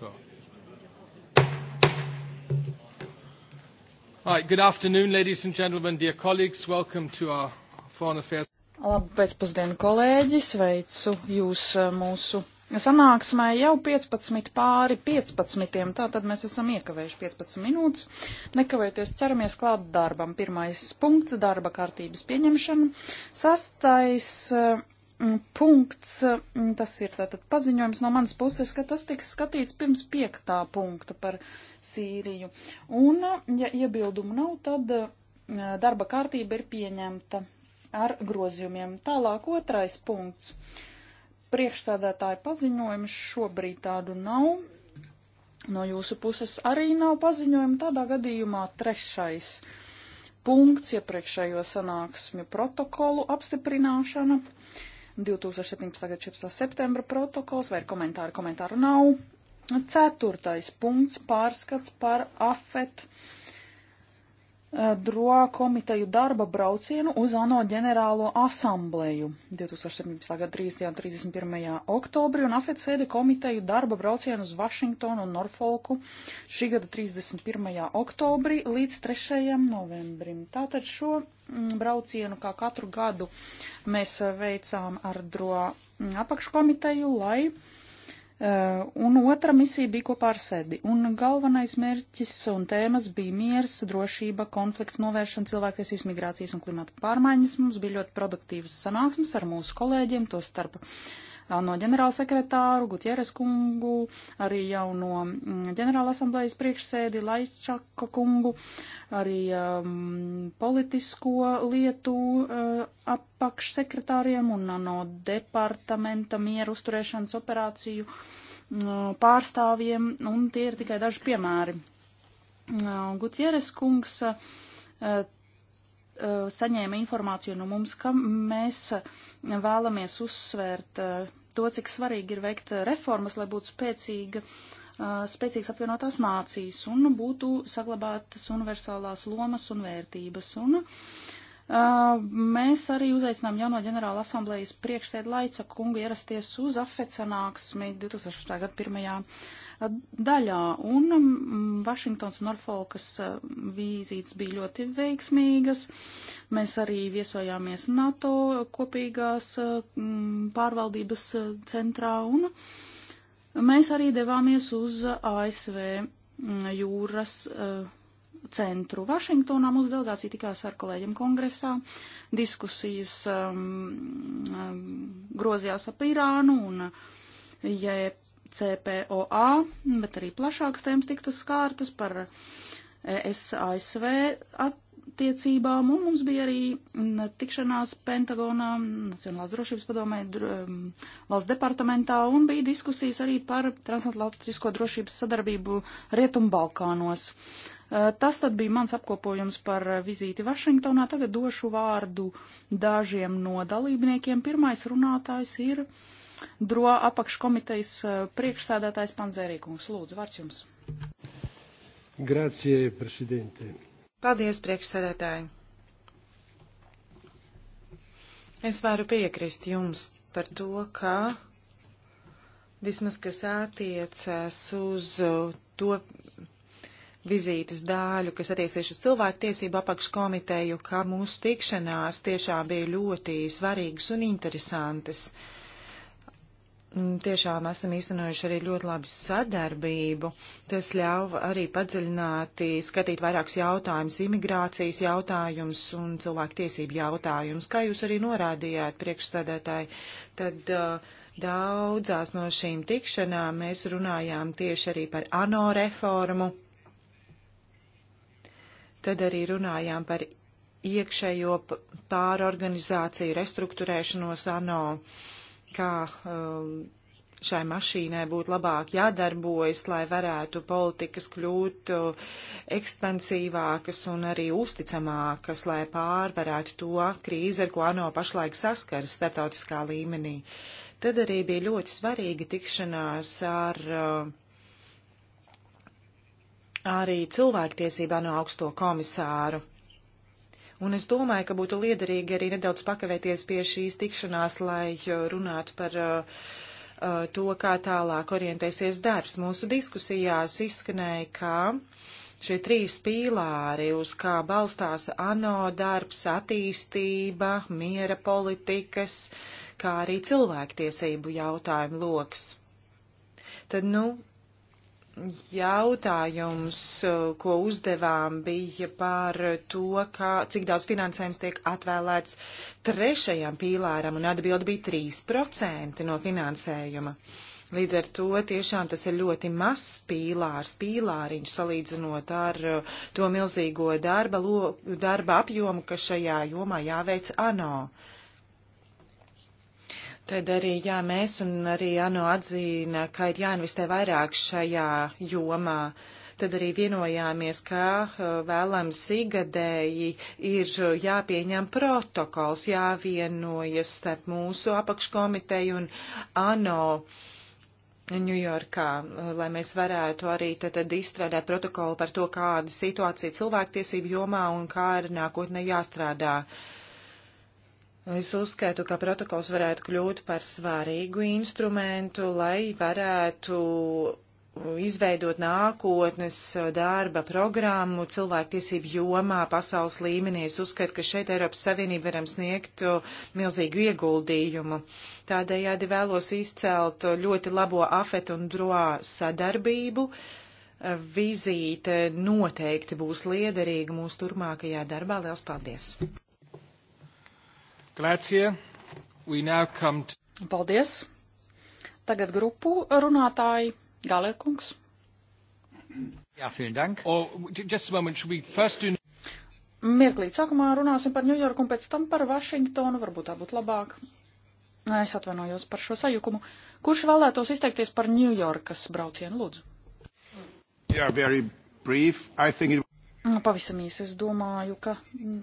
So. All right, good afternoon, ladies and gentlemen, dear colleagues. Welcome to our Foreign Affairs. Labu pēcpusdienu, kolēģi! Sveicu jūs eh, mūsu sanāksmē jau 15 pāri 15. Tātad mēs esam iekavējuši 15 minūtes. Nekavējoties ķeramies klāt darbam. Pirmais punkts - darba kārtības pieņemšana. Sastais eh, Mm, punkts, mm, tas ir tātad paziņojums no manas puses, ka tas tiks skatīts pirms piektā punkta par Sīriju. Un, mm, ja iebildumu nav, tad darba kārtība ir pieņemta ar grozījumiem. Tālāk otrais punkts. Priekšsādātāja paziņojums šobrīd tādu nav. No jūsu puses arī nav paziņojumu. Tādā gadījumā trešais punkts iepriekšējo sanāksmi protokolu apstiprināšana. 2017. gada 14. septembra protokols, vai ir komentāri? Komentāru nav. Ceturtais punkts - pārskats par AFET eh, droā komiteju darba braucienu uz ANO ģenerālo asambleju 2017. gada 30. un 31. oktobri un AFET sēde komiteju darba braucienu uz Vašingtonu un Norfolku šī gada 31. oktobri līdz 3. novembrim. Tātad šo Mm, braucienu, kā katru gadu mēs eh, veicām ar DRO mm, apakškomiteju, lai. Eh, un otra misija bija kopā ar sedi. Un galvenais mērķis un tēmas bija miers, drošība, konfliktu novēršana, cilvēktiesības, migrācijas un klimata pārmaiņas. Mums bija ļoti produktīvas sanāksmes ar mūsu kolēģiem, to starp uh, no ģenerālsekretāru Gutieres kungu, arī jauno mm, ģenerāla asamblejas priekšsēdi Laičaka kungu, arī um, politisko lietu uh, apakšsekretāriem un no departamenta mieru uzturēšanas operāciju uh, pārstāvjiem, un tie ir tikai daži piemēri. Uh, Gutieres kungs uh, saņēma informāciju no mums, ka mēs vēlamies uzsvērt uh, to, cik svarīgi ir veikt eh, reformas, lai būtu spēcīga, eh, spēcīgs apvienotās nācijas un būtu saglabātas universālās lomas un vērtības. Un, eh, Mēs arī uzaicinām jauno ģenerāla asamblējas priekšsēdu Laica kungu ierasties uz afecanāksmi 2008. gada 1 daļā, un mm, Vašingtons un Norfolkas eh, vīzītes bija ļoti veiksmīgas. Mēs arī viesojāmies NATO kopīgās eh, mm, pārvaldības eh, centrā, un mēs arī devāmies uz ASV mm, jūras centru Vašingtonā. Mūsu delegācija tikās ar kolēģiem kongresā. Diskusijas um, grozījās ap Irānu un JP CPOA, bet arī plašāks tēmas tiktas skārtas par es ASV attiecībām, un mums bija arī tikšanās Pentagonā, Nacionālās drošības padomē, um, valsts departamentā, un bija diskusijas arī par transatlantisko drošības sadarbību Rietumbalkānos. Uh, tas tad bija mans apkopojums par vizīti Vašingtonā. Tagad došu vārdu dažiem no dalībniekiem. Pirmais runātājs ir uh, DRO apakškomitejas eh, priekšsēdētājs Panzērīkungs. Lūdzu, vārds jums. Grācie, prezidente. Paldies, priekšsēdētāji. Es varu piekrist jums par to, ka vismaz kas attiecas uz to vizītes dāļu, kas attiecies uz cilvēku tiesību apakškomiteju, ka mūsu tikšanās tiešām bija ļoti svarīgas un interesantas. Uh, Mm, tiešām esam īstenojuši arī ļoti labu sadarbību. Tas ļauj arī padziļināti skatīt vairākus jautājumus, imigrācijas jautājumus un cilvēku tiesību jautājumus, kā jūs arī norādījāt priekšstādētāji. Tad, uh, Daudzās no šīm tikšanām mēs runājām tieši arī par ANO reformu, tad arī runājām par iekšējo pārorganizāciju, restruktūrēšanos ANO. Uh, kā um, šai mašīnai būtu labāk jādarbojas, lai varētu politikas kļūt uh, ekspansīvākas un arī uzticamākas, lai pārvarētu to krīzi, ar ko ANO pašlaik saskaras starptautiskā līmenī. Tad arī bija ļoti svarīga tikšanās ar uh, arī cilvēktiesībā no augsto komisāru Un es domāju, ka būtu liederīgi arī nedaudz pakavēties pie šīs tikšanās, lai uh, runātu par uh, uh, to, kā tālāk orientēsies darbs. Mūsu diskusijās izskanēja, ka šie trīs pīlāri, uz kā balstās ANO darbs, attīstība, miera politikas, kā arī cilvēktiesību jautājumu loks. Tad, nu, jautājums, eh, ko uzdevām, bija par to, kā, cik daudz finansējums tiek atvēlēts trešajam pīlāram, un atbildi bija 3% no finansējuma. Līdz ar to tiešām tas ir ļoti mazs pīlārs, pīlāriņš salīdzinot ar eh, to milzīgo darba, lo, darba apjomu, kas šajā jomā jāveic ANO. Uh, Tad arī jā, mēs un arī ANO atzīna, ka ir jāinvestē vairāk šajā jomā. Tad arī vienojāmies, ka uh, vēlams igadēji ir jāpieņem protokols, jāvienojas starp mūsu apakškomiteju un ANO. Ņujorkā, uh, lai mēs varētu arī tad, tad izstrādāt protokolu par to, kāda situācija cilvēktiesību jomā un kā ir nākotnē jāstrādā. Uh, Es uzskatu, ka protokols varētu kļūt par svarīgu instrumentu, lai varētu izveidot nākotnes darba programmu cilvēktiesību jomā pasaules līmenī. Es uzskatu, ka šeit Eiropas Savienība varam sniegt milzīgu ieguldījumu. Tādējādi vēlos izcelt ļoti labo afet un droā sadarbību. Vizīte noteikti būs liederīga mūsu turmākajā darbā. Liels paldies! Grazie. We now come to... Paldies. Tagad grupu runātāji. Galērkungs. Jā, vielen dank. Or oh, just a moment, should we first do... Mirklīt, sākumā runāsim par Ņujorku un pēc tam par Vašingtonu, varbūt tā būtu labāk. Es atvainojos par šo sajukumu. Kurš vēlētos izteikties par Ņujorkas braucienu, lūdzu? Yeah, very brief. I think it... Nu, pavisam īsi es domāju, ka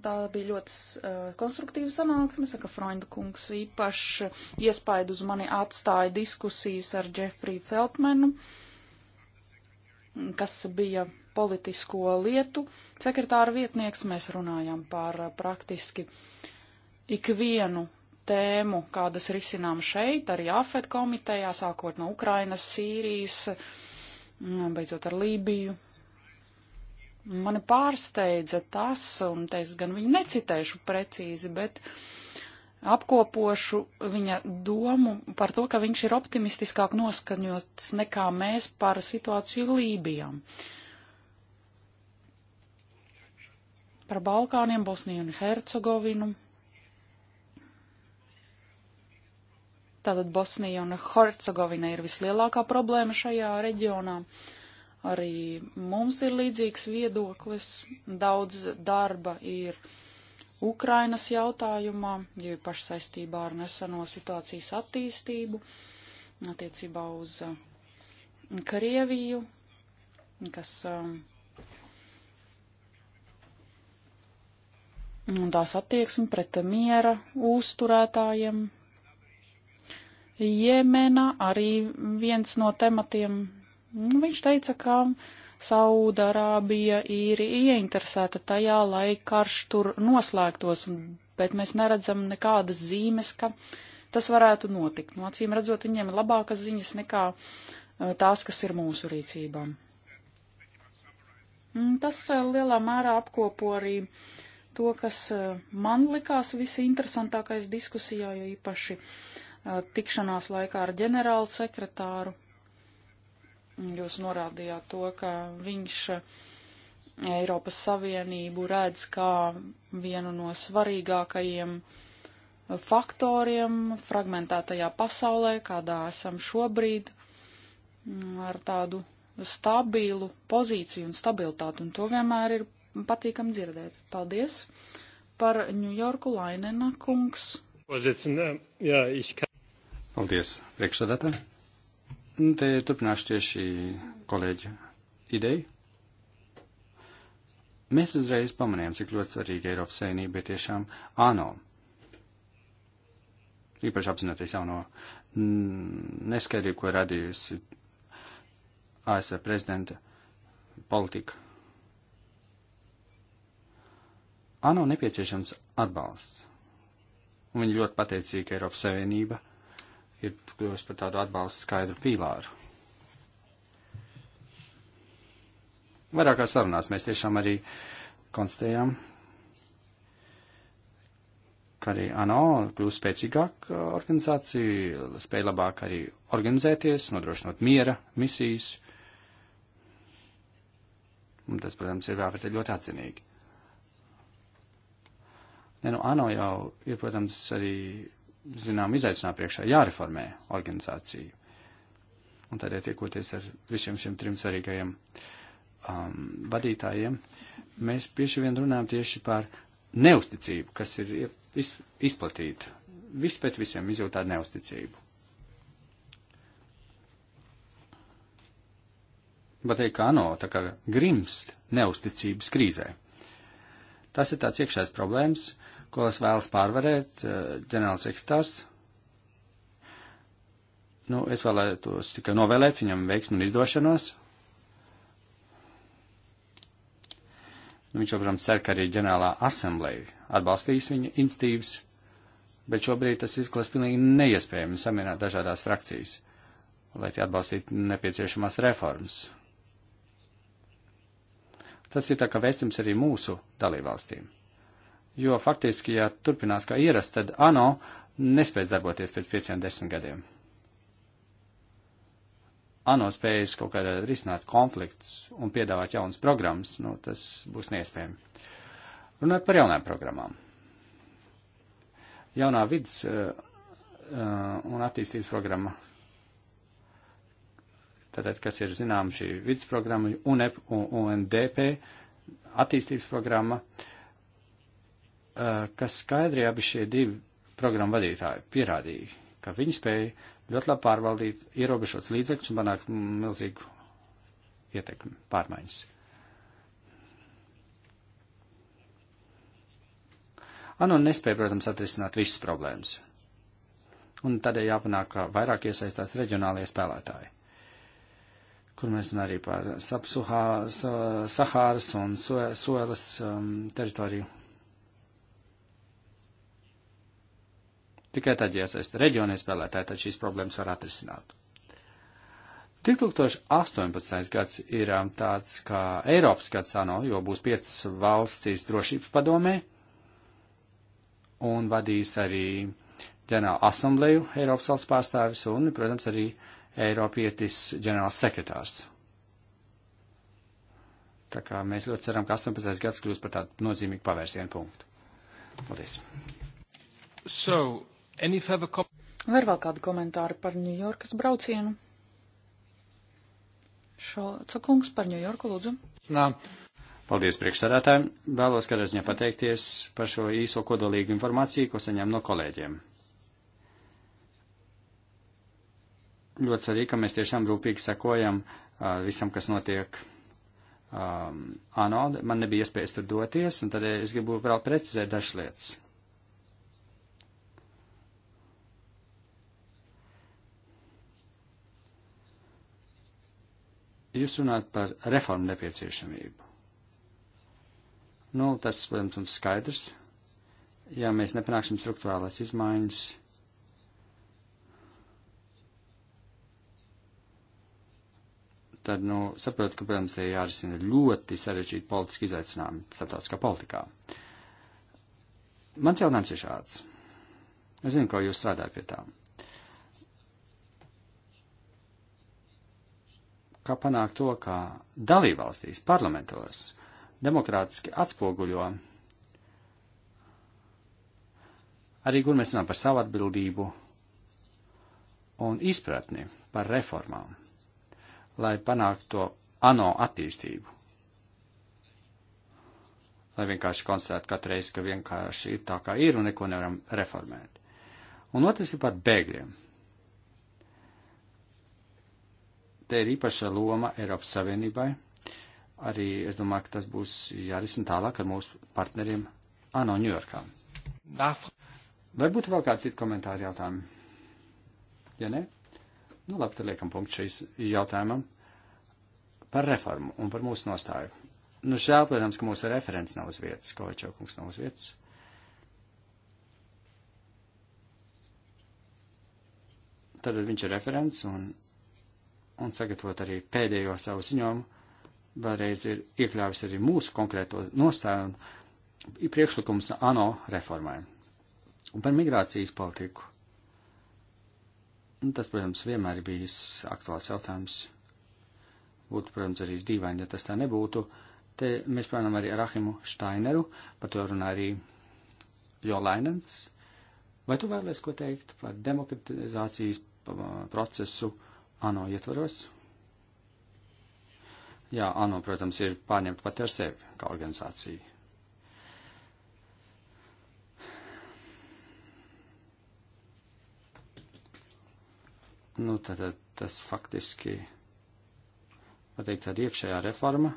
tā bija ļoti uh, konstruktīva sanāksme, saka Freunda kungs, īpaši iespaidu uz mani atstāja diskusijas ar Džefriju Feltmenu, kas bija politisko lietu sekretāra vietnieks. Mēs runājām par eh, praktiski ikvienu tēmu, kādas risinām šeit, arī AFET komitejā, sākot no Ukrainas, Sīrijas, mm, beidzot ar Lībiju Mani pārsteidza tas, un te es gan viņu necitēšu precīzi, bet apkopošu viņa domu par to, ka viņš ir optimistiskāk noskaņots nekā mēs par situāciju Lībijām. Par Balkāniem, Bosniju un Hercegovinu. Tātad Bosnija un Hercegovina ir vislielākā problēma šajā reģionā. Uh, Arī mums ir līdzīgs viedoklis, daudz darba ir Ukrainas jautājumā, jo īpaši saistībā ar neseno situācijas attīstību, attiecībā uz uh, Krieviju, kas um, un tās attieksme pret miera uzturētājiem. Jemena arī viens no tematiem, Nu, viņš teica, ka Saudarābija ir ieinteresēta tajā, lai karš tur noslēgtos, bet mēs neredzam nekādas zīmes, ka tas varētu notikt. No nu, acīm redzot, viņiem ir labākas ziņas nekā eh, tās, kas ir mūsu rīcībām. Mm, tas eh, lielā mērā apkopo arī to, kas eh, man likās visinteresantākais diskusijā, jo īpaši tikšanās laikā ar ģenerālu sekretāru Jūs norādījāt to, ka viņš Eiropas Savienību redz kā vienu no svarīgākajiem faktoriem fragmentētajā pasaulē, kādā esam šobrīd, mm, ar tādu stabilu pozīciju un stabilitāti, un to vienmēr ir patīkam dzirdēt. Paldies par Ņujorku Lainena kungs. Paldies, priekšsēdētāji. Nu, te turpināšu tieši kolēģi ideju. Mēs uzreiz pamanījām, cik ļoti svarīga Eiropas saimnība ir tiešām ANO. Īpaši apzinoties jauno neskaidrību, ko radījusi ASV prezidenta politika. ANO nepieciešams atbalsts, un viņi ļoti pateicīgi Eiropas Savienība ir kļuvusi par tādu atbalstu skaidru pīlāru. Vairākās sarunās mēs tiešām arī konstatējām, ka arī ANO kļūst spēcīgāk uh, organizācija, spēja labāk arī organizēties, nodrošinot miera misijas. Un tas, protams, ir jāvērtē ļoti atzinīgi. Ne, nu, ANO jau ir, protams, arī zinām, izaicinājumu priekšā jāreformē organizāciju. Un tādēļ tiekoties ar visiem šiem trim svarīgajiem um, vadītājiem, mēs bieži vien runājam tieši par neusticību, kas ir izplatīta. Viss pēc visiem izjūt tādu neusticību. Bet teikt, ka ANO tā kā grimst neusticības krīzē. Tas ir tāds iekšējais problēmas, uh, kuras vēlas pārvarēt eh, ģenerālsekretārs. Nu, es vēlētos tikai novēlēt viņam veiksmu un izdošanos. Nu, viņš joprojām cer, ka arī ģenerālā asambleja atbalstīs viņa institīvas, bet šobrīd tas izklāst pilnīgi neiespējami samierināt dažādās frakcijas, lai tie atbalstītu nepieciešamās reformas. Tas ir tā kā vēstījums arī mūsu dalībvalstīm jo faktiski, ja turpinās kā ierast, tad ANO nespēs darboties pēc pieciem desmit gadiem. ANO spējas kaut kādā risināt konflikts un piedāvāt jaunas programmas, nu, tas būs neiespējami. Runāt par jaunām programmām. Jaunā vidas uh, un attīstības programma, tātad, kas ir zinām šī vidas programma, UNEP un UNDP attīstības programma, uh, Eh, ka Skaidrijā abi šie divi programmu vadītāji pierādīja, ka viņi spēja ļoti labi pārvaldīt ierobežots līdzekļus un panākt milzīgu ietekmi pārmaiņas. Ano nespēja, protams, atrisināt visas problēmas. Un tādēļ jāpanāk, ka vairāk iesaistās reģionālie spēlētāji, kur mēs runājam arī par Sapsuhā, Sahāras un Suelas um, teritoriju Tikai tad, ja iesaist reģionie spēlētāji, tad šīs problēmas var atrisināt. 2018. gads ir um, tāds kā Eiropas gads ANO, jo būs piecas valstīs drošības padomē un vadīs arī ģenerālu asambleju Eiropas valsts pārstāvis un, protams, arī Eiropietis ģenerāls sekretārs. Tā kā mēs ļoti ceram, ka 18. gads kļūs par tādu nozīmīgu pavērsienu punktu. Paldies! So, Vai ir vēl kādi komentāri par Ņujorkas braucienu? Šolca kungs par Ņujorku lūdzu. Nā. Paldies priekšsādātājiem. Vēlos kādā ziņā pateikties par šo īso kodolīgu informāciju, ko saņēmu no kolēģiem. Ļoti svarīgi, ka mēs tiešām rūpīgi sekojam uh, visam, kas notiek um, ANO. Man nebija iespējas tur doties, un tad es gribu vēl precizēt dažas lietas. jūs runājat par reformu nepieciešamību. Nu, tas, protams, ir skaidrs. Ja mēs nepanāksim struktūrālās izmaiņas, tad, nu, saprotu, ka, protams, tie jārisina ļoti sarežģīti politiski izaicinājumi starptautiskā politikā. Mans jautājums ir šāds. Es zinu, ka jūs strādājat pie tām. kā panākt to, ka dalībvalstīs parlamentos demokrātiski atspoguļo arī, kur mēs runājam par savu atbildību un izpratni par reformām, lai panāktu to ANO attīstību. Lai vienkārši konstatētu katru reizi, ka vienkārši ir tā, kā ir un neko nevaram reformēt. Un otrs ir par bēgļiem. Te ir īpaša loma Eiropas Savienībai. Arī es domāju, ka tas būs jārisina tālāk ar mūsu partneriem ANO Ņujorkā. Vai būtu vēl kāds cits komentāri jautājumi? Ja nē, nu labi, tad liekam punktu šīs jautājumam par reformu un par mūsu nostāju. Nu, žēl, protams, ka mūsu referents nav uz vietas, Kovačokungs nav uz vietas. Tad viņš ir referents un un sagatavot arī pēdējo savu ziņojumu, vēlreiz ir iekļāvis arī mūsu konkrēto nostāju un priekšlikums ANO reformai. Un par migrācijas politiku. Un nu, tas, protams, vienmēr ir bijis aktuāls jautājums. Būtu, protams, arī dīvaini, ja tas tā nebūtu. Te mēs plānojam arī ar Ahimu Steineru, par to runā arī Jolainens. Vai tu vēlies ko teikt par demokratizācijas procesu? ANO ietvaros. Jā, ANO, protams, ir pārņemt pati ar sevi kā organizāciju. Nu, tad tas faktiski, var teikt, tāda iekšējā reforma.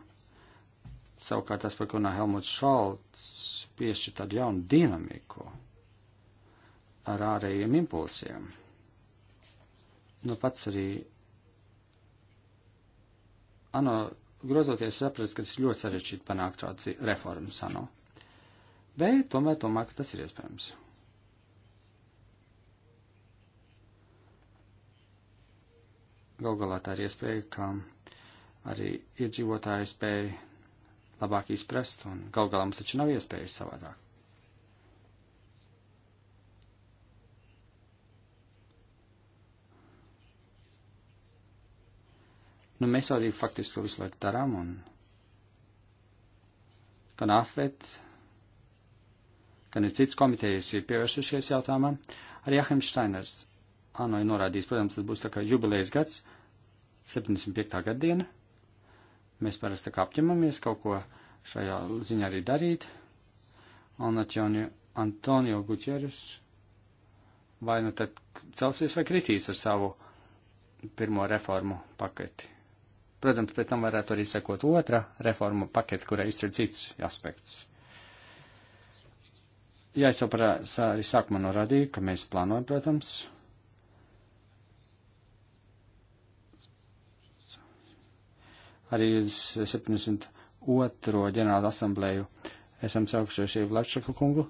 Savukārt tas, par ko nā Helmuts Šalts piešķir tādu jaunu dinamiku ar ārējiem impulsiem nu pats arī ANO grozoties saprast, ka tas ir ļoti sarežģīti panākt tādu reformu ANO. Bet tomēr domāju, ka tas ir iespējams. Gal galā tā ir iespēja, ka arī iedzīvotāji spēja labāk izprast, un gal galā mums taču nav iespējas savādāk. Nu, mēs arī faktiski to visu laiku darām, un gan AFET, gan ir cits komitejas ir pievēršušies jautājumam. Arī Ahems Steiners ANO ir norādījis, protams, tas būs tā kā jubilejas gads, 75. gada diena. Mēs parasti tā kā apņemamies kaut ko šajā ziņā arī darīt. Un Atjonio Antonio Gutieres vai nu tad celsies vai kritīs ar savu pirmo reformu paketi. Protams, pēc tam varētu arī sekot otra reforma pakets, kurai izcer cits aspekts. Jā, es jau par arī sākumā norādīju, ka mēs plānojam, protams, arī uz 72. ģenerālu asamblēju esam saukšojuši Vlačaku kungu,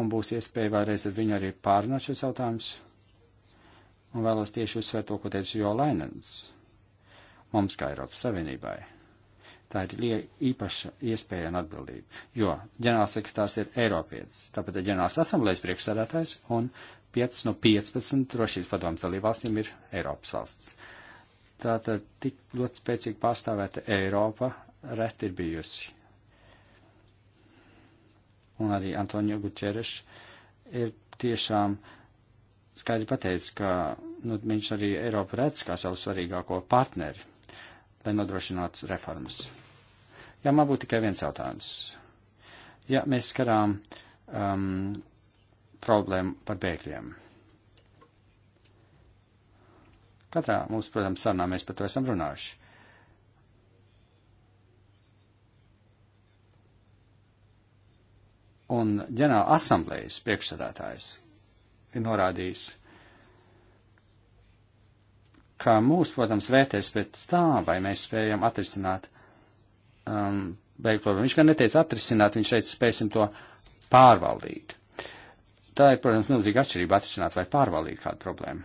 un būs iespēja vēlreiz ar viņu arī pārnāt šis jautājums, un vēlos tieši uzsvērt to, ko teica Jolainens mums kā Eiropas Savienībai. Tā ir īpaša iespēja un atbildība, jo ģenerālsekretārs ir Eiropietis, tāpēc ir ģenerāls asamblējas priekšsēdētājs un 5 no 15 drošības padomas dalībvalstīm ir Eiropas valsts. Tātad tik ļoti spēcīgi pārstāvēta Eiropa reti ir bijusi. Un arī Antonio Gučereš ir tiešām skaidri pateicis, ka nu, viņš arī Eiropu redz kā savu svarīgāko partneri lai nodrošinātu reformas. Jā, man būtu tikai viens jautājums. Ja mēs skatām um, problēmu par bēgļiem. Katrā mūsu, protams, sarunā mēs par to esam runājuši. Un ģenerāla asamblējas priekšsēdētājs ir norādījis, kā mūs, protams, vērtēs pēc tā, vai mēs spējam atrisināt um, beigu problēmu. Viņš gan neteica atrisināt, viņš teica, spēsim to pārvaldīt. Tā ir, protams, milzīga atšķirība atrisināt vai pārvaldīt kādu problēmu.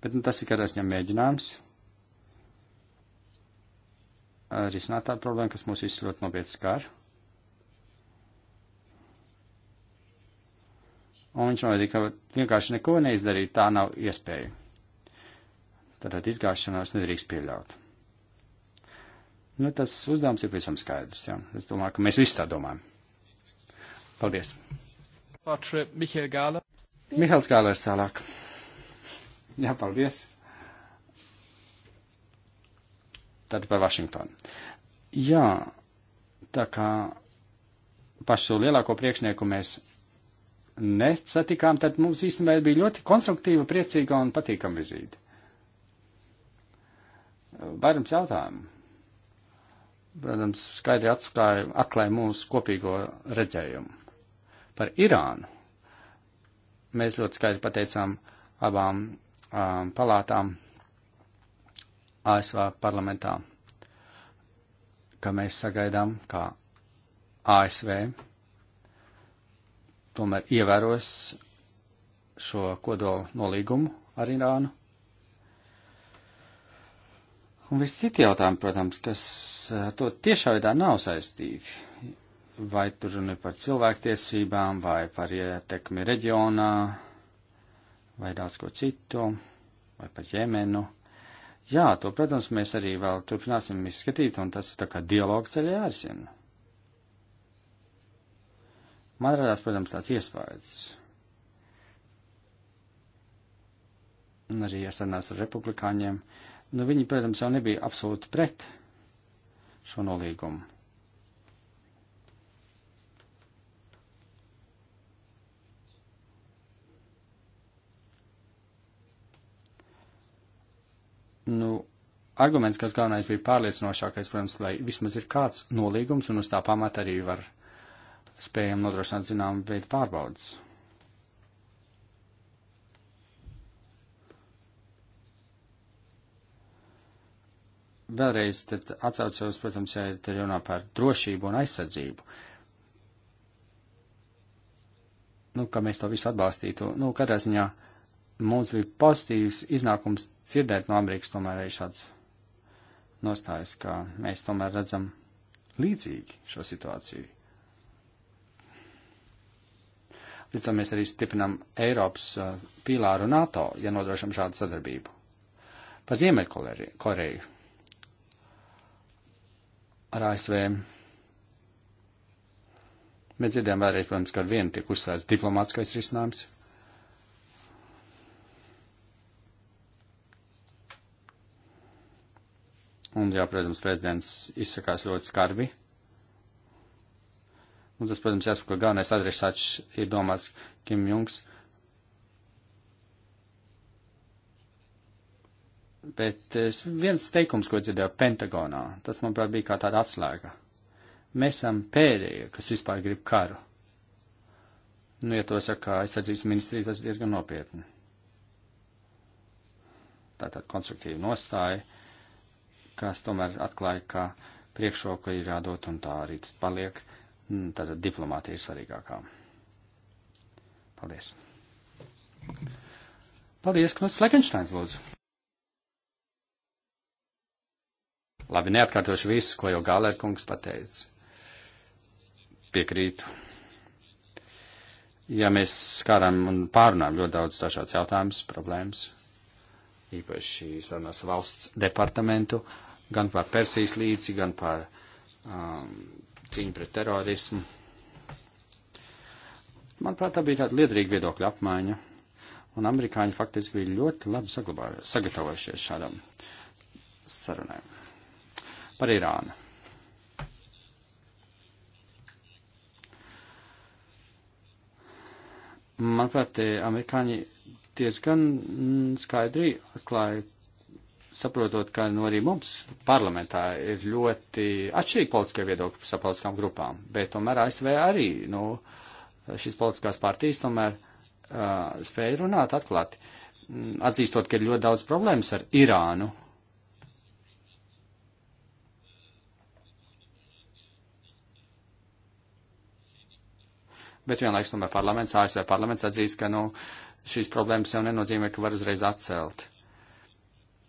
Bet nu, tas ir kādā ziņā mēģinājums uh, risināt tādu problēmu, kas mūs visus ļoti nopietni skar. Un viņš norādīja, ka vienkārši neko neizdarīt, tā nav iespēja. Tātad izgāšanās nedrīkst pieļaut. Nu, tas uzdevums ir pavisam skaidrs. Ja? Es domāju, ka mēs visi tā domājam. Paldies. Mihails Gāla. Mihails Gālēs tālāk. Jā, paldies. Tad par Vašingtonu. Jā, tā kā pašu lielāko priekšnieku mēs nesatikām, tad mums īstenībā bija ļoti konstruktīva, priecīga un patīkama vizīte. Vairums jautājumu. Protams, skaidri atklāja, atklāja mūsu kopīgo redzējumu. Par Irānu mēs ļoti skaidri pateicām abām um, palātām ASV parlamentā, ka mēs sagaidām, kā ASV tomēr ievēros šo kodolu nolīgumu ar Irānu. Un viss citi jautājumi, protams, kas ar eh, to tiešā veidā nav saistīti. Vai tur runa par cilvēktiesībām, vai par ietekmi reģionā, vai daudz ko citu, vai par Jemenu. Jā, to, protams, mēs arī vēl turpināsim izskatīt, un tas ir tā kā dialogu ceļā jārisina. Man radās, protams, tāds iespējas. Un arī iesanās ar republikāņiem. Nu, viņi, protams, jau nebija absolūti pret šo nolīgumu. Nu, arguments, kas galvenais bija pārliecinošākais, protams, lai vismaz ir kāds nolīgums un uz tā pamata arī var uh, spējam nodrošināt zināmu veidu pārbaudas. Vēlreiz atcaucos, protams, ja te runā par drošību un aizsardzību. Nu, ka mēs to visu atbalstītu. Nu, katrā ziņā mums bija pozitīvs iznākums dzirdēt no Amerikas tomēr arī šāds nostājas, ka mēs tomēr redzam līdzīgi šo situāciju. Līdz ar mēs arī stiprinam Eiropas pīlāru NATO, ja nodrošam šādu sadarbību. Par Ziemeļkoreju ar ASV. Mēs dzirdējām vēlreiz, protams, ka ar vienu tiek uzsvērts diplomātskais risinājums. Un, jā, protams, prezidents izsakās ļoti skarbi Un tas, protams, jāsaka, ka galvenais adresāts ir domāts Kim Jungs. Bet eh, viens teikums, ko dzirdēju Pentagonā, tas, manuprāt, bija kā tāda atslēga. Mēs esam pēdējie, kas vispār grib karu. Nu, ja to saka aizsardzības ministrija, tas ir diezgan nopietni. Tā tāda konstruktīva nostāja, kas tomēr atklāja, ka priekšroka ir jādod un tā arī tas paliek. Uh, Mm, tātad diplomātija ir svarīgākā. Paldies. Paldies, Knuts Lekenšteins, lūdzu. Labi, neatkārtošu visu, ko jau Gālērkungs pateica. Piekrītu. Ja mēs skārām un pārunām ļoti daudz dažādas jautājumas, problēmas, īpaši sarunās valsts departamentu, gan par Persijas līci, gan par um, cīņu pret terorismu. Manuprāt, tā bija tāda liederīga viedokļa apmaiņa, un amerikāņi faktiski bija ļoti labi sagatavojušies šādam sarunai. Par Irānu. Manuprāt, amerikāņi diezgan mm, skaidri atklāja, saprotot, ka nu, arī mums parlamentā ir ļoti atšķirīgi politiskie viedokļi par politiskām grupām, bet tomēr ASV arī nu, šīs politiskās partijas tomēr uh, spēja runāt atklāti, mm, atzīstot, ka ir ļoti daudz problēmas ar Irānu. Bet vienlaiks tomēr parlaments, ASV parlaments atzīst, ka nu, šīs problēmas jau nenozīmē, ka var uzreiz atcelt. Uh,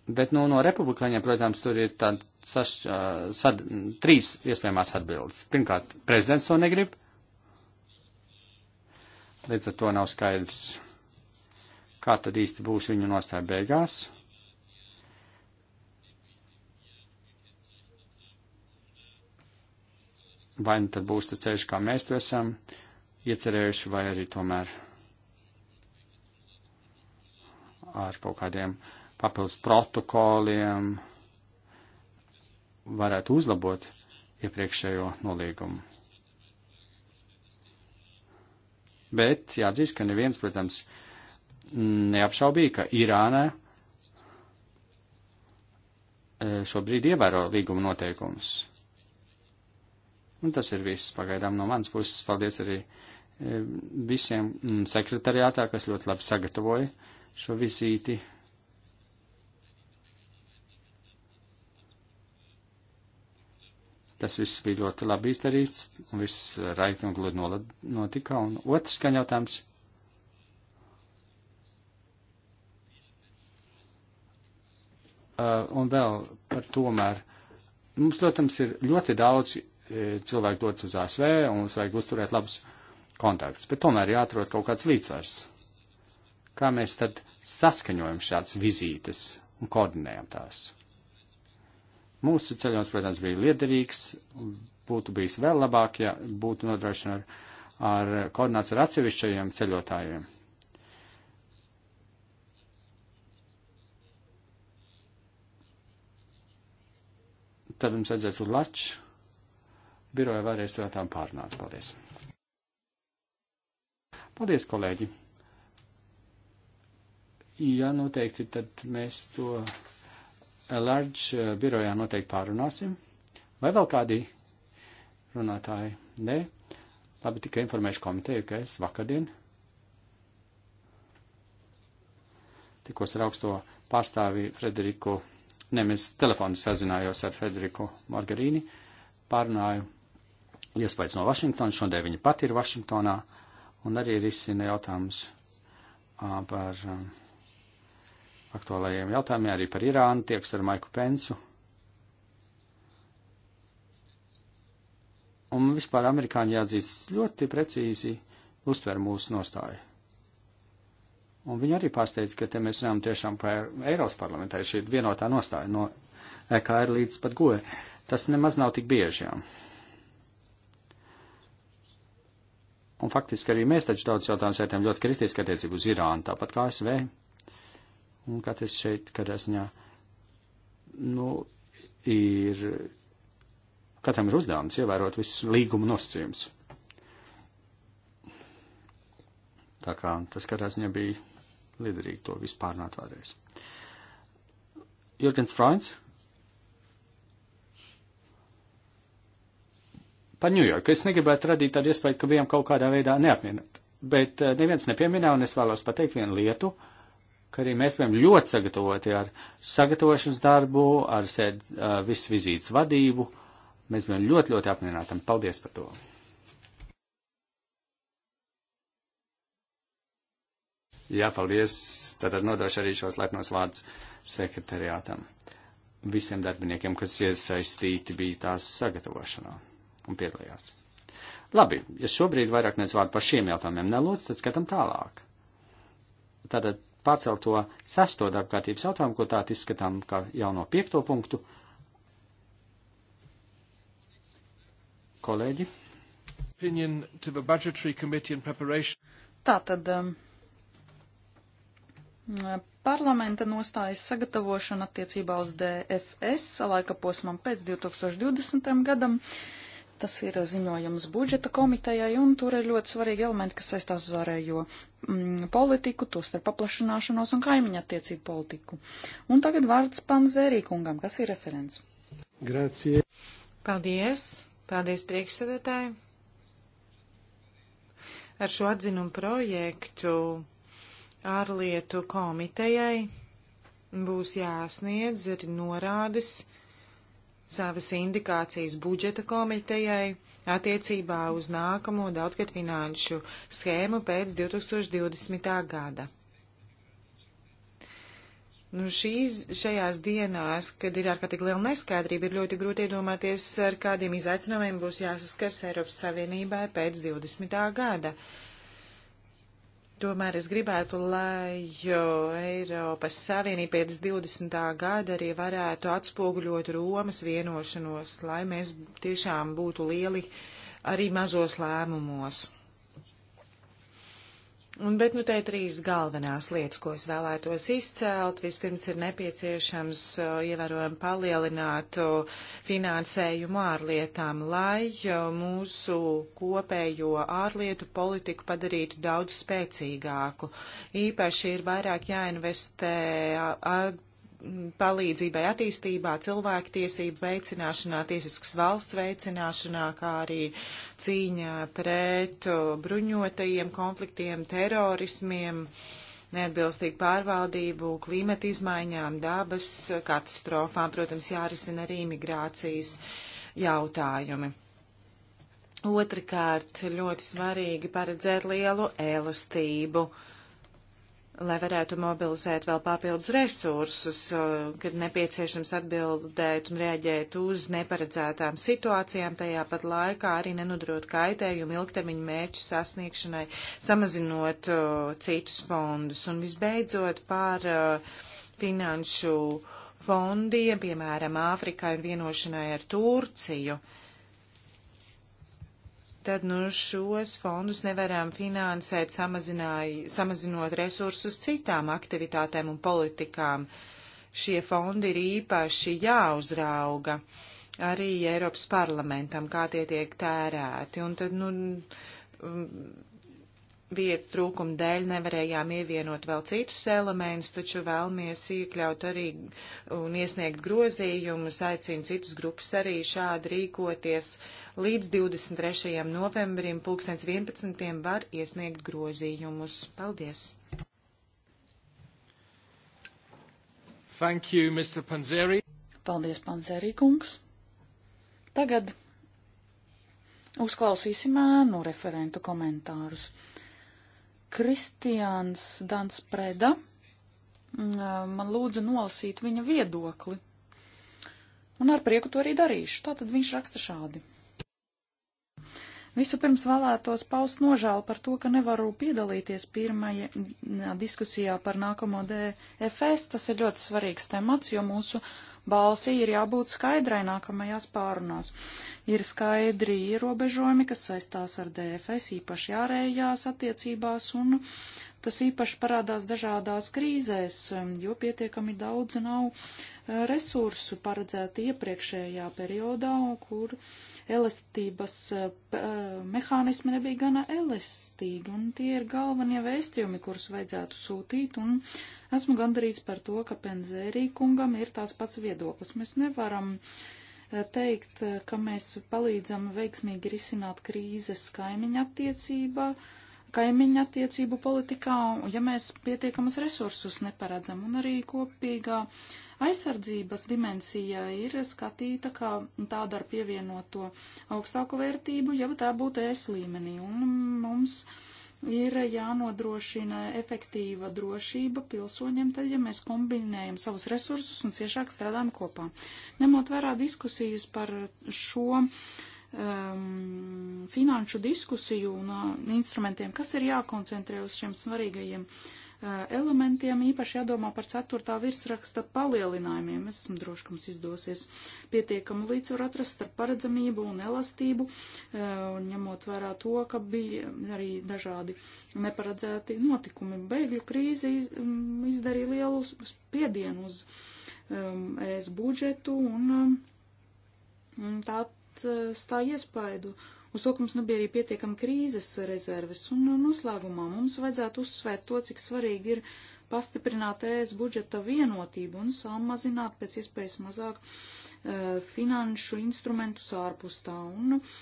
Bet nu, no republikāņiem, protams, tur ir tād, saš, sad, trīs iespējamās atbildes. Pirmkārt, prezidents to negrib. Līdz ar to nav skaidrs, kā tad īsti būs viņu nostāja beigās. Vai nu tad būs tas ceļš, kā mēs to esam iecerējuši, vai arī tomēr ar kaut kādiem uh, papildus protokoliem varētu uzlabot iepriekšējo nolīgumu. Bet jāatzīst, ka neviens, protams, neapšaubīja, ka Irāna e, šobrīd ievēro līguma noteikumus. Un tas ir viss pagaidām no manas puses. Paldies arī e, visiem sekretariātā, kas ļoti labi sagatavoja šo vizīti Tas viss bija ļoti labi izdarīts, un viss raiti un gludi notika. Un otrs gan jautājums. Uh, un vēl par tomēr. Mums, protams, ir ļoti daudz e, cilvēku dodas uz ASV, un mums vajag uzturēt labus kontaktus, bet tomēr jāatrod kaut kāds līdzsvars. Kā mēs tad saskaņojam šādas vizītes un koordinējam tās? Mūsu ceļojums, protams, bija liederīgs, būtu bijis vēl labāk, ja būtu nodrošina ar, ar koordināciju ar atsevišķajiem ceļotājiem. Tad mums vajadzētu laču biroja vēlreiz vēl tām pārnāt. Paldies! Paldies, kolēģi! Jā, noteikti, tad mēs to Large eh, birojā noteikti pārunāsim. Vai vēl kādi runātāji? Nē. Labi, tikai informēšu komiteju, ka es vakardien tikos ar augsto pārstāvi Frederiku, nemaz telefonu sazinājos ar Frederiku Margarīni, pārunāju iespējas no Vašingtonas, šodien viņa pati ir Vašingtonā, un arī risina jautājums ah, par. Um, aktuālajiem jautājumiem, arī par Irānu, tieks ar Maiku Pensu. Un vispār amerikāņi jāatzīst ļoti precīzi uztver mūsu nostāju. Un viņi arī pārsteidz, ka te mēs runājam tiešām par Eiropas parlamentāju šī vienotā nostāja no EKR līdz pat goe. Tas nemaz nav tik bieži jau. Un faktiski arī mēs taču daudz jautājumu sētām ļoti kritiski attiecību uz Irānu, tāpat kā ASV. Un katrs šeit, kādā ziņā, nu, ir, katram ir uzdevums ievērot visus līguma nosacījumus. Tā kā tas katrā ziņā bija liederīgi to visu pārnāt vēlreiz. Jurgens Freunds par Ņujorku. Es negribētu radīt tādu iespēju, ka bijām kaut kādā veidā neapmienāti. Bet eh, neviens nepieminēja, un es vēlos pateikt vienu lietu. Uh, ka arī mēs bijām ļoti sagatavoti ar sagatavošanas darbu, ar sēd, uh, visu vizītes vadību. Mēs bijām ļoti, ļoti apmierināti. Paldies par to! Jā, paldies. Tad nodošu arī šos lepnos vārdus sekretariātam. Visiem darbiniekiem, kas iesaistīti bija tās sagatavošanā un piedalījās. Labi, ja šobrīd vairāk nezvārdu par šiem jautājumiem nelūdz, tad skatam tālāk. Tātad pārcelt to sesto darbkārtības jautājumu, ko tātad izskatām kā jauno piekto punktu. Kolēģi. Tātad um, parlamenta nostājas sagatavošana attiecībā uz DFS laika posmam pēc 2020. gadam. Uh, Tas ir ziņojums budžeta komitejai, un tur ir ļoti svarīgi elementi, kas saistās uz ārējo mm, politiku, tostarp paplašināšanos un kaimiņa attiecību politiku. Un tagad vārds pan Zērīkungam, kas ir referents. Grācie. Paldies. Paldies priekšsēdētāji. Ar šo atzinumu projektu ārlietu komitejai būs jāsniedz arī norādes savas indikācijas budžeta komitejai attiecībā uz nākamo daudzgad finanšu schēmu pēc 2020. gada. Nu, šīs, šajās dienās, kad ir ārkārtīgi liela neskaidrība, ir ļoti grūti iedomāties, ar kādiem izaicinājumiem būs jāsaskars Eiropas Savienībai pēc 20. gada. Uh, Tomēr es gribētu, lai Eiropas Savienība pēc 20. gada arī varētu atspoguļot Romas vienošanos, lai mēs tiešām būtu lieli arī mazos lēmumos. Un, bet nu te ir trīs galvenās lietas, ko es vēlētos izcelt. Vispirms ir nepieciešams uh, ievērojami palielināt uh, finansējumu ārlietām, lai uh, mūsu kopējo ārlietu politiku padarītu daudz spēcīgāku. Īpaši ir vairāk jāinvestē. Uh, palīdzībai attīstībā, cilvēktiesību veicināšanā, tiesiskas valsts veicināšanā, kā arī cīņā pret uh, bruņotajiem konfliktiem, terorismiem, neatbilstīgu pārvaldību, klimata izmaiņām, dabas uh, katastrofām, protams, jārisina arī imigrācijas jautājumi. Otrakārt, ļoti svarīgi paredzēt lielu elastību. Uh, lai varētu mobilizēt vēl papildus resursus, uh, kad nepieciešams atbildēt un reaģēt uz neparedzētām situācijām, tajā pat laikā arī nenudrot kaitējumu ilgtermiņu mērķu sasniegšanai, samazinot uh, citus fondus. Un visbeidzot par uh, finanšu fondiem, piemēram, Āfrikai un vienošanai ar Turciju. Uh, tad nu šos fondus nevaram finansēt samazinot resursus citām aktivitātēm un politikām. Šie fondi ir īpaši jāuzrauga arī Eiropas parlamentam, kā tie tiek tērēti. Un tad, nu, vietu trūkuma dēļ nevarējām ievienot vēl citus elementus, taču vēlamies iekļaut arī un iesniegt grozījumus, aicinu citus grupas arī šādi rīkoties. Līdz 23. novembrim 2011. var iesniegt grozījumus. Paldies! Thank you, Mr. Panzeri. Paldies, Panzeri kungs. Tagad uzklausīsim ēnu referentu komentārus. Kristiāns Dans Preda man lūdza nolasīt viņa viedokli. Un ar prieku to arī darīšu. Tātad viņš raksta šādi. Vispirms vēlētos paust nožēlu par to, ka nevaru piedalīties pirmajā diskusijā par nākamo DFS. Tas ir ļoti svarīgs temats, jo mūsu balsī ir jābūt skaidrai nākamajās pārunās. Ir skaidri ierobežojumi, kas saistās ar DFS īpaši ārējās attiecībās, un tas īpaši parādās dažādās krīzēs, um, jo pietiekami daudz nav uh, resursu paredzēti iepriekšējā periodā, kur elastības uh, uh, mehānismi nebija gana elastīgi, un tie ir galvenie vēstījumi, kurus vajadzētu sūtīt, un Esmu gandarīts par to, ka Penzērī kungam ir tās pats viedoklis. Mēs nevaram eh, teikt, eh, ka mēs palīdzam veiksmīgi risināt krīzes kaimiņa attiecībā, kaimiņa attiecību politikā, ja mēs pietiekamus resursus neparedzam. Un arī kopīgā aizsardzības dimensija ir skatīta kā tāda ar pievienoto augstāku vērtību, ja tā būtu es līmenī. Un mums. Um, ir jānodrošina efektīva drošība pilsoņiem, tad, ja mēs kombinējam savus resursus un ciešāk strādājam kopā. Ņemot vērā diskusijas par šo um, finanšu diskusiju un uh, instrumentiem, kas ir jākoncentrē uz šiem svarīgajiem uh, Eh, elementiem, īpaši jādomā par ceturtā virsraksta palielinājumiem. Es esmu droši, ka mums izdosies pietiekamu līdzsvaru atrast starp paredzamību un elastību, eh, un ņemot vērā to, ka bija arī dažādi neparedzēti notikumi. Bēgļu krīze mm, izdarīja lielu spiedienu uz um, es budžetu un um, tā tā iespaidu Uz to, ka mums nebija arī pietiekama krīzes rezerves, un uh, noslēgumā mums vajadzētu uzsvērt to, cik svarīgi ir pastiprināt ES budžeta vienotību un samazināt pēc iespējas mazāk uh, finanšu instrumentus ārpus tā. Un uh,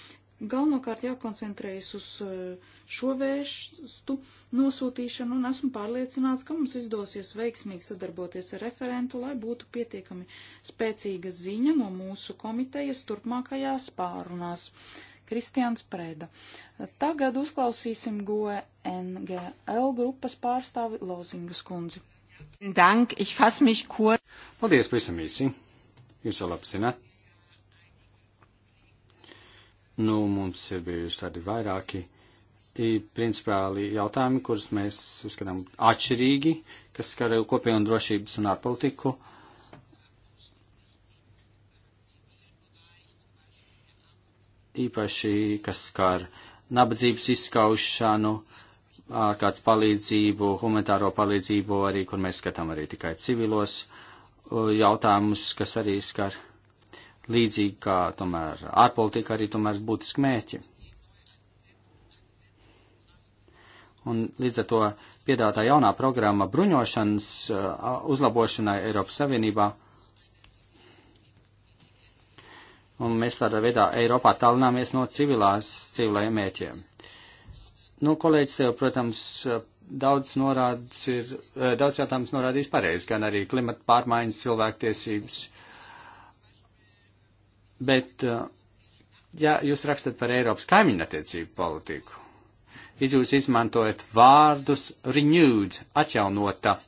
galvenokārt jākoncentrējas uz uh, šo vēstu nosūtīšanu, un esmu pārliecināts, ka mums izdosies veiksmīgi sadarboties ar referentu, lai būtu pietiekami spēcīga ziņa no mūsu komitejas turpmākajās pārunās. Kristians Preda. Tagad uzklausīsim GOE NGL grupas pārstāvi Lozingas kundzi. Dank, ich fass mich kur. Paldies, pavisam īsi. Jūs jau labi zināt. Nu, mums ir bijuši tādi vairāki principāli jautājumi, kurus mēs uzskatām atšķirīgi, kas skar kopējo un drošības un ārpolitiku. Uh, īpaši, kas skar nabadzības izskaušanu, ārkārtas palīdzību, humanitāro palīdzību, arī, kur mēs skatām arī tikai civilos jautājumus, kas arī skar līdzīgi kā tomēr ārpolitika arī tomēr būtiski mērķi. Un līdz ar to piedāvātā jaunā programma bruņošanas uzlabošanai Eiropas Savienībā un mēs tādā veidā Eiropā tālināmies no civilās, civilajiem mērķiem. Nu, kolēģis tev, protams, daudz norādes ir, eh, daudz jautājums norādījis pareizi, gan arī klimata pārmaiņas, cilvēktiesības. Bet, eh, ja jūs rakstat par Eiropas kaimiņattiecību politiku, jūs izmantojat vārdus renewed, atjaunota,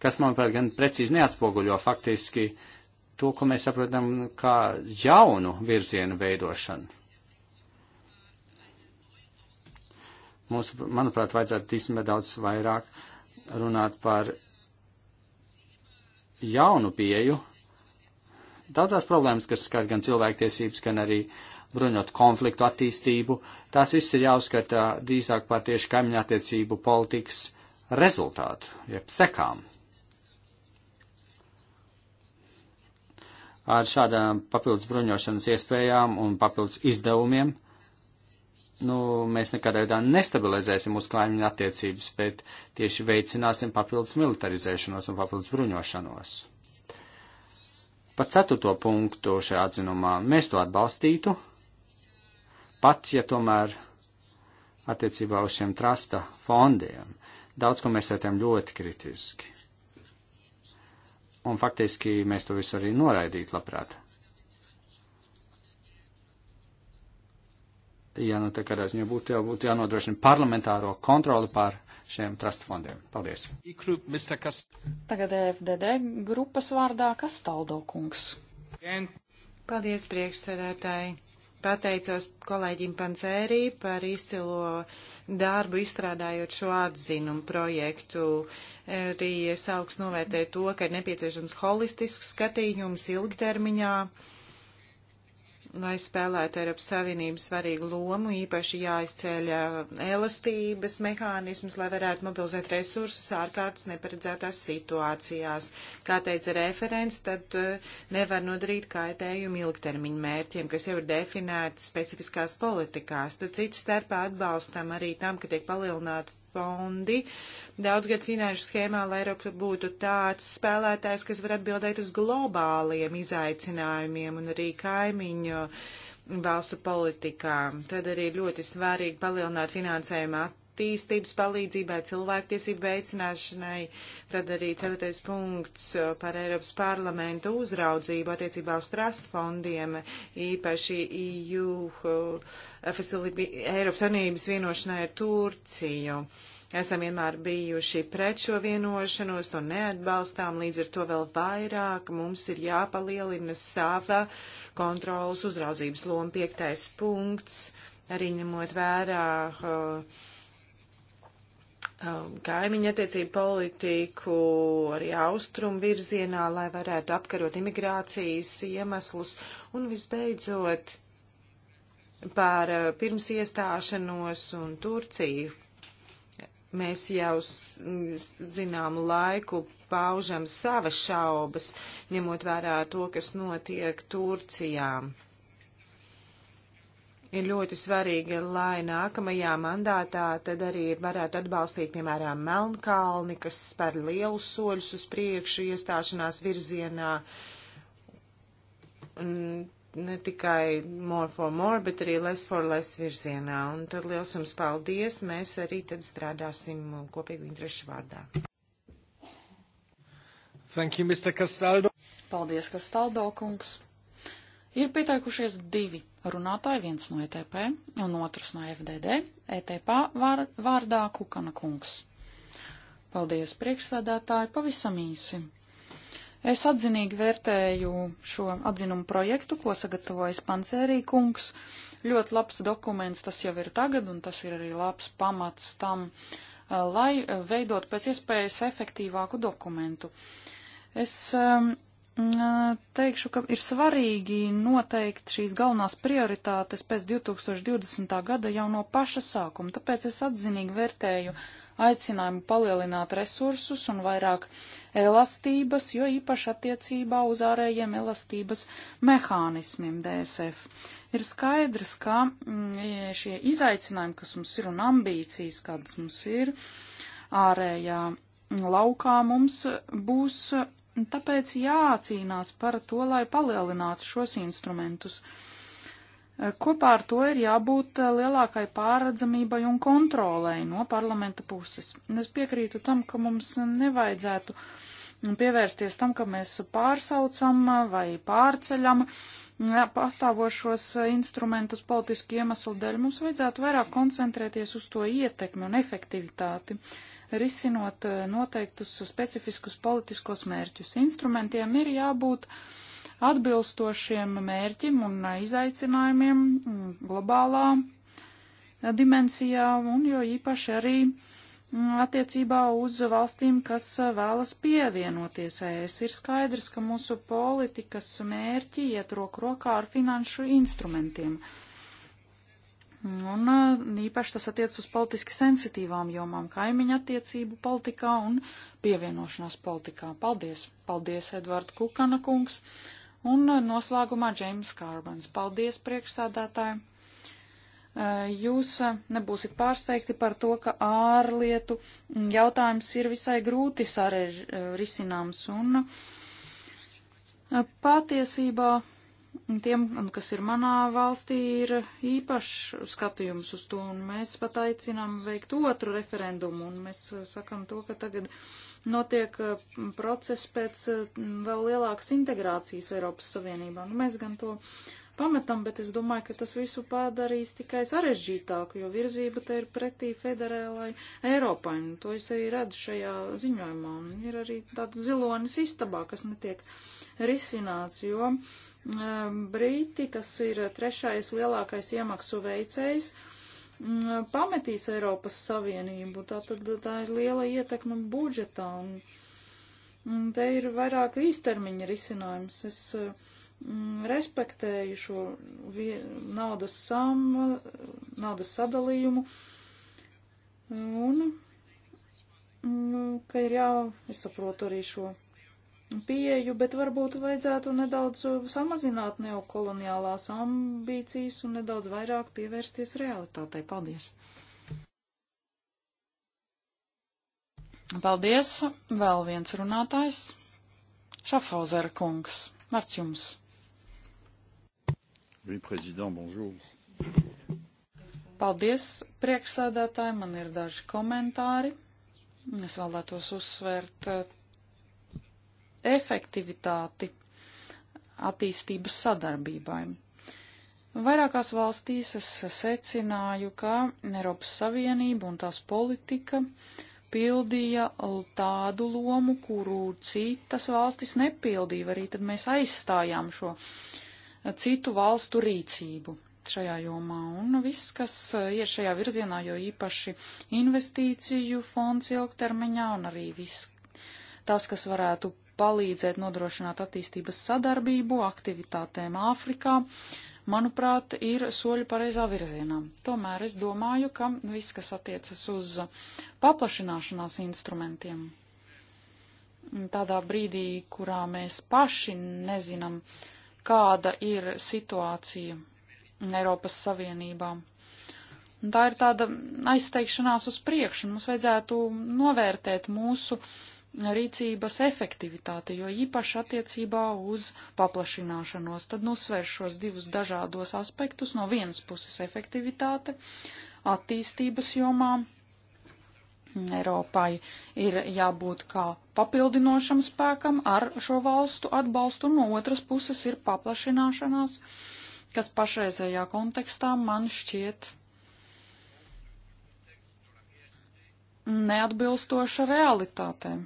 kas, manuprāt, gan precīzi neatspoguļo faktiski uh, to, ko mēs saprotam kā jaunu virzienu veidošanu. Mums, manuprāt, vajadzētu īstenībā daudz vairāk runāt par jaunu pieju. Daudzās problēmas, kas skar gan cilvēktiesības, gan arī bruņot konfliktu attīstību, tās viss ir jāuzskata drīzāk par tieši kaimiņattiecību politikas rezultātu, jeb sekām. ar šādām papildus bruņošanas iespējām un papildus izdevumiem, nu, mēs nekādā veidā nestabilizēsim mūsu kaimiņu attiecības, bet tieši veicināsim papildus militarizēšanos un papildus bruņošanos. Par ceturto punktu šajā atzinumā mēs to atbalstītu, pat ja tomēr attiecībā uz šiem trasta fondiem. Daudz ko mēs vērtējam ļoti kritiski. Un faktiski mēs to visu arī noraidītu labprāt. Ja nu te kādā ziņā būtu, jau būtu jānodrošina parlamentāro kontroli pār šiem trust fondiem. Paldies. Tagad FDD grupas vārdā Kastaldo kungs. Paldies, priekšsēdētāji pateicos kolēģim Pancērī par izcilo darbu izstrādājot šo atzinumu projektu. Arī es augstu novērtēju to, ka ir nepieciešams holistisks skatījums ilgtermiņā, lai spēlētu Eiropas Savienības svarīgu lomu, īpaši jāizceļ elastības mehānismus, lai varētu mobilizēt resursus ārkārtas neparedzētās situācijās. Kā teica referents, tad nevar nodarīt kaitējumu ilgtermiņu mērķiem, kas jau ir definēti specifiskās politikās. Tad cits starpā atbalstam arī tam, ka tiek palielināta fondi daudzgad finanšu schēmā, lai Eiropa būtu tāds spēlētājs, kas var atbildēt uz globāliem izaicinājumiem un arī kaimiņu valstu politikām. Tad arī ļoti svarīgi palielināt finansējumu at attīstības palīdzībai, cilvēktiesību veicināšanai, tad arī ceturtais punkts uh, par Eiropas parlamentu uzraudzību attiecībā uz trust fondiem, īpaši EU uh, Eiropas Sanības vienošanai ar Turciju. Esam vienmēr bijuši pret šo vienošanos, to neatbalstām, līdz ar to vēl vairāk mums ir jāpalielina sava kontrolas uzraudzības loma piektais punkts, arī ņemot vērā uh, Um, kaimiņa attiecību politiku arī austrumu virzienā, lai varētu apkarot imigrācijas iemeslus un visbeidzot par uh, pirms iestāšanos un Turciju. Mēs jau zinām laiku paužam savas šaubas, ņemot vērā to, kas notiek Turcijām ir ļoti svarīgi, lai nākamajā mandātā tad arī varētu atbalstīt, piemēram, Melnkalni, kas spēr lielus soļus uz priekšu iestāšanās virzienā. Ne tikai more for more, bet arī less for less virzienā. Un tad liels jums paldies. Mēs arī tad strādāsim kopīgu interešu vārdā. Thank you, Mr. Castaldo. Paldies, Castaldo kungs. Ir pieteikušies divi runātāji, viens no ETP un otrs no FDD, ETP var, vārdā Kukana kungs. Paldies, priekšsēdētāji, pavisam īsi. Es atzinīgi vērtēju šo atzinumu projektu, ko sagatavojas Pansērī kungs. Ļoti labs dokuments tas jau ir tagad, un tas ir arī labs pamats tam, eh, lai eh, veidot pēc iespējas efektīvāku dokumentu. Es um, Mm, teikšu, ka ir svarīgi noteikt šīs galvenās prioritātes pēc 2020. gada jau no paša sākuma, tāpēc es atzinīgi vērtēju aicinājumu palielināt resursus un vairāk elastības, jo īpaši attiecībā uz ārējiem elastības mehānismiem DSF. Ir skaidrs, ka mm, šie izaicinājumi, kas mums ir un ambīcijas, kādas mums ir ārējā laukā, mums būs Tāpēc jācīnās par to, lai palielinātu šos instrumentus. Eh, kopā ar to ir jābūt eh, lielākai pārredzamībai un kontrolei no parlamenta puses. Es piekrītu tam, ka mums nevajadzētu pievērsties tam, ka mēs pārsaucam eh, vai pārceļam pastāvošos instrumentus politisku iemeslu dēļ. Mums vajadzētu vairāk koncentrēties uz to ietekmi un efektivitāti. Uh, risinot eh, noteiktus specifiskus politiskos mērķus. Instrumentiem ir jābūt atbilstošiem mērķim un izaicinājumiem mm, globālā eh, dimensijā un jo īpaši arī mm, attiecībā uz valstīm, kas eh, vēlas pievienoties ES. Ir skaidrs, ka mūsu politikas mērķi iet roku rokā ar finanšu instrumentiem. Uh, Un uh, īpaši tas attiec uz politiski sensitīvām jomām - kaimiņa attiecību politikā un pievienošanās politikā. Paldies! Paldies, Edvard Kukana kungs! Un uh, noslēgumā Džeims Kārbans. Paldies, priekšsādātāji! Uh, jūs nebūsit pārsteigti par to, ka ārlietu jautājums ir visai grūti sarež, risināms un patiesībā tiem, kas ir manā valstī, ir īpašs skatījums uz to, un mēs pat aicinām veikt otru referendumu, un mēs uh, sakam to, ka tagad notiek uh, process pēc uh, vēl lielākas integrācijas Eiropas Savienībā. Nu, mēs gan to pametam, bet es domāju, ka tas visu padarīs tikai sarežģītāku, jo virzība te ir pretī federālai Eiropai, un to es arī redzu šajā ziņojumā, un ir arī tāds zilonis istabā, kas netiek. Uh, risināts, jo um, Brīti, kas ir trešais lielākais iemaksu veicējs, um, pametīs Eiropas Savienību. Tā tad tā ir liela ietekme budžetā. Un, un te ir vairāk īstermiņa risinājums. Es mm, respektēju šo vie, naudas, sam, naudas sadalījumu. Un, mm, ka ir jā, es saprotu arī šo pieeju, bet varbūt vajadzētu nedaudz samazināt neokoloniālās ambīcijas un nedaudz vairāk pievērsties realitātei. Paldies! Paldies! Vēl viens runātājs. Šafauzera kungs, vārds jums. Oui, prezident, bonjour. Paldies, priekšsēdētāji, man ir daži komentāri. Es vēlētos uzsvērt eh, efektivitāti attīstības sadarbībai. Vairākās valstīs es secināju, ka Eiropas Savienība un tās politika pildīja tādu lomu, kuru citas valstis nepildīja, arī tad mēs aizstājām šo citu valstu rīcību šajā jomā. Un viss, kas iet šajā virzienā, jo īpaši investīciju fonds ilgtermiņā un arī viss tas, kas varētu palīdzēt nodrošināt attīstības sadarbību aktivitātēm Āfrikā, manuprāt, ir soļi pareizā virzienā. Tomēr es domāju, ka viss, kas attiecas uz paplašināšanās instrumentiem, tādā brīdī, kurā mēs paši nezinām, kāda ir situācija Eiropas Savienībā. Un tā ir tāda aizsteigšanās uz priekšu, un mums vajadzētu novērtēt mūsu uh, rīcības efektivitāti, jo īpaši attiecībā uz paplašināšanos. Tad nusver šos divus dažādos aspektus. No vienas puses efektivitāte attīstības jomā. Eiropai ir jābūt kā papildinošam spēkam ar šo valstu atbalstu, un no otras puses ir paplašināšanās, kas pašreizējā kontekstā man šķiet neatbilstoša realitātēm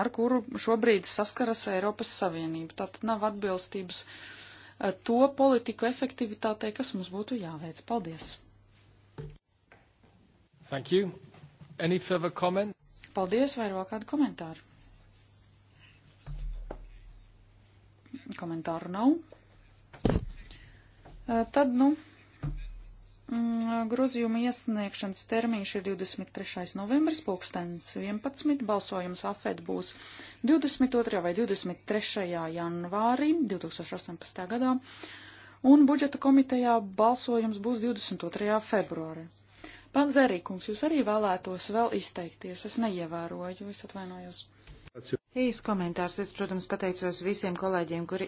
ar kuru šobrīd saskaras Eiropas Savienība. Tātad nav atbilstības eh, to politiku efektivitātei, kas mums būtu jāveic. Paldies! Thank you. Any further comment? Paldies, vai ir vēl kādi komentāri? Komentāru nav. Eh, tad, nu, Mm, grozījuma iesniegšanas termiņš ir 23. novembris, pulkstens 11. Balsojums afet būs 22. vai 23. janvārī 2018. gadā, un budžeta komitejā balsojums būs 22. februārī. Pats Zerīkungs, jūs arī vēlētos vēl izteikties, es neievēroju, es atvainojos. Īs komentārs. Es, protams, pateicos visiem kolēģiem, kuri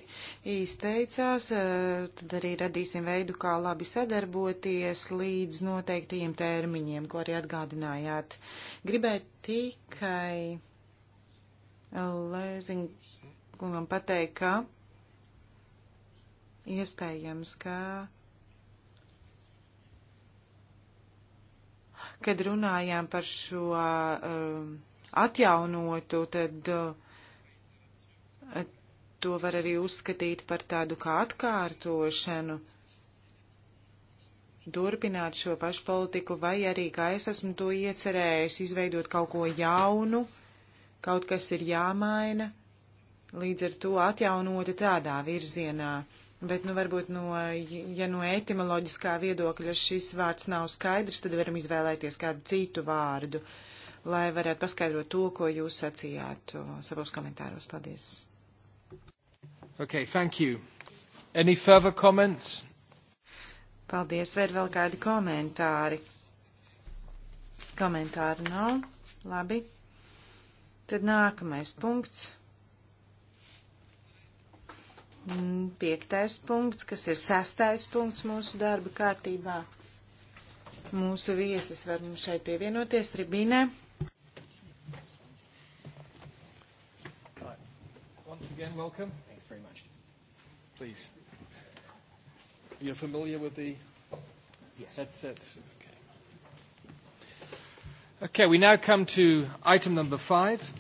izteicās. Eh, tad arī radīsim veidu, kā labi sadarboties līdz noteiktajiem termiņiem, ko arī atgādinājāt. Gribēju tikai Lēzinkungam pateikt, ka iespējams, ka. Kad runājām par šo. Um, atjaunotu, tad uh, to var arī uzskatīt par tādu kā atkārtošanu, turpināt šo pašu politiku, vai arī, kā es esmu to iecerējis, izveidot kaut ko jaunu, kaut kas ir jāmaina, līdz ar to atjaunota tādā virzienā. Bet, nu, varbūt, no, ja no etimoloģiskā viedokļa šis vārds nav skaidrs, tad varam izvēlēties kādu citu vārdu. Uh, lai varētu paskaidrot to, ko jūs sacījāt uh, savos komentāros. Paldies! Okay, thank you. Any further comments? Paldies, vai ir vēl kādi komentāri? Komentāri nav. Labi. Tad nākamais punkts. Mm, piektais punkts, kas ir sastais punkts mūsu darba kārtībā. Mūsu viesis var mums šeit pievienoties tribīnē. once again, welcome. Thanks very much. Please. You're familiar with the yes. headset? Okay. okay, we now come to item number five.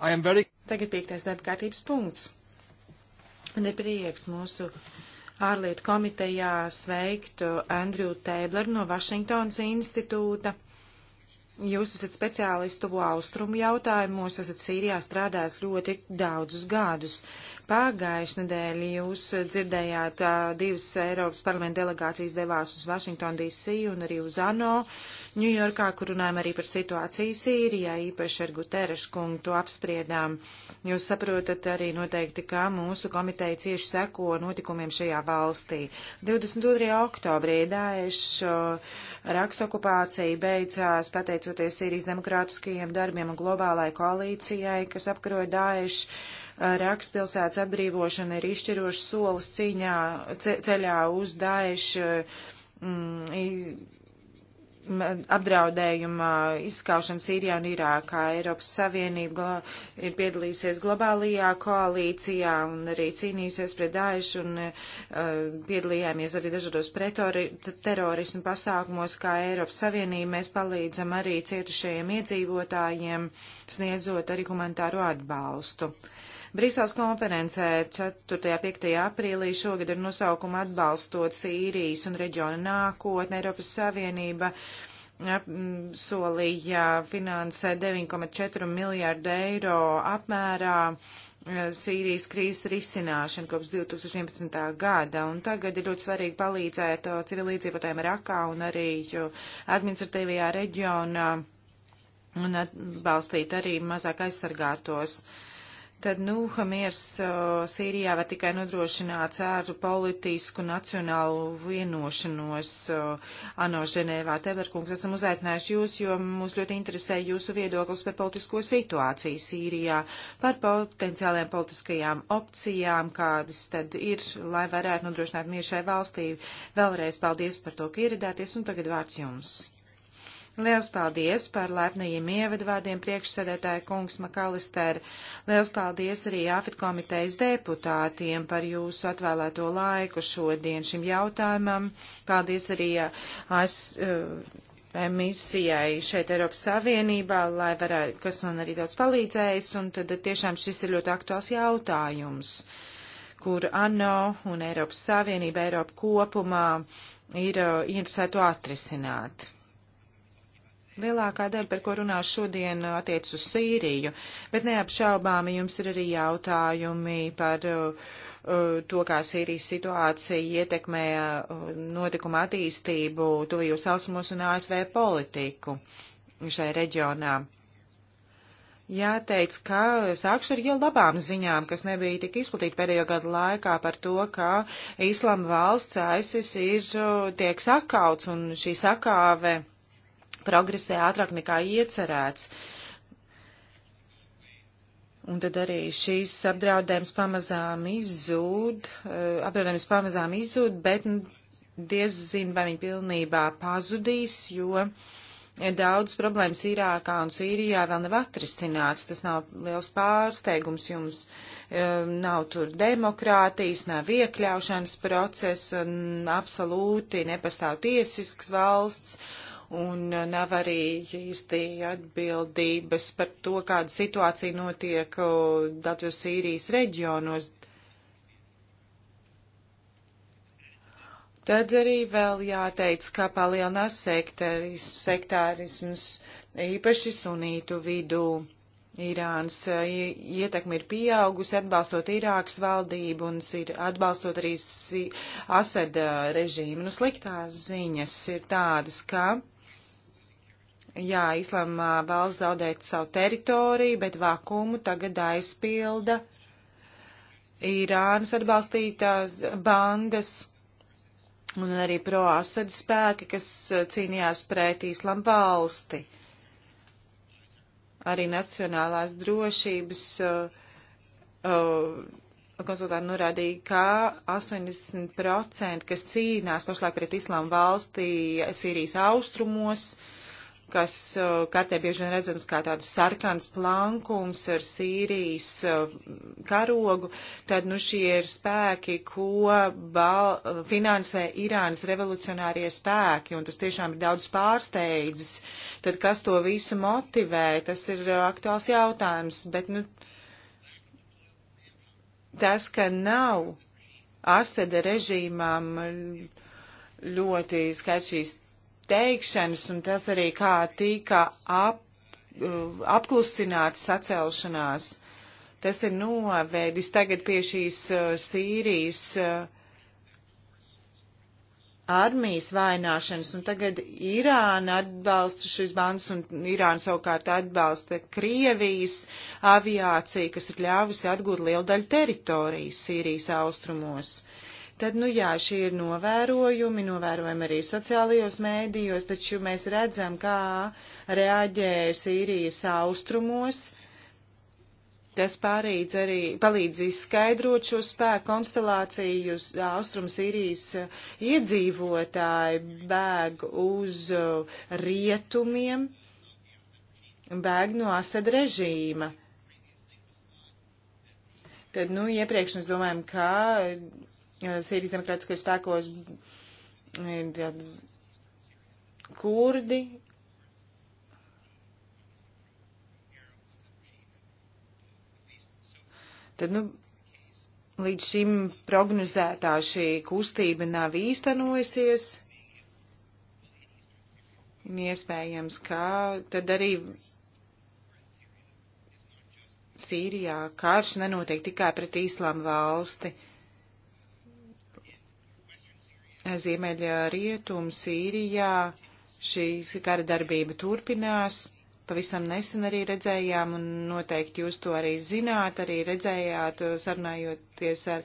I am very... Tagad piektais darba kārtības punkts. Man ir prieks mūsu ārlietu komitejā sveikt Andriju Tēbleru no Vašingtonas institūta. Jūs esat speciālists tuvu austrumu jautājumos, esat Sīrijā strādājis ļoti daudzus gadus. Pagājušajā nedēļā jūs dzirdējāt, divas Eiropas parlamenta delegācijas devās uz Vašingtonu DC un arī uz ANO. Uh, Ņujorkā, kur runājam arī par situāciju Sīrijā, īpaši ar Guterešu kungu to apspriedām. Jūs saprotat arī noteikti, ka mūsu komiteja cieši seko notikumiem šajā valstī. 22. oktobrī Daešu uh, raks okupācija beidzās pateicoties Sīrijas demokrātiskajiem darbiem un globālai koalīcijai, kas apkaroja Daešu. Uh, raks pilsētas atbrīvošana ir izšķirošs solis cīņā, ce, ceļā uz Daešu uh, mm, apdraudējuma izskaušana Sīrijā un Irākā. Eiropas Savienība ir piedalījusies globālajā koalīcijā un arī cīnījusies pret Daešu un uh, piedalījāmies arī dažādos pretterorismu pasākumos, kā Eiropas Savienība. Mēs palīdzam arī cietušajiem iedzīvotājiem, sniedzot arī humanitāro atbalstu. Uh, Brīseles konferencē 4.5. aprīlī šogad ar nosaukumu atbalstot Sīrijas un reģiona nākotni Eiropas Savienība solīja finansē 9,4 miljārdu eiro apmērā. E, Sīrijas krīzes risināšanu kopš 2011. gada, un tagad ir ļoti svarīgi palīdzēt civilīdzīvotājiem Rakā un arī administratīvajā reģionā un atbalstīt arī mazāk aizsargātos uh, tad, nu, miers Sīrijā var tikai nodrošināts ar politisku nacionālu vienošanos ANO Ženēvā. Teverkungs, esam uzaicinājuši jūs, jo mūs ļoti interesē jūsu viedoklis par politisko situāciju Sīrijā, par potenciālajām politiskajām opcijām, kādas tad ir, lai varētu nodrošināt mieru šai valstī. Vēlreiz paldies par to, ka ieradāties, un tagad vārds jums. Liels paldies par lepnajiem ievadvārdiem priekšsēdētāja kungs Makalister. Liels paldies arī AFIT komitejas deputātiem par jūsu atvēlēto laiku šodien šim jautājumam. Paldies arī uh, AS. Uh, misijai šeit Eiropas Savienībā, lai varētu, kas man arī daudz palīdzējis, un tad tiešām šis ir ļoti aktuāls jautājums, kur ANO un Eiropas Savienība, Eiropa kopumā ir uh, interesēto atrisināt. Lielākā daļa, par ko runāšu šodien, uh, attiec uz Sīriju, bet neapšaubāmi jums ir arī jautājumi par uh, uh to, kā Sīrijas situācija ietekmē uh, notikuma attīstību, tuvajos ausmos un ASV politiku šai reģionā. Jāteic, ka sākšu ar jau labām ziņām, kas nebija tik izplatīta pēdējo gadu laikā par to, ka Islama valsts aizsis ir, uh, tiek sakauts un šī sakāve progresē ātrāk nekā iecerēts. Un tad arī šīs apdraudējums pamazām izzūd, eh, apdraudējums pamazām izzūd, bet nu, diez zina, vai viņi pilnībā pazudīs, jo daudz problēmas Irākā un Sīrijā vēl nav atrisināts. Tas nav liels pārsteigums jums. Eh, nav tur demokrātijas, nav iekļaušanas procesa, absolūti nepastāv tiesisks valsts un nav arī īsti atbildības par to, kāda situācija notiek daudzos Sīrijas reģionos. Tad arī vēl jāteic, ka palielinās sektāris, sektārisms īpaši sunītu vidū. Irānas e, ietekme ir pieaugusi, atbalstot Irākas valdību un ir atbalstot arī Asada režīmu. Nu, sliktās ziņas ir tādas, ka Jā, Islamā valsts zaudēt savu teritoriju, bet vakumu tagad aizpilda Irānas atbalstītās bandas un arī pro-Asad spēki, kas cīnījās pret Islamu valsti. Arī Nacionālās drošības uh, uh, konsultāti norādīja, ka 80%, kas cīnās pašlaik pret islāmu valstī Sīrijas austrumos, kas kartē bieži vien redzams kā tāds sarkans plankums ar Sīrijas karogu, tad nu šie ir spēki, ko bal, finansē Irānas revolucionārie spēki, un tas tiešām ir daudz pārsteidzis. Tad kas to visu motivē, tas ir aktuāls jautājums, bet nu tas, ka nav Asada režīmām ļoti skaidrs šīs teikšanas, un tas arī kā tika ap, uh, apklusināts sacelšanās. Tas ir novēdis tagad pie šīs uh, Sīrijas uh, armijas vaināšanas, un tagad Irāna atbalsta šīs bandas, un Irāna savukārt atbalsta Krievijas aviāciju, kas ir ļāvusi atgūt lielu daļu teritorijas Sīrijas austrumos. Uh, Tad, nu jā, šī ir novērojumi, novērojami arī sociālajos mēdījos, taču mēs redzam, kā reaģē Sīrijas austrumos. Tas pārīdz arī, palīdz izskaidrot šo spēku konstelāciju uz austrum Sīrijas iedzīvotāju bēg uz rietumiem, bēg no Asad režīma. Tad, nu, iepriekš mēs domājam, ka Eh, Sīrijas demokrātiskajos spēkos ir eh, tāds kurdi. Tad, nu, līdz šim prognozētā šī kustība nav īstenojusies. Iespējams, ka tad arī Sīrijā karš nenotiek tikai pret īslām valsti. Ziemeļa rietum Sīrijā šīs kara darbība turpinās. Pavisam nesen arī redzējām, un noteikti jūs to arī zināt, arī redzējāt, sarunājoties ar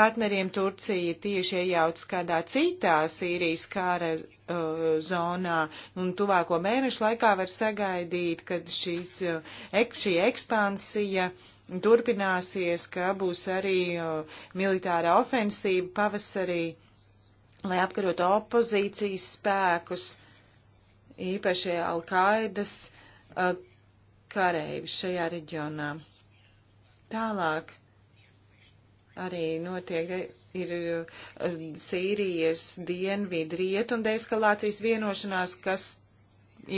partneriem, Turcija tieši iejauc kādā citā Sīrijas kara uh, zonā, un tuvāko mēnešu laikā var sagaidīt, kad šīs, ek, šī ekspansija turpināsies, ka būs arī uh, militārā ofensība pavasarī. Uh, lai apkarotu opozīcijas spēkus, īpaši Alkaidas uh, kareivi šajā reģionā. Tālāk arī notiek ir uh, Sīrijas dienvidu rietumde eskalācijas vienošanās, kas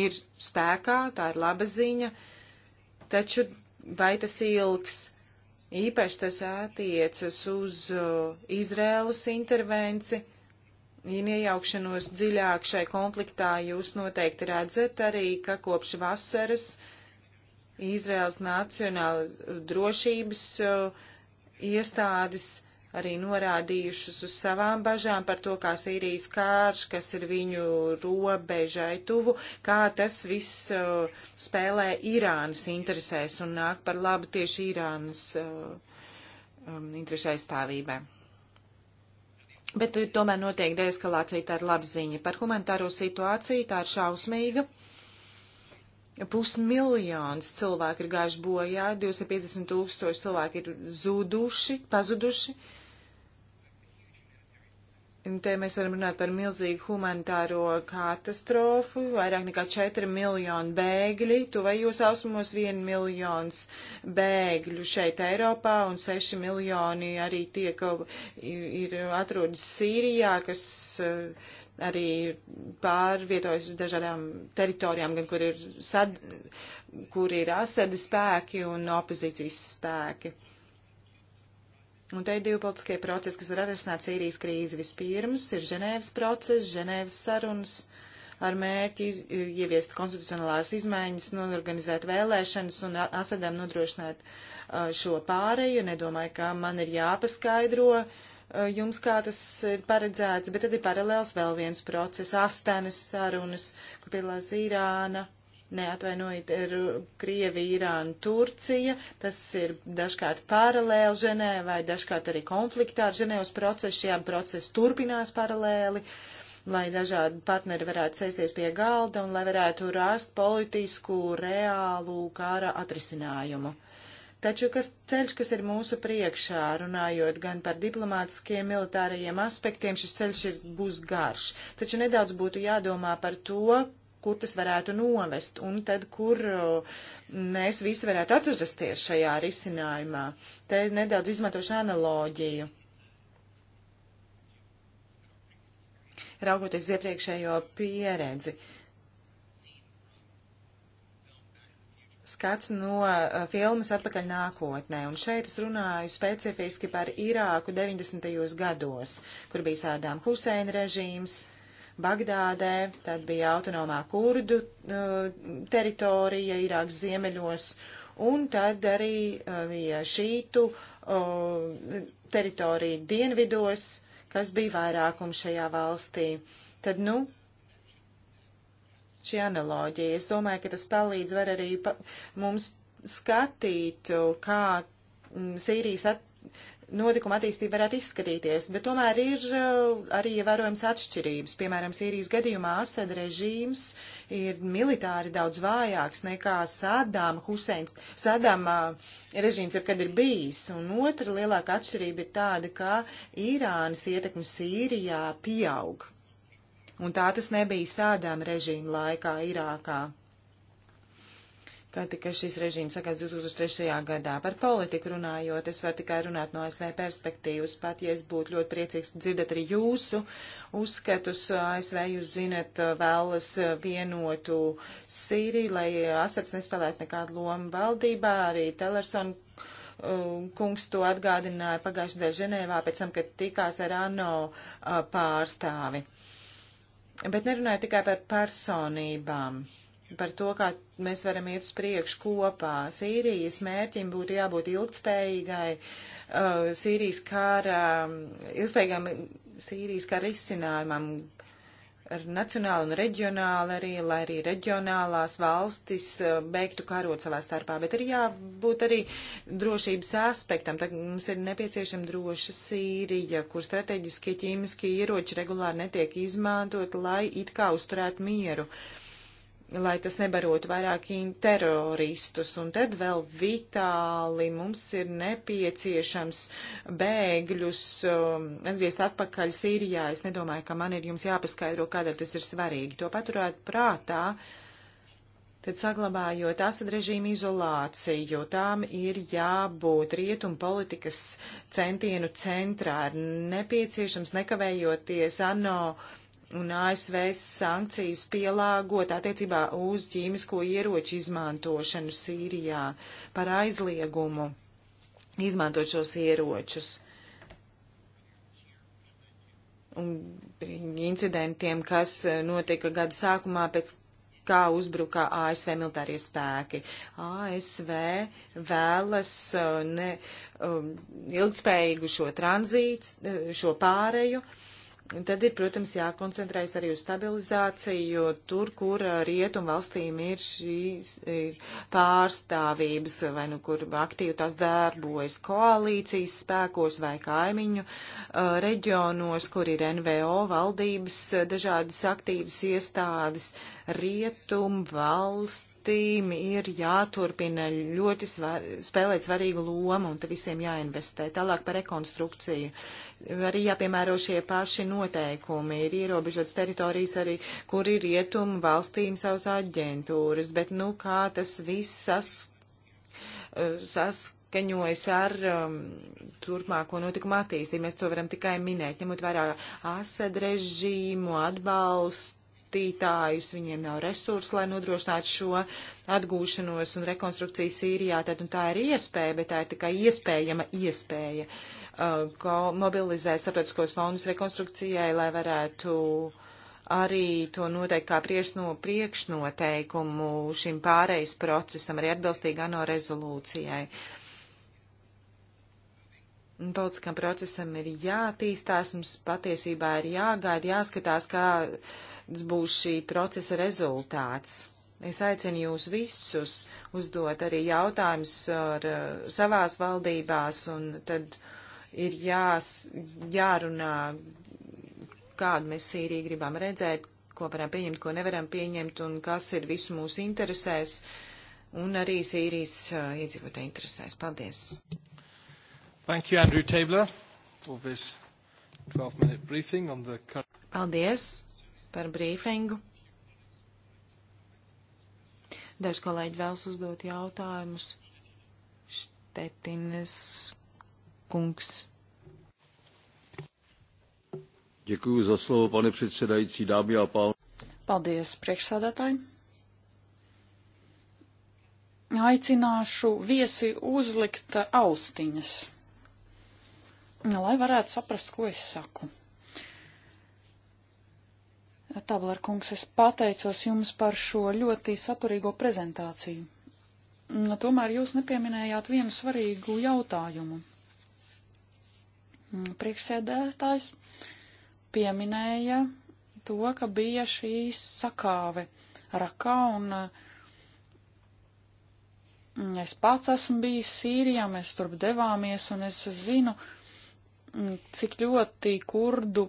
ir spēkā, tā ir laba ziņa, taču vai tas ilgs? Īpaši tas attiecas uz uh, Izrēlas intervenciju iejaukšanos dziļāk šai konfliktā jūs noteikti redzat arī, ka kopš vasaras Izraels Nacionālas uh, drošības uh, iestādes arī norādījušas uz savām bažām par to, kā Sīrijas kārš, kas ir viņu robežai tuvu, kā tas viss uh, spēlē Irānas interesēs un nāk par labu tieši Irānas um, interesēs stāvībai. Bet tomēr notiek deeskalācija, tā ir laba ziņa. Par humanitāro situāciju tā ir šausmīga. Pusmiljons cilvēku ir gājuši bojā, 250 tūkstoši cilvēki ir zuduši, pazuduši. Uh, Un te mēs varam runāt par milzīgu humanitāro katastrofu, vairāk nekā 4 miljoni bēgļi, tuvējos ausmos 1 miljons bēgļu šeit Eiropā un 6 miljoni arī tie, ka ir, ir atrodas Sīrijā, kas e, arī pārvietojas dažādām teritorijām, gan kur ir, sad, kur ir asadi spēki un opozīcijas spēki. Un te ir divi politiskie procesi, kas var atrisināt Sīrijas krīzi. Vispirms ir Ženēvas process, Ženēvas sarunas ar mērķi ieviest konstitucionālās izmaiņas, norganizēt vēlēšanas un asadām nodrošināt uh, šo pāreju. Nedomāju, ka man ir jāpaskaidro uh, jums, kā tas ir paredzēts, bet tad ir paralēls vēl viens process - Astenes sarunas, kur piedalās Irāna neatvainojiet, ir Krievija, Irāna, Turcija, tas ir dažkārt paralēli Ženēvai, vai dažkārt arī konfliktā ar Ženēvas procesu, šie procesi turpinās paralēli, lai dažādi partneri varētu sēsties pie galda un lai varētu rast politisku, reālu kāra atrisinājumu. Taču kas ceļš, kas ir mūsu priekšā, runājot gan par diplomātiskiem, militārajiem aspektiem, šis ceļš ir, būs garš. Taču nedaudz būtu jādomā par to, kur tas varētu novest un tad, kur uh, mēs visi varētu atrasties šajā risinājumā. Te nedaudz izmantošu analoģiju. Raugoties iepriekšējo pieredzi, skats no uh, filmas atpakaļ nākotnē, un šeit es runāju specifiski par Irāku 90. gados, kur bija sādām Huseina režīms, uh, Bagdādē, tad bija autonomā kurdu uh, teritorija Irākas ziemeļos, un tad arī uh, bija šītu uh, teritorija dienvidos, kas bija vairākums šajā valstī. Tad, nu, šī analoģija, es domāju, ka tas palīdz var arī pa mums skatīt, kā mm, Sīrijas at notikuma attīstība varētu izskatīties, bet tomēr ir eh, arī ievērojams atšķirības. Piemēram, Sīrijas gadījumā Asad režīms ir militāri daudz vājāks nekā Sadām Huseins. Sadām eh, režīms ir, kad ir bijis. Un otra lielāka atšķirība ir tāda, ka Irānas ietekme Sīrijā pieaug. Un tā tas nebija Sadām režīma laikā Irākā kā tika šis režīms sakāts 2003. gadā. Par politiku runājot, es varu tikai runāt no ASV perspektīvas, pat ja es būtu ļoti priecīgs dzirdēt arī jūsu uzskatus. ASV jūs zinat vēlas vienotu Sīriju, lai Asats nespēlētu nekādu lomu valdībā, arī Telersona uh, kungs to atgādināja pagājušajā dēļ Ženēvā, pēc tam, kad tikās ar ANO uh, pārstāvi. Bet nerunāju tikai par personībām par to, kā mēs varam iet uz priekšu kopā. Sīrijas mērķim būtu jābūt ilgspējīgai, uh, Sīrijas kara, um, ilgspējīgam Sīrijas kara izcinājumam ar nacionālu un reģionālu arī, lai arī reģionālās valstis uh, beigtu karot savā starpā, bet ir jābūt arī drošības aspektam. Tad mums ir nepieciešama droša Sīrija, kur strateģiskie ķīmiskie ieroči regulāri netiek izmantot, lai it kā uzturētu mieru. Uh, lai tas nebarotu vairāk teroristus. Un tad vēl vitāli mums ir nepieciešams bēgļus um, atgriezt atpakaļ Sīrijā. Es nedomāju, ka man ir jums jāpaskaidro, kādēļ tas ir svarīgi. To paturēt prātā. Tad saglabājot asad režīmu izolāciju, tām ir jābūt rietumu politikas centienu centrā, nepieciešams nekavējoties ANO uh, un ASV sankcijas pielāgot attiecībā uz ķīmisko ieroču izmantošanu Sīrijā par aizliegumu izmantot šos ieročus. Un incidentiem, kas eh, notika gada sākumā pēc kā uzbruka ASV militārie spēki. ASV vēlas eh, ne, um, ilgspējīgu šo tranzīts, eh, šo pāreju. Uh, Un tad ir, protams, jākoncentrējas arī uz stabilizāciju, jo tur, kur rietumu valstīm ir šīs ir pārstāvības, vai nu kur aktīvi tās darbojas koalīcijas spēkos vai kaimiņu uh, reģionos, kur ir NVO valdības, dažādas aktīvas iestādes, rietumu valsts valstīm ir jāturpina ļoti svar, spēlēt svarīgu lomu un te visiem jāinvestē. Tālāk par rekonstrukciju. Arī jāpiemēro šie paši noteikumi. Ir ierobežotas teritorijas arī, kur ir rietumu valstīm savas aģentūras, bet nu kā tas viss sas, eh, sas skaņojas ar um, turpmāko notikumu attīstību. Mēs to varam tikai minēt, ņemot vērā ASED režīmu, atbalstu skatītājus, viņiem nav resursu, lai nodrošinātu šo atgūšanos un rekonstrukciju Sīrijā. Tad, un tā ir iespēja, bet tā ir tikai iespējama iespēja, uh, ko mobilizēt starptautiskos fondus rekonstrukcijai, lai varētu arī to noteikt kā priekšno, priekšnoteikumu šim pārejas procesam, arī atbilstīgi ANO rezolūcijai. Politiskam procesam ir jātīstās, mums patiesībā ir jāgaida, jāskatās, kā būs šī procesa rezultāts. Es aicinu jūs visus uzdot arī jautājumus ar, eh, savās valdībās, un tad ir jās, jārunā, kādu mēs Sīriju gribam redzēt, ko varam pieņemt, ko nevaram pieņemt, un kas ir visu mūsu interesēs, un arī Sīrijas uh, iedzīvotāju interesēs. Paldies! Thank you, Andrew Tabler, for this 12-minute briefing on the current... Paldies! par brīfingu. Daži kolēģi vēlas uzdot jautājumus. Štetines kungs. Děkuji za slovo, pane předsedající, dámy a pánové. Paldies, priekšsādātāji. Aicināšu viesi uzlikt austiņas, lai varētu saprast, ko es saku. Tabler kungs, es pateicos jums par šo ļoti saturīgo prezentāciju. Mm, tomēr jūs nepieminējāt vienu svarīgu jautājumu. Mm, priekšsēdētājs pieminēja to, ka bija šī sakāve rakā un uh, Es pats esmu bijis Sīrijā, mēs tur devāmies, un es zinu, cik ļoti kurdu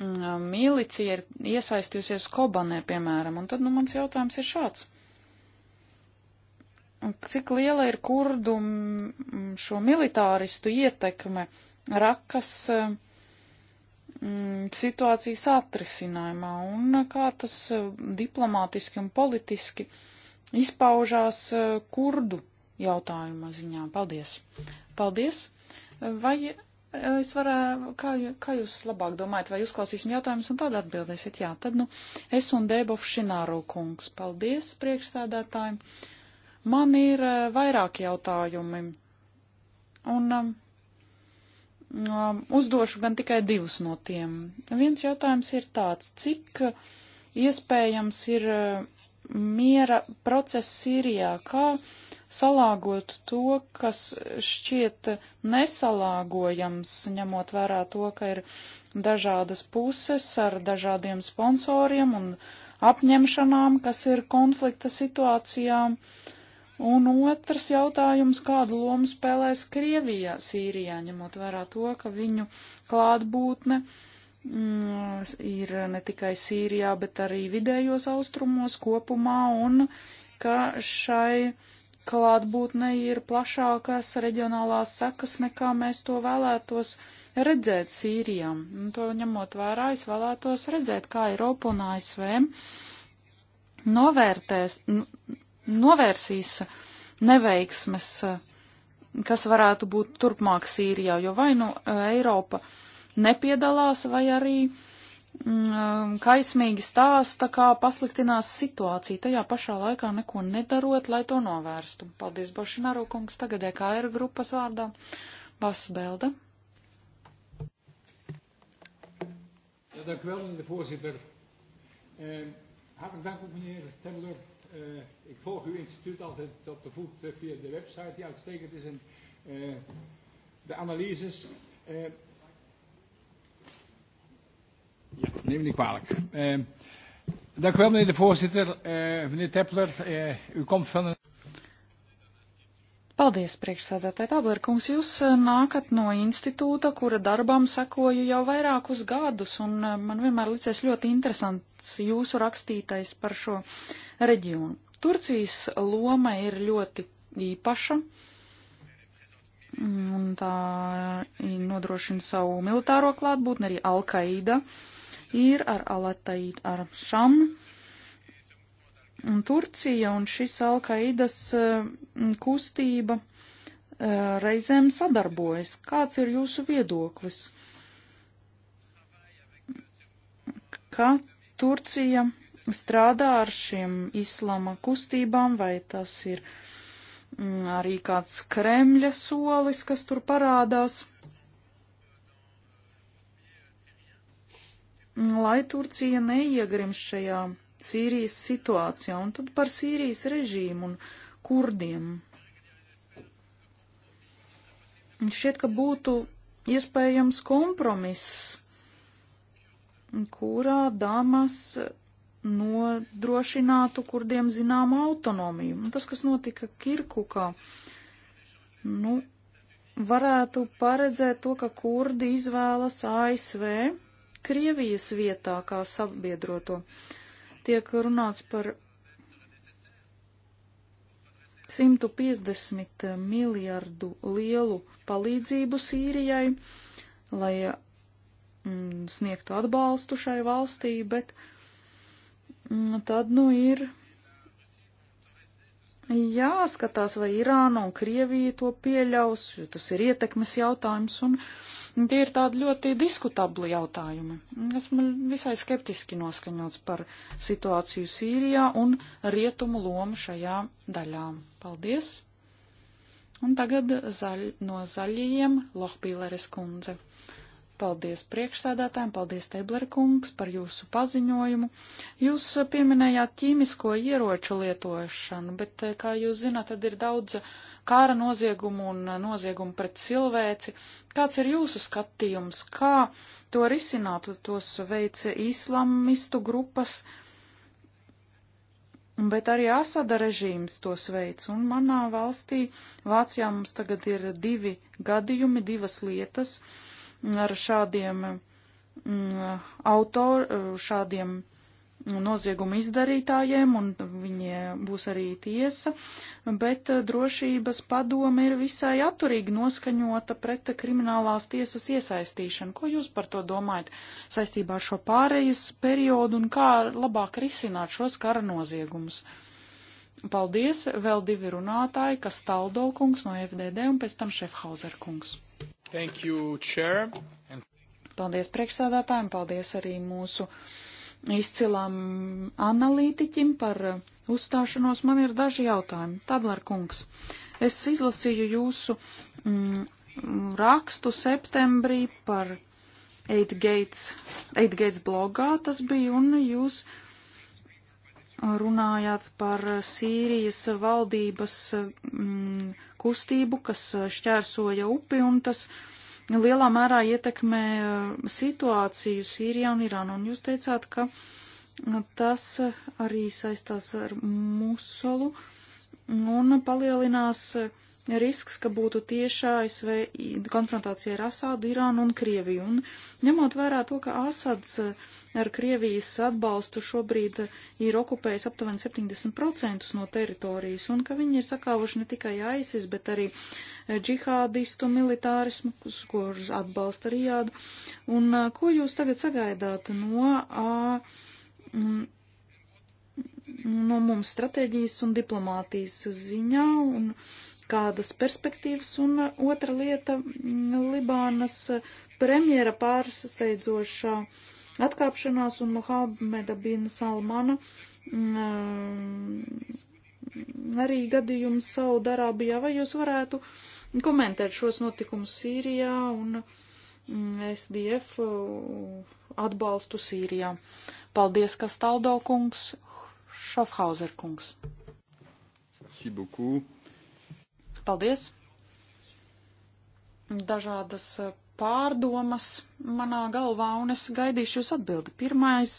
Mm, milicija ir iesaistījusies Kobanē, piemēram, un tad nu, mans jautājums ir šāds. Cik liela ir kurdu mm, šo militāristu ietekme rakas mm, situācijas atrisinājumā un kā tas diplomātiski un politiski izpaužās kurdu jautājuma ziņā? Paldies! Paldies! Vai es varēju, kā, kā jūs labāk domājat, vai uzklausīsim jautājumus un tad atbildēsiet? Jā, tad, nu, es un Dēbov Šināru kungs. Paldies priekšstādātājiem. Man ir eh, vairāki jautājumi. Un um, um, uzdošu gan tikai divus no tiem. Viens jautājums ir tāds, cik iespējams ir eh, miera process Sīrijā, kā uh, salāgot to, kas šķiet nesalāgojams, ņemot vērā to, ka ir dažādas puses ar dažādiem sponsoriem un apņemšanām, kas ir konflikta situācijā. Un otrs jautājums, kādu lomu spēlēs Krievijā, Sīrijā, ņemot vērā to, ka viņu klātbūtne mm, ir ne tikai Sīrijā, bet arī vidējos austrumos kopumā, un ka šai uh, klātbūtne ir plašākas reģionālās sekas, nekā mēs to vēlētos redzēt Sīrijām. Un to ņemot vērā, es vēlētos redzēt, kā Eiropa un ASV novērtēs, novērsīs neveiksmes, kas varētu būt turpmāk Sīrijā, jo vai nu Eiropa nepiedalās, vai arī uh, Mm, um, kaismīgi stāsta, kā pasliktinās situācija, tajā pašā laikā neko nedarot, lai to novērstu. Paldies, Bošināru kungs, tagad EKR grupas vārdā. Bas Belda. Ja, dank u wel, meneer de voorzitter. Uh, hartelijk dank ook, meneer Temmler. Uh, eh, ik volg uw instituut altijd op de voet uh, via de website, die uitstekend is, en uh, de analyses. Uh, Ja, neem me kwalijk. Uh, dank u wel, meneer de voorzitter. Uh, meneer Tepler, uh, u komt van een. Paldies, priekšsēdētāji Tablera kungs. Jūs eh, nākat no institūta, kura darbām sekoju jau vairākus gadus, un man vienmēr licies ļoti interesants jūsu rakstītais par šo reģionu. Turcijas loma ir ļoti īpaša, mm, un tā nodrošina savu militāro klātbūtni arī Alkaida. Uh, ir ar Alataid ar Šam. Un Turcija un šis Alkaidas eh, kustība eh, reizēm sadarbojas. Kāds ir jūsu viedoklis? Kā Turcija strādā ar šiem islama kustībām, vai tas ir mm, arī kāds Kremļa solis, kas tur parādās? lai Turcija neiegrims šajā Sīrijas situācijā, un tad par Sīrijas režīmu un kurdiem. Šķiet, ka būtu iespējams kompromiss, kurā Dāmas nodrošinātu kurdiem zināmu autonomiju. Un tas, kas notika Kirkukā, nu, varētu paredzēt to, ka kurdi izvēlas ASV Krievijas vietā kā sabiedroto. Tiek runāts par 150 miljardu lielu palīdzību Sīrijai, lai mm, sniegtu atbalstu šai valstī, bet mm, tad nu ir jāskatās, vai Irāna un Krievija to pieļaus, jo tas ir ietekmes jautājums, un tie ir tādi ļoti diskutabli jautājumi. Esmu visai skeptiski noskaņots par situāciju Sīrijā un rietumu lomu šajā daļā. Paldies! Un tagad zaļ, no zaļajiem Lohpīleres kundze. Paldies priekšsēdētājiem, paldies Tebler kungs par jūsu paziņojumu. Jūs eh, pieminējāt ķīmisko ieroču lietošanu, bet, eh, kā jūs zināt, tad ir daudz kāra noziegumu un eh, noziegumu pret cilvēci. Kāds ir jūsu skatījums, kā to risināt, tos veica islamistu grupas? Bet arī Asada režīms tos veids, un manā valstī, Vācijā mums tagad ir divi gadījumi, divas lietas, uh, ar šādiem mm, autoriem, šādiem noziegumu izdarītājiem, un viņiem būs arī tiesa, bet drošības padome ir visai atturīgi noskaņota pret kriminālās tiesas iesaistīšanu. Ko jūs par to domājat saistībā ar šo pārejas periodu un kā labāk risināt šos kara noziegumus? Paldies, vēl divi runātāji, kas Taldo kungs no FDD un pēc tam Šefhauser kungs. Thank you, Chair. And... Paldies priekšsādātājiem, paldies arī mūsu izcilām analītiķim par uzstāšanos. Man ir daži jautājumi. Tablar kungs, es izlasīju jūsu mm, rakstu septembrī par 8 Gates, 8 Gates blogā tas bija, un jūs runājāt par Sīrijas valdības mm, kustību, kas šķērsoja upi, un tas lielā mērā ietekmē eh, situāciju Sīrijā un Irānu. Un jūs teicāt, ka mm, tas arī saistās ar Musolu un palielinās uh, risks, ka būtu tiešais vai konfrontācija ar Asādu, Irānu un Krieviju. Un ņemot vērā to, ka Asads eh, ar Krievijas atbalstu šobrīd eh, ir okupējis aptuveni 70% no teritorijas un ka viņi ir sakāvuši ne tikai ISIS, bet arī eh, džihādistu militārismu, kurus atbalsta Rijāda. Un ko jūs tagad sagaidāt no. A, mm, no mums stratēģijas un diplomātijas ziņā, un kādas perspektīvas, un uh, otra lieta mm, - Libānas uh, premjera pārsteidzošā atkāpšanās un Mohameda bin Salmana mm, um, arī gadījums Saudarābijā. Vai jūs varētu komentēt šos notikumus Sīrijā un mm, SDF uh, atbalstu Sīrijā? Paldies, Kastaldo kungs, Šafhauser kungs. Merci beaucoup. Paldies! Dažādas eh, pārdomas manā galvā, un es gaidīšu jūs atbildi. Pirmais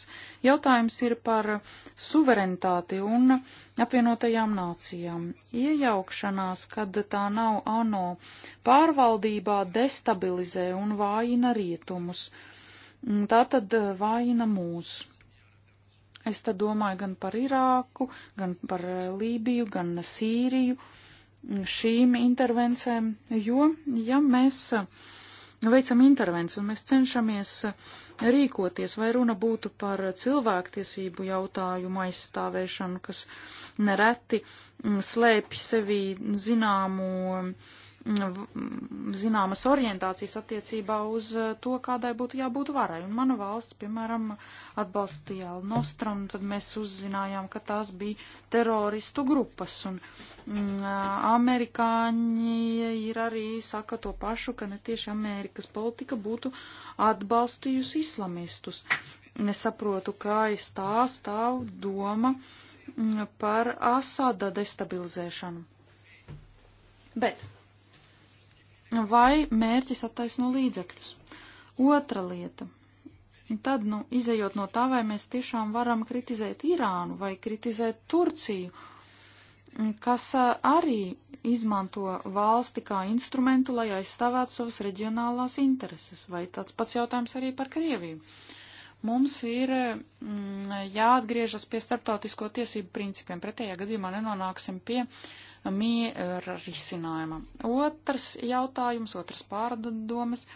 jautājums ir par suverenitāti un apvienotajām nācijām. Iejaukšanās, kad tā nav ANO pārvaldībā, destabilizē un vājina rietumus. Mm, tā tad eh, vājina mūs. Es tad domāju gan par Irāku, gan par eh, Lībiju, gan Sīriju. Uh, šīm intervencēm, jo, ja mēs veicam intervenciju un mēs cenšamies rīkoties, vai runa būtu par cilvēktiesību jautājumu aizstāvēšanu, kas nereti mm, slēpj sevī zināmu zināmas orientācijas attiecībā uz eh, to, kādai būtu jābūt varai. Un mana valsts, piemēram, atbalstīja Alnostram, un tad mēs uzzinājām, ka tās bija teroristu grupas. Un mm, amerikāņi ir arī saka to pašu, ka netieši Amerikas politika būtu atbalstījusi islamistus. Es saprotu, kā aiz tā stāv doma mm, par Asada destabilizēšanu. Bet vai mērķis attaisno līdzekļus. Otra lieta. Tad, nu, izējot no tā, vai mēs tiešām varam kritizēt Irānu vai kritizēt Turciju, kas arī izmanto valsti kā instrumentu, lai aizstāvētu savas reģionālās intereses, vai tāds pats jautājums arī par Krieviju. Mums ir mm, jāatgriežas pie starptautisko tiesību principiem, pretējā gadījumā nenonāksim pie uh, miera risinājumam. Otrs jautājums, otrs pārdomas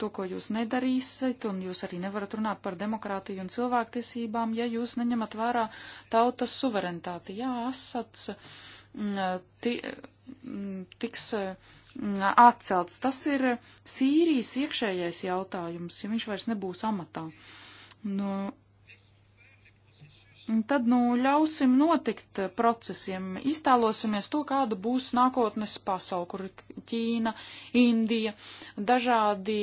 to, ko jūs nedarīsiet, un jūs arī nevarat runāt par demokrātiju un cilvēktiesībām, ja jūs neņemat vērā tautas suverenitāti. Jā, asats mm, mm, tiks mm, atcelts. Tas ir Sīrijas iekšējais jautājums, ja viņš vairs nebūs amatā. Nu, tad nu ļausim notikt procesiem, iztēlosimies to, kāda būs nākotnes pasauli, kur Ķīna, Indija, dažādi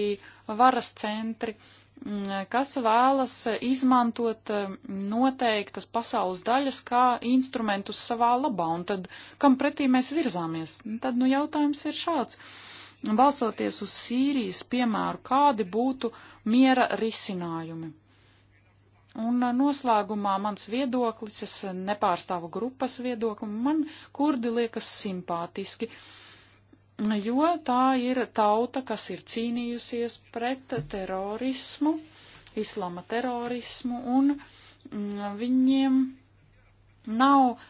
varas centri, mm, kas vēlas izmantot mm, noteiktas pasaules daļas kā instrumentus savā labā, un tad kam pretī mēs virzāmies? Tad nu jautājums ir šāds. Balsoties uz Sīrijas piemēru, kādi būtu miera risinājumi? Un uh, noslēgumā mans viedoklis, es nepārstāvu grupas viedokli, man kurdi liekas simpātiski, jo tā ir tauta, kas ir cīnījusies pret terorismu, islama terorismu, un mm, viņiem nav uh,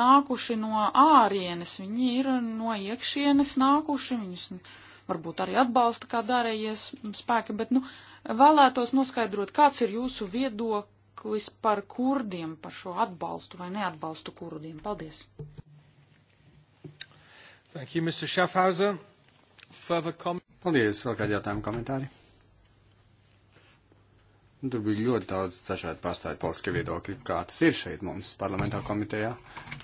nākuši no ārienes, viņi ir no iekšienes nākuši, viņus varbūt arī atbalsta kā dārējies spēki, bet, nu, uh, vēlētos noskaidrot, kāds ir jūsu viedoklis par kurdiem, par šo atbalstu vai neatbalstu kurdiem. Paldies! Thank you, Mr. Schaffhauser. Further comment? Paldies, vēl kādi jautājumi komentāri? Nu, tur bija ļoti daudz dažādu pārstāvju politiskie viedokļi, kā tas ir šeit mums parlamentā komitejā.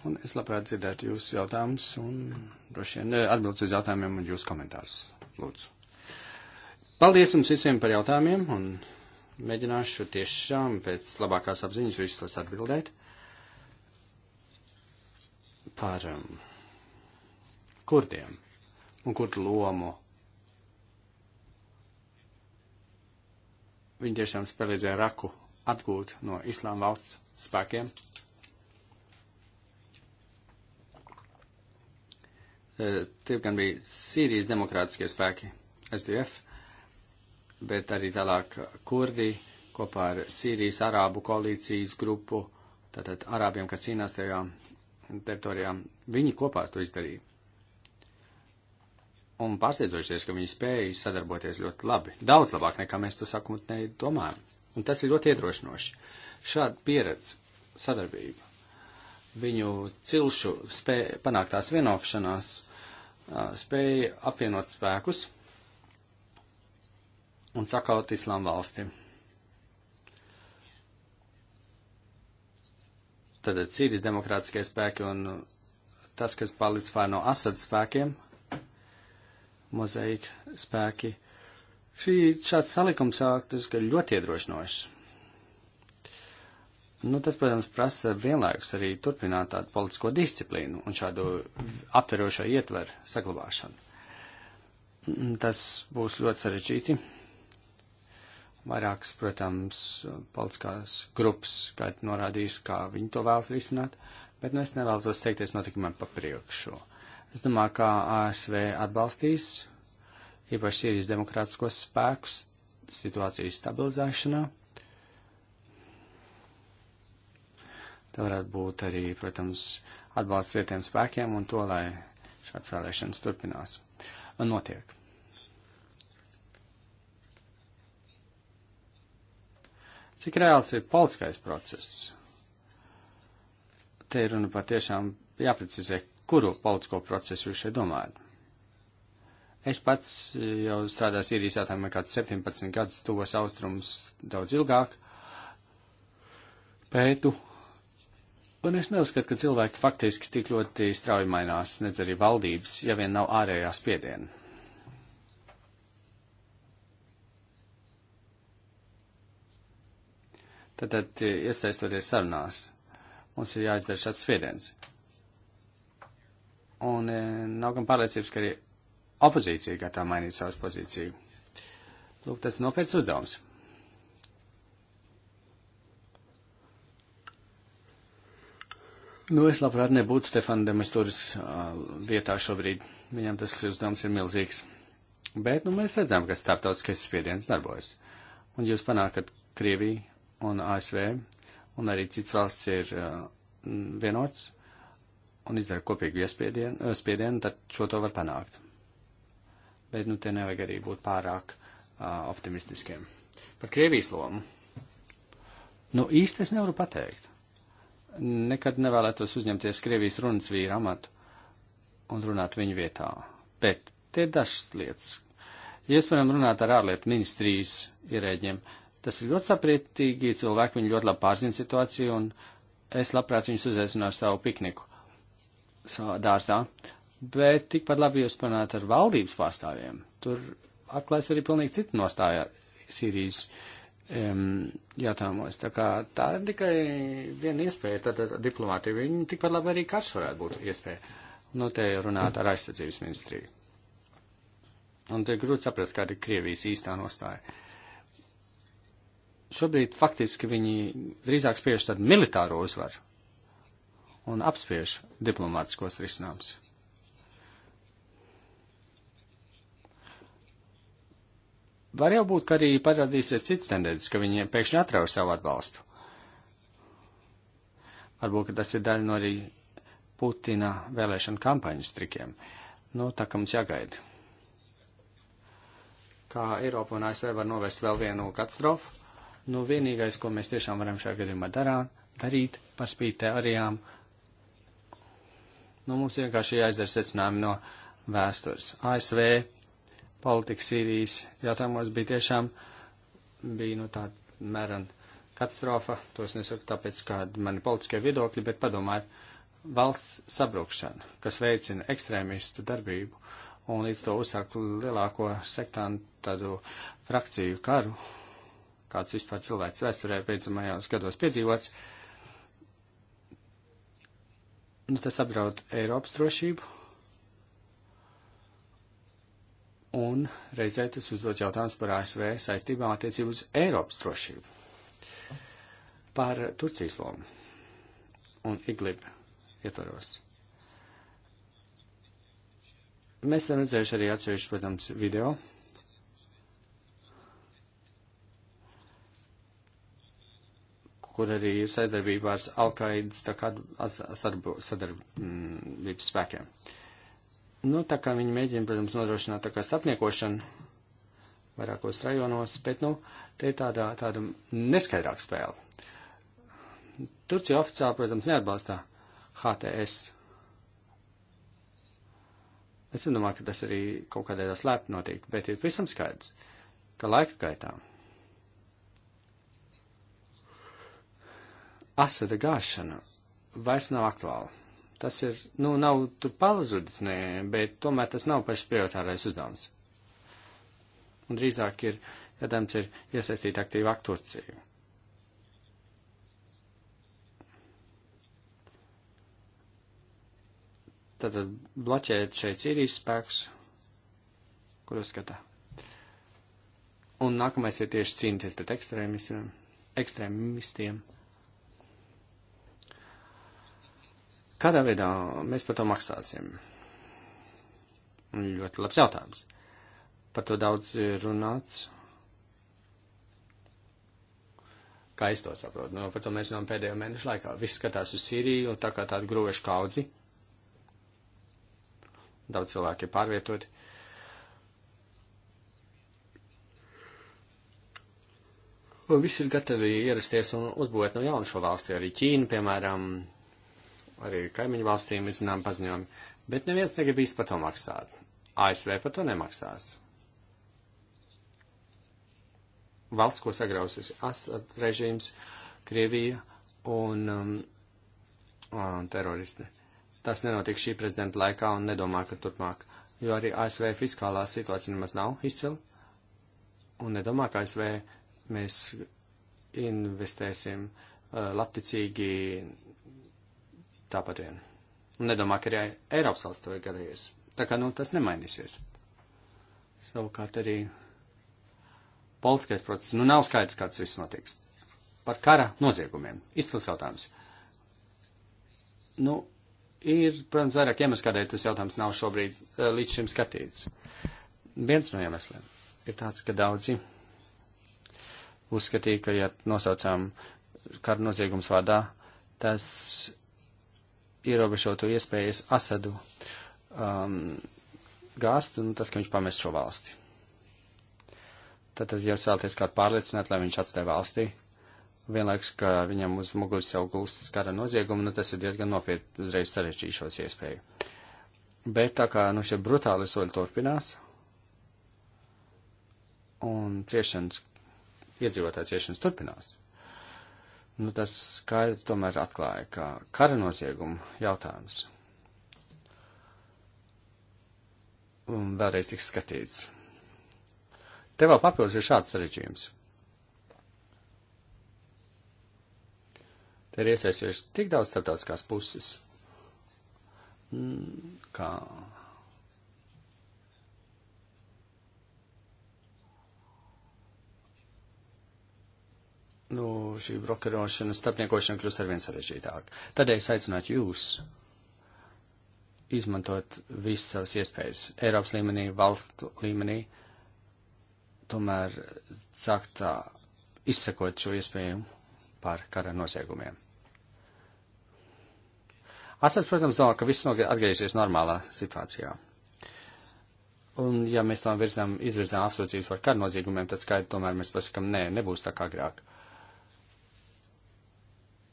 Un es labprāt dzirdētu jūsu jautājumus un droši vien eh, atbildes uz jautājumiem un jūsu komentārus. Lūdzu. Paldies jums visiem par jautājumiem un mēģināšu tiešām pēc labākās apziņas visus tos atbildēt par um, kurdiem un kurdu lomu. Viņi tiešām spēlēdzēja raku atgūt no islāma valsts spēkiem. Eh, tie gan bija Sīrijas demokrātiskie spēki, SDF, bet arī tālāk kurdi kopā ar Sīrijas arābu koalīcijas grupu, tātad arābiem, kas cīnās tajā teritorijā, viņi kopā to izdarīja. Un pārsteidzošies, ka viņi spēja sadarboties ļoti labi, daudz labāk nekā mēs to sakmutnēji domājam. Un tas ir ļoti iedrošinoši. Šāda pieredze, sadarbība, viņu cilšu spēja panāktās vienokšanās, spēja apvienot spēkus un sakaut islām valsti. Tad ir Sīrijas demokrātiskie spēki un tas, kas palicis vai no Asad spēkiem, mozaika spēki. Šī šāds salikums sāktas, ka ļoti iedrošinošs. Nu, tas, protams, prasa vienlaikus arī turpināt tādu politisko disciplīnu un šādu aptverošo ietveru saglabāšanu. Tas būs ļoti sarežģīti. Vairākas, protams, politiskās grupas, kā ir norādījis, kā viņi to vēlas risināt, bet nu, es nevēlos teikties notikumiem pa priekšu. Es domāju, ka ASV atbalstīs īpaši Sīrijas demokrātiskos spēkus situācijas stabilizēšanā. Tā varētu būt arī, protams, atbalsts vietiem spēkiem un to, lai šāds vēlēšanas turpinās. Notiek. Cik reāls ir politiskais process? Te ir runa patiešām jāprecizē, kuru politisko procesu jūs šeit domājat. Es pats e, jau strādāju Sīrijas jautājumā kāds 17 gadus, tuvos austrums daudz ilgāk, pētu, un es neuzskatu, ka cilvēki faktiski tik ļoti strauji mainās, nedz arī valdības, ja vien nav ārējā spiediena. tad, tad iesaistoties sarunās, mums ir jāizdara šāds spiediens. Un e, nav gan pārliecības, ka arī opozīcija gatava mainīt savas pozīciju. Lūk, tas ir nopietns uzdevums. Nu, es labprāt nebūtu Stefana Demestūras uh, vietā šobrīd. Viņam tas uzdevums ir milzīgs. Bet, nu, mēs redzam, ka starptautiskais spiediens darbojas. Un jūs panākat Krieviju un ASV, un arī cits valsts ir uh, vienots un izdara kopīgu iespiedienu, uh, spiedienu, tad šo to var panākt. Bet, nu, te nevajag arī būt pārāk uh, optimistiskiem. Par Krievijas lomu. Nu, īsti es nevaru pateikt. Nekad nevēlētos uzņemties Krievijas runas vīra amatu un runāt viņu vietā. Bet te ir dažas lietas. Ja es, piemēram, runātu ar ārlietu ministrijas ierēģiem, uh, Tas ir ļoti saprietīgi, cilvēki viņi ļoti labi pārzina situāciju, un es labprāt viņus uzaicināšu savu pikniku savā dārzā. Bet tikpat labi jūs panāt ar valdības pārstāvjiem. Tur atklājas arī pilnīgi cita nostāja Sīrijas um, jautājumos. Tā kā tā ir tikai viena iespēja, tad diplomātija. Viņi tikpat labi arī karš varētu būt iespēja. Nu, te runāt ar aizsardzības ministriju. Un te grūti saprast, kāda ir Krievijas īstā nostāja šobrīd faktiski viņi drīzāk spiež tādu militāro uzvaru un apspiež diplomātiskos risinājumus. Var jau būt, ka arī parādīsies cits tendences, ka viņi pēkšņi atrauj savu atbalstu. Varbūt, ka tas ir daļa no arī Putina vēlēšana kampaņas trikiem. Nu, tā kā mums jāgaida. Kā Eiropa un ASV var novest vēl vienu katastrofu? Nu, vienīgais, ko mēs tiešām varam šajā gadījumā darāt, darīt par spīti teorijām, nu, mums vienkārši jāizdara secinājumi no vēstures. ASV politika Sīrijas jautājumos bija tiešām, bija, nu, tā mēran katastrofa, tos nesaku tāpēc, kādi mani politiskie viedokļi, bet padomājiet, valsts sabrukšana, kas veicina ekstrēmistu darbību un līdz to uzsāk lielāko sektānu tādu frakciju karu, kāds vispār cilvēks vēsturē pēdējos gados piedzīvots, nu, tas apdraud Eiropas drošību. Un reizē tas uzdod jautājums par ASV saistībām attiecību uz Eiropas drošību, par Turcijas lomu un Iglib ietvaros. Mēs esam redzējuši arī atsevišķi, protams, video kur arī ir sadarbība ar Alkaidas sadarbības spēkiem. Nu, tā kā viņi mēģina, protams, nodrošināt tā kā starpniekošanu vairākos rajonos, bet, nu, te ir tāda, tāda neskaidrāka spēle. Turcija oficiāli, protams, neatbalstā HTS. Es nedomāju, ka tas arī kaut kādā veidā slēpti notiek, bet ir visam skaidrs, ka laika gaitā asada gāšana vairs nav aktuāla. Tas ir, nu, nav tur palazudis, nē, bet tomēr tas nav pašs prioritārais uzdevums. Un drīzāk ir, ja dams ir iesaistīt aktīvāk Turciju. Tad bloķēt šeit Sīrijas spēks, kur uzskatā. Un nākamais ir tieši cīnīties pret ekstrēmistiem. ekstrēmistiem. Kādā veidā mēs par to maksāsim? Ļoti labs jautājums. Par to daudz runāts. Kā es to saprotu? No, nu, par to mēs runājam pēdējo mēnešu laikā. Viss skatās uz Sīriju un tā kā tādu grovešu kaudzi. Daudz cilvēki ir pārvietoti. Un visi ir gatavi ierasties un uzbūvēt no jaunu šo valsti. Arī Ķīna, piemēram, arī kaimiņu valstīm ir zinām paziņojumi, bet neviens negrib īsti par to maksāt. ASV par to nemaksās. Valsts, ko sagrausis Asad režīms, Krievija un um, un teroristi. Tas nenotika šī prezidenta laikā un nedomā, ka turpmāk, jo arī ASV fiskālā situācija nemaz nav izcila un nedomā, ka ASV mēs investēsim uh, labticīgi tāpat vien. Un nedomā, ka arī Eiropas valsts to ir gadījies. Tā kā, nu, tas nemainīsies. Savukārt arī politiskais process, nu, nav skaidrs, kāds viss notiks. Par kara noziegumiem. Izcils jautājums. Nu, ir, protams, vairāk iemeslu, kādēļ tas jautājums nav šobrīd eh, līdz šim skatīts. Viens no iemesliem ir tāds, ka daudzi uzskatīja, ka, ja nosaucām kara noziegums vārdā, tas ierobežotu iespējas Asadu um, gāzt un tas, ka viņš pamest šo valsti. Tad, ja jūs vēlaties kādu pārliecināt, lai viņš atstāja valstī, vienlaiks, ka viņam uz muguras jau gulst kara noziegumu, nu tas ir diezgan nopietni uzreiz sarežģīšos iespēju. Bet tā kā, nu, šie brutāli soļi turpinās, un ciešanas, iedzīvotāji ciešanas turpinās nu, tas skaidri tomēr atklāja, ka kara nozieguma jautājums un vēlreiz tiks skatīts. Te vēl papildus ir šāds sarežģījums. Te ir iesaistījuši tik daudz starptautiskās puses, kā nu, šī brokerošana, starpniekošana kļūst arvien sarežģītāk. Tādēļ es aicinātu jūs izmantot visas savas iespējas Eiropas līmenī, valstu līmenī, tomēr sākt izsekot šo iespēju par kara noziegumiem. Asats, protams, domā, ka viss atgriezīsies normālā situācijā. Un, ja mēs tam virzām, izvirzām apsūdzības par kara noziegumiem, tad skaidri tomēr mēs pasakam, nē, nebūs tā kā agrāk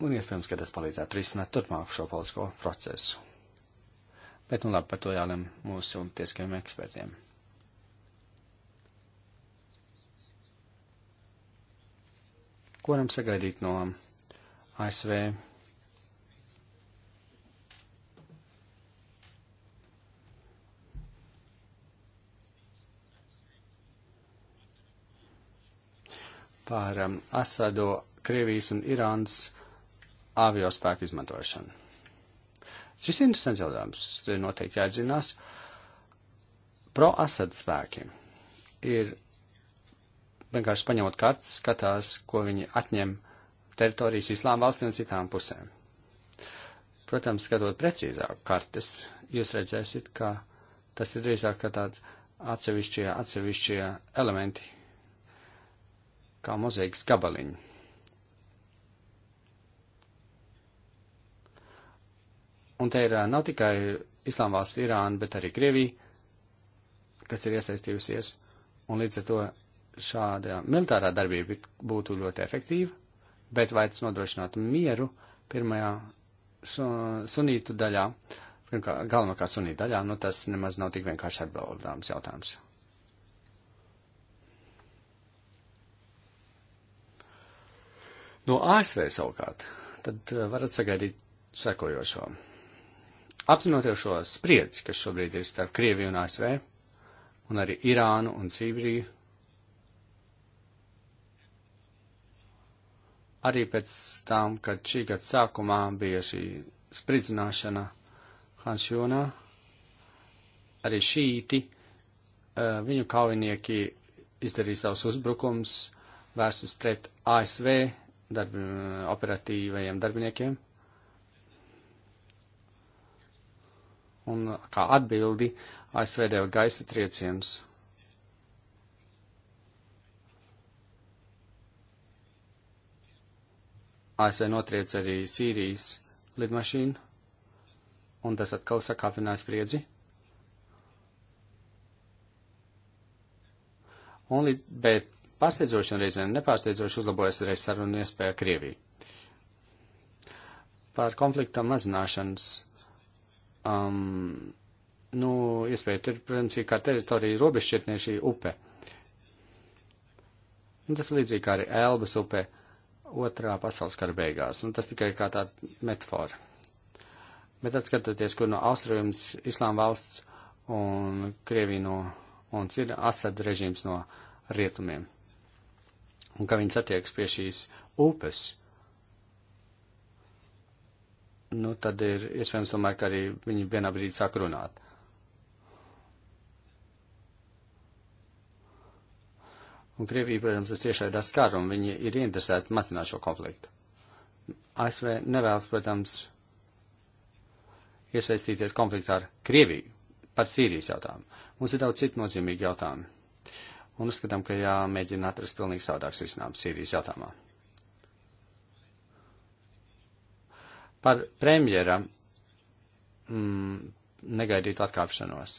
un iespējams, ka tas palīdzētu risināt turpmāk šo politisko procesu. Bet, nu labi, par to jālem mūsu tieskajiem ekspertiem. Ko varam sagaidīt no ASV par um, Asado, Krievijas un Irānas aviospēku izmantošanu. Šis ir interesants jautājums, ir noteikti jāatzinās. Pro-Asad spēkiem ir vienkārši paņemot kartes, skatās, ko viņi atņem teritorijas islām valstīm un citām pusēm. Protams, skatot precīzāk kartes, jūs redzēsiet, ka tas ir drīzāk kā tāds atsevišķie, atsevišķie elementi, kā mozaikas gabaliņi. Un te ir nav tikai Islām valsts Irāna, bet arī Krievija, kas ir iesaistījusies, un līdz ar to šāda militārā darbība būtu ļoti efektīva, bet vai tas nodrošinātu mieru pirmajā sunītu daļā, galvenokārt sunītu daļā, nu tas nemaz nav tik vienkārši atbildāms jautājums. No ASV savukārt, tad varat sagaidīt sekojošo. Apzinoties šo spriedzi, kas šobrīd ir starp Krieviju un ASV, un arī Irānu un Sīvriju, arī pēc tam, kad šī gada sākumā bija šī spridzināšana Hanšjūnā, arī šīti eh, viņu kaujinieki izdarīja savus uzbrukums vērstus pret ASV darbi, eh, operatīvajiem darbiniekiem. un kā atbildi ASV deva gaisa triecienus. ASV notriec arī Sīrijas lidmašīnu, un tas atkal sakāpināja spriedzi. Un, bet pārsteidzoši un reizēm nepārsteidzoši uzlabojas arī sarunu iespēja Krievijai. Par konflikta mazināšanas Um, nu, iespēja tur, protams, ir kā teritorija robežšķirtnē šī upe. Un nu, tas līdzīgi kā arī Elbas upe otrā pasaules kara beigās. Un nu, tas tikai kā tāda metafora. Bet atskatoties, kur no austrumiem Islāma valsts un Krievija no, un ir Asad režīms no rietumiem. Un kā viņi satiekas pie šīs upes nu, tad ir iespējams, domāju, ka arī viņi vienā brīdī sāk runāt. Un Krievija, protams, tas tiešai tas skar, un viņi ir interesēti mazināt šo konfliktu. ASV nevēlas, protams, iesaistīties konfliktā ar Krieviju par Sīrijas jautājumu. Mums ir daudz citu nozīmīgi jautājumi. Un uzskatām, ka jāmēģina atrast pilnīgi savādāks risinājums Sīrijas jautājumā. Par premjera mm, negaidītu atkāpšanos.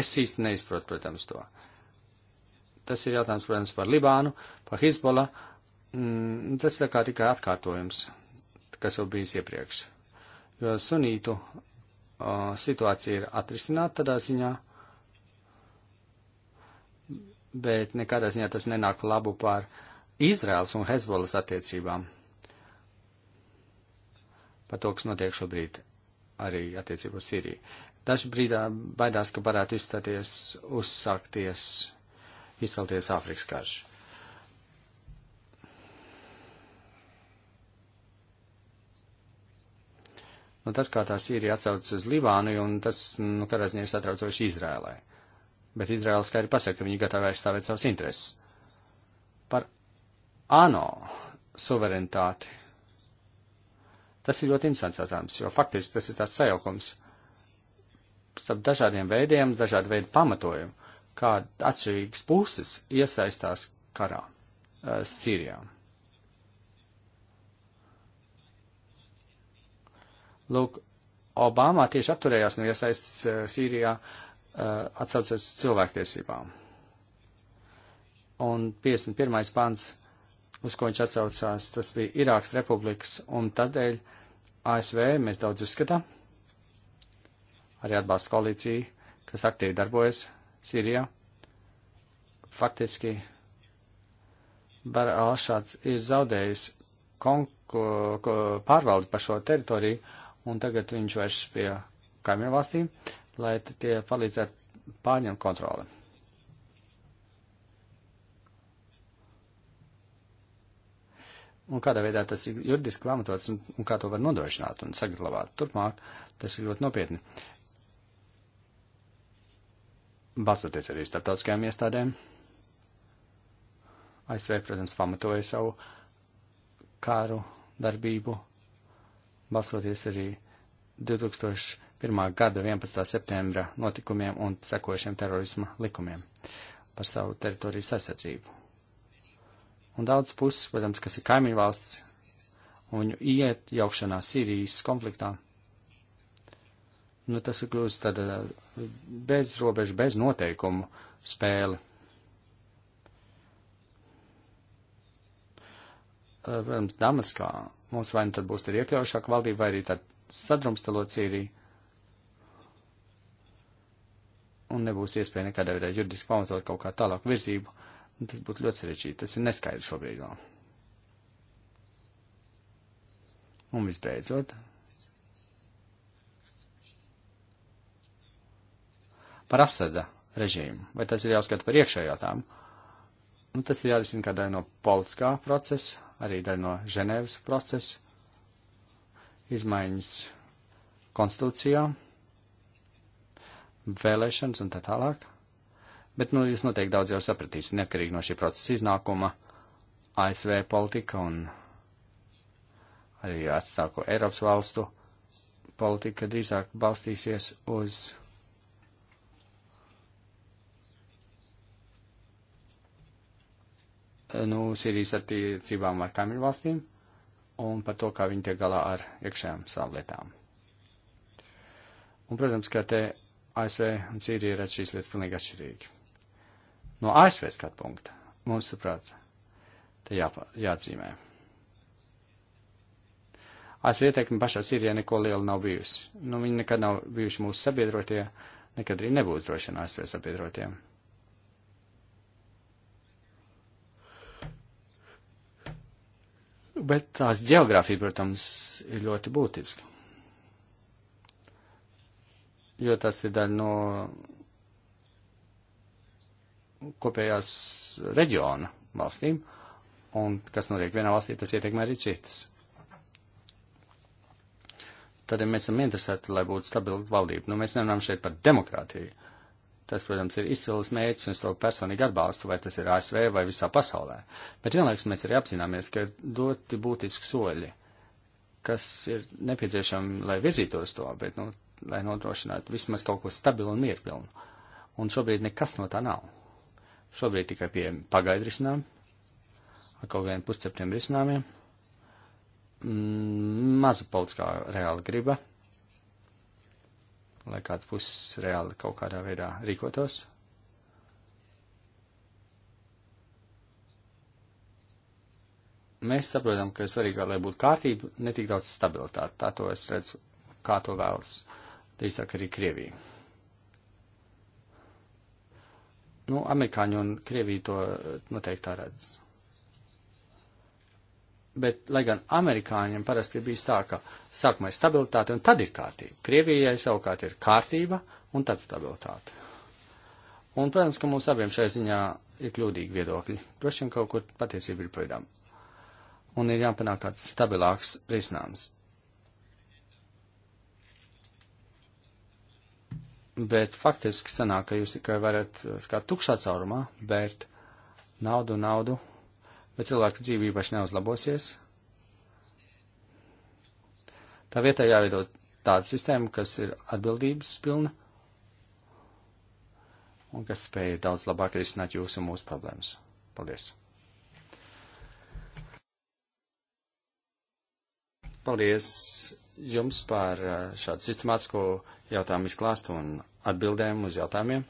Es īsti neizprotu, protams, to. Tas ir jautājums, protams, par Libānu, par Hizbola. Mm, tas ir kā tikai atkārtojums, kas jau bijis iepriekš. Jo sunītu uh, situācija ir atrisināta tādā ziņā, bet nekādā ziņā tas nenāk labu pār Izraels un Hezbolas attiecībām par to, kas notiek šobrīd arī attiecībā uz Sīriju. Daži brīdā baidās, ka varētu izstāties, uzsākties, izcelties Āfrikas karš. Nu, tas, kā tā Sīrija atsaucas uz Libānu, un tas, nu, kādā ziņā ir satraucoši Izrēlai. Bet Izrēla skaidri pasaka, ka viņi gatavi aizstāvēt savas intereses. Par ANO suverenitāti Tas ir ļoti interesants jautājums, jo faktiski tas ir tās sajaukums starp dažādiem veidiem, dažādu veidu pamatojumu, kā atšķirīgas puses iesaistās karā uh, Sīrijā. Lūk, Obama tieši atturējās no iesaistas uh, eh, Sīrijā uh, eh, atsaucoties cilvēktiesībām. Un 51. pāns uz ko viņš atsaucās, tas bija Irāks republikas, un tādēļ ASV mēs daudz uzskatām, arī atbalsta koalīciju, kas aktīvi darbojas Sīrijā. Faktiski Bara Alšāds ir zaudējis pārvaldi par šo teritoriju, un tagad viņš vēršas pie kaimiņu valstīm, lai tie palīdzētu pārņemt kontroli. un kādā veidā tas ir juridiski pamatots un, un kā to var nodrošināt un saglabāt. Turpmāk tas ir ļoti nopietni. Balstoties arī starptautiskajām iestādēm, ASV, protams, pamatoja savu kāru darbību, balstoties arī 2001. gada 11. septembra notikumiem un sekošiem terorisma likumiem par savu teritorijas aizsardzību. Un daudz puses, protams, kas ir kaimiņu valsts un viņu iejaukšanā Sīrijas konfliktā. Nu, tas ir kļūst tāda eh, bez robežu, bez noteikumu spēle. Eh, protams, Damaskā mums vai nu tad būs tad iekļaušāka valdība, vai arī tad sadrumstalot Sīriju. un nebūs iespēja nekādā veidā juridiski pamatot kaut kā tālāku virzību. Un tas būtu ļoti sarežģīti. Tas ir neskaidrs šobrīd vēl. Un visbeidzot, par Asada režīmu. Vai tas ir jāuzskata par iekšējo tām? Nu, tas ir jārisina kā daļa no politiskā procesa, arī daļa no Ženēvas procesa, izmaiņas konstitūcijā, vēlēšanas un tā tālāk. Bet, nu, jūs noteikti daudz jau sapratīsiet, neatkarīgi no šī procesa iznākuma, ASV politika un arī atstāko Eiropas valstu politika drīzāk balstīsies uz nu, Sīrijas attiecībām ar kaimiņu valstīm un par to, kā viņi tiek galā ar iekšējām sāvlietām. Un, protams, ka te ASV un Sīrija redz šīs lietas pilnīgi atšķirīgi no ASV skatu punkta, mums, saprāt, te jā, jāatzīmē. ASV ieteikumi pašā Sīrijā neko lielu nav bijusi. Nu, viņi nekad nav bijuši mūsu sabiedrotie, nekad arī nebūs droši no ASV sabiedrotiem. Bet tās geogrāfija, protams, ir ļoti būtiska. Jo tas ir daļa no kopējās reģiona valstīm, un kas notiek vienā valstī, tas ietekmē arī citas. Tad ja mēs esam interesēti, lai būtu stabila valdība. Nu, mēs nerunājam šeit par demokrātiju. Tas, protams, ir izcils mērķis, un es to personīgi atbalstu, vai tas ir ASV vai visā pasaulē. Bet vienlaikus mēs arī apzināmies, ka ir ļoti būtiski soļi, kas ir nepieciešami, lai virzītos to, bet, nu, lai nodrošinātu vismaz kaut ko stabilu un mierpilnu. Un šobrīd nekas no tā nav. Šobrīd tikai pieejami pagaidu risinājumi, ar kaut kādiem pusseptiem risinājumiem. Mm, maza politiskā reāla griba, lai kāds puses reāli kaut kādā veidā rīkotos. Mēs saprotam, ka svarīgāk, lai būtu kārtība, ne tik daudz stabilitāte. Tā to es redzu, kā to vēlas drīzāk arī Krievija. Nu, amerikāņi un Krievija to eh, noteikti tā redz. Bet, lai gan amerikāņiem parasti ir bijis tā, ka sākumā ir stabilitāte un tad ir kārtība. Krievijai savukārt ir kārtība un tad stabilitāte. Un, protams, ka mums abiem šai ziņā ir kļūdīgi viedokļi. Droši vien kaut kur patiesība ir pavidām. Un ir jāpanāk kāds stabilāks risinājums. bet faktiski sanāk, ka jūs tikai varat eh, kā tukšā caurumā bērt naudu, naudu, bet cilvēku dzīve īpaši neuzlabosies. Tā vietā jāveido tāda sistēma, kas ir atbildības pilna un kas spēja daudz labāk risināt jūsu un mūsu problēmas. Paldies! Paldies! jums par eh, šādu sistemātisku jautājumu izklāstu un atbildēm uz jautājumiem,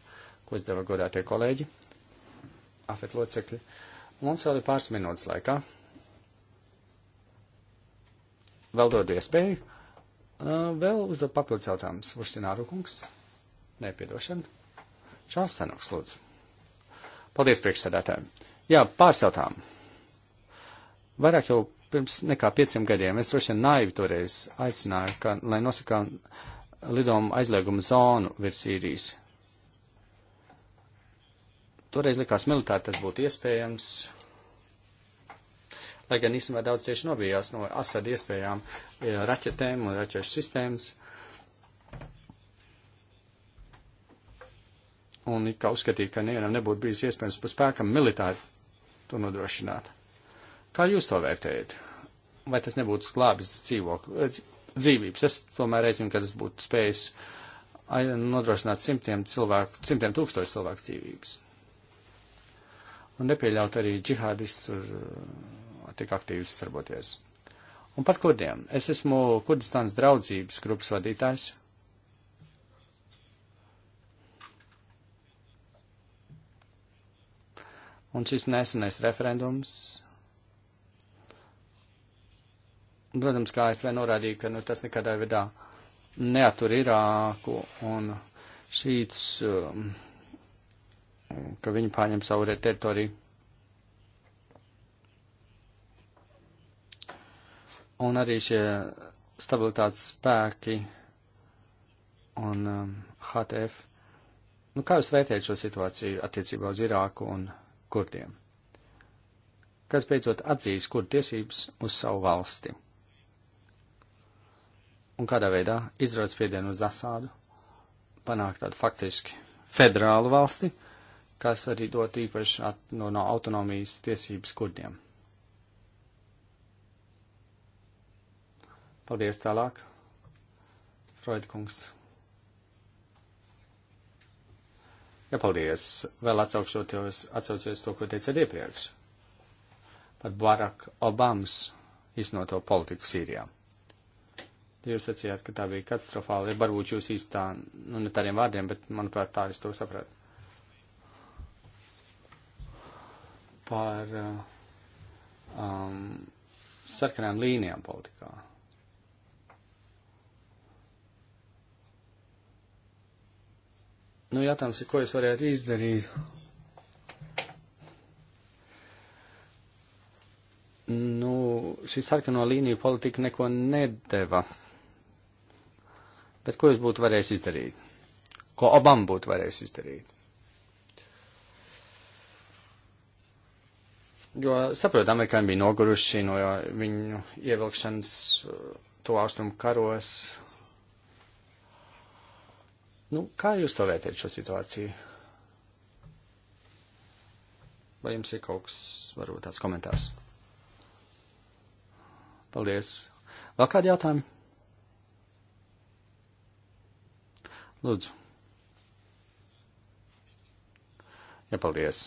ko es devu godātie kolēģi, afet locekļi. Mums vēl ir pāris minūtes laikā. Vēl dod iespēju. Eh, vēl uzdot papildus jautājumus. Vuštināru kungs. Nepiedošana. Čāls Tenoks, lūdzu. Paldies priekšsēdētājiem. Jā, pāris jautājumu. Vairāk jau pirms nekā pieciem gadiem. Es droši vien naivi toreiz aicināju, ka, lai nosakām lidojumu aizliegumu zonu virs īrijas. Toreiz likās militāri tas būtu iespējams, lai gan īstenībā daudz tieši nobijās no Asad iespējām e, raķetēm un raķešu sistēmas. Un it kā uzskatīja, ka nevienam nebūtu bijis iespējams pa spēkam militāri to nodrošināt. Kā jūs to vērtējat? Vai tas nebūtu sklābis dzīvokli, eh, dzīvības? Es tomēr rēķinu, ka tas būtu spējis nodrošināt simtiem cilvēku, simtiem tūkstošu cilvēku dzīvības. Un nepieļaut arī džihādistu tur eh, tik aktīvi sadarboties. Un par kurdiem. Es esmu Kurdistānas draudzības grupas vadītājs, Un šis nesenais referendums Protams, kā es vēl norādīju, ka nu, tas nekādā veidā neatur Irāku un šīts, um, ka viņi pārņem savu teritoriju. Un arī šie stabilitātes spēki un um, HTF. Nu, kā jūs vērtējat šo situāciju attiecībā uz Irāku un kurdiem? Kas beidzot atzīst kurdu tiesības uz savu valsti? un kādā veidā izraut spiedienu uz Asādu, panākt tādu faktiski federālu valsti, kas arī dot īpaši at, no, no autonomijas tiesības kurdiem. Paldies tālāk, Freudkungs. Ja paldies, vēl atsaukšoties, atsaucoties to, ko teicat iepriekš par Barack Obamas iznoto politiku Sīrijā. Jūs sacījāt, ka tā bija katastrofāla, ja varbūt jūs īstā, nu ne tādiem vārdiem, bet manuprāt tā es to sapratu. Par uh, um, sarkanām līnijām politikā. Nu, jautājums ir, ko es varētu izdarīt? Nu, šī sarkano līniju politika neko nedeva. Bet ko jūs būtu varējis izdarīt? Ko Obama būtu varējis izdarīt? Jo, saprotu, amerikāņi bija noguruši no viņu ievilkšanas uh, to austrumu karos. Nu, kā jūs to vērtējat šo situāciju? Vai jums ir kaut kas, varbūt tāds komentārs? Paldies. Vēl kādi jautājumi? Lūdzu. Jā, paldies.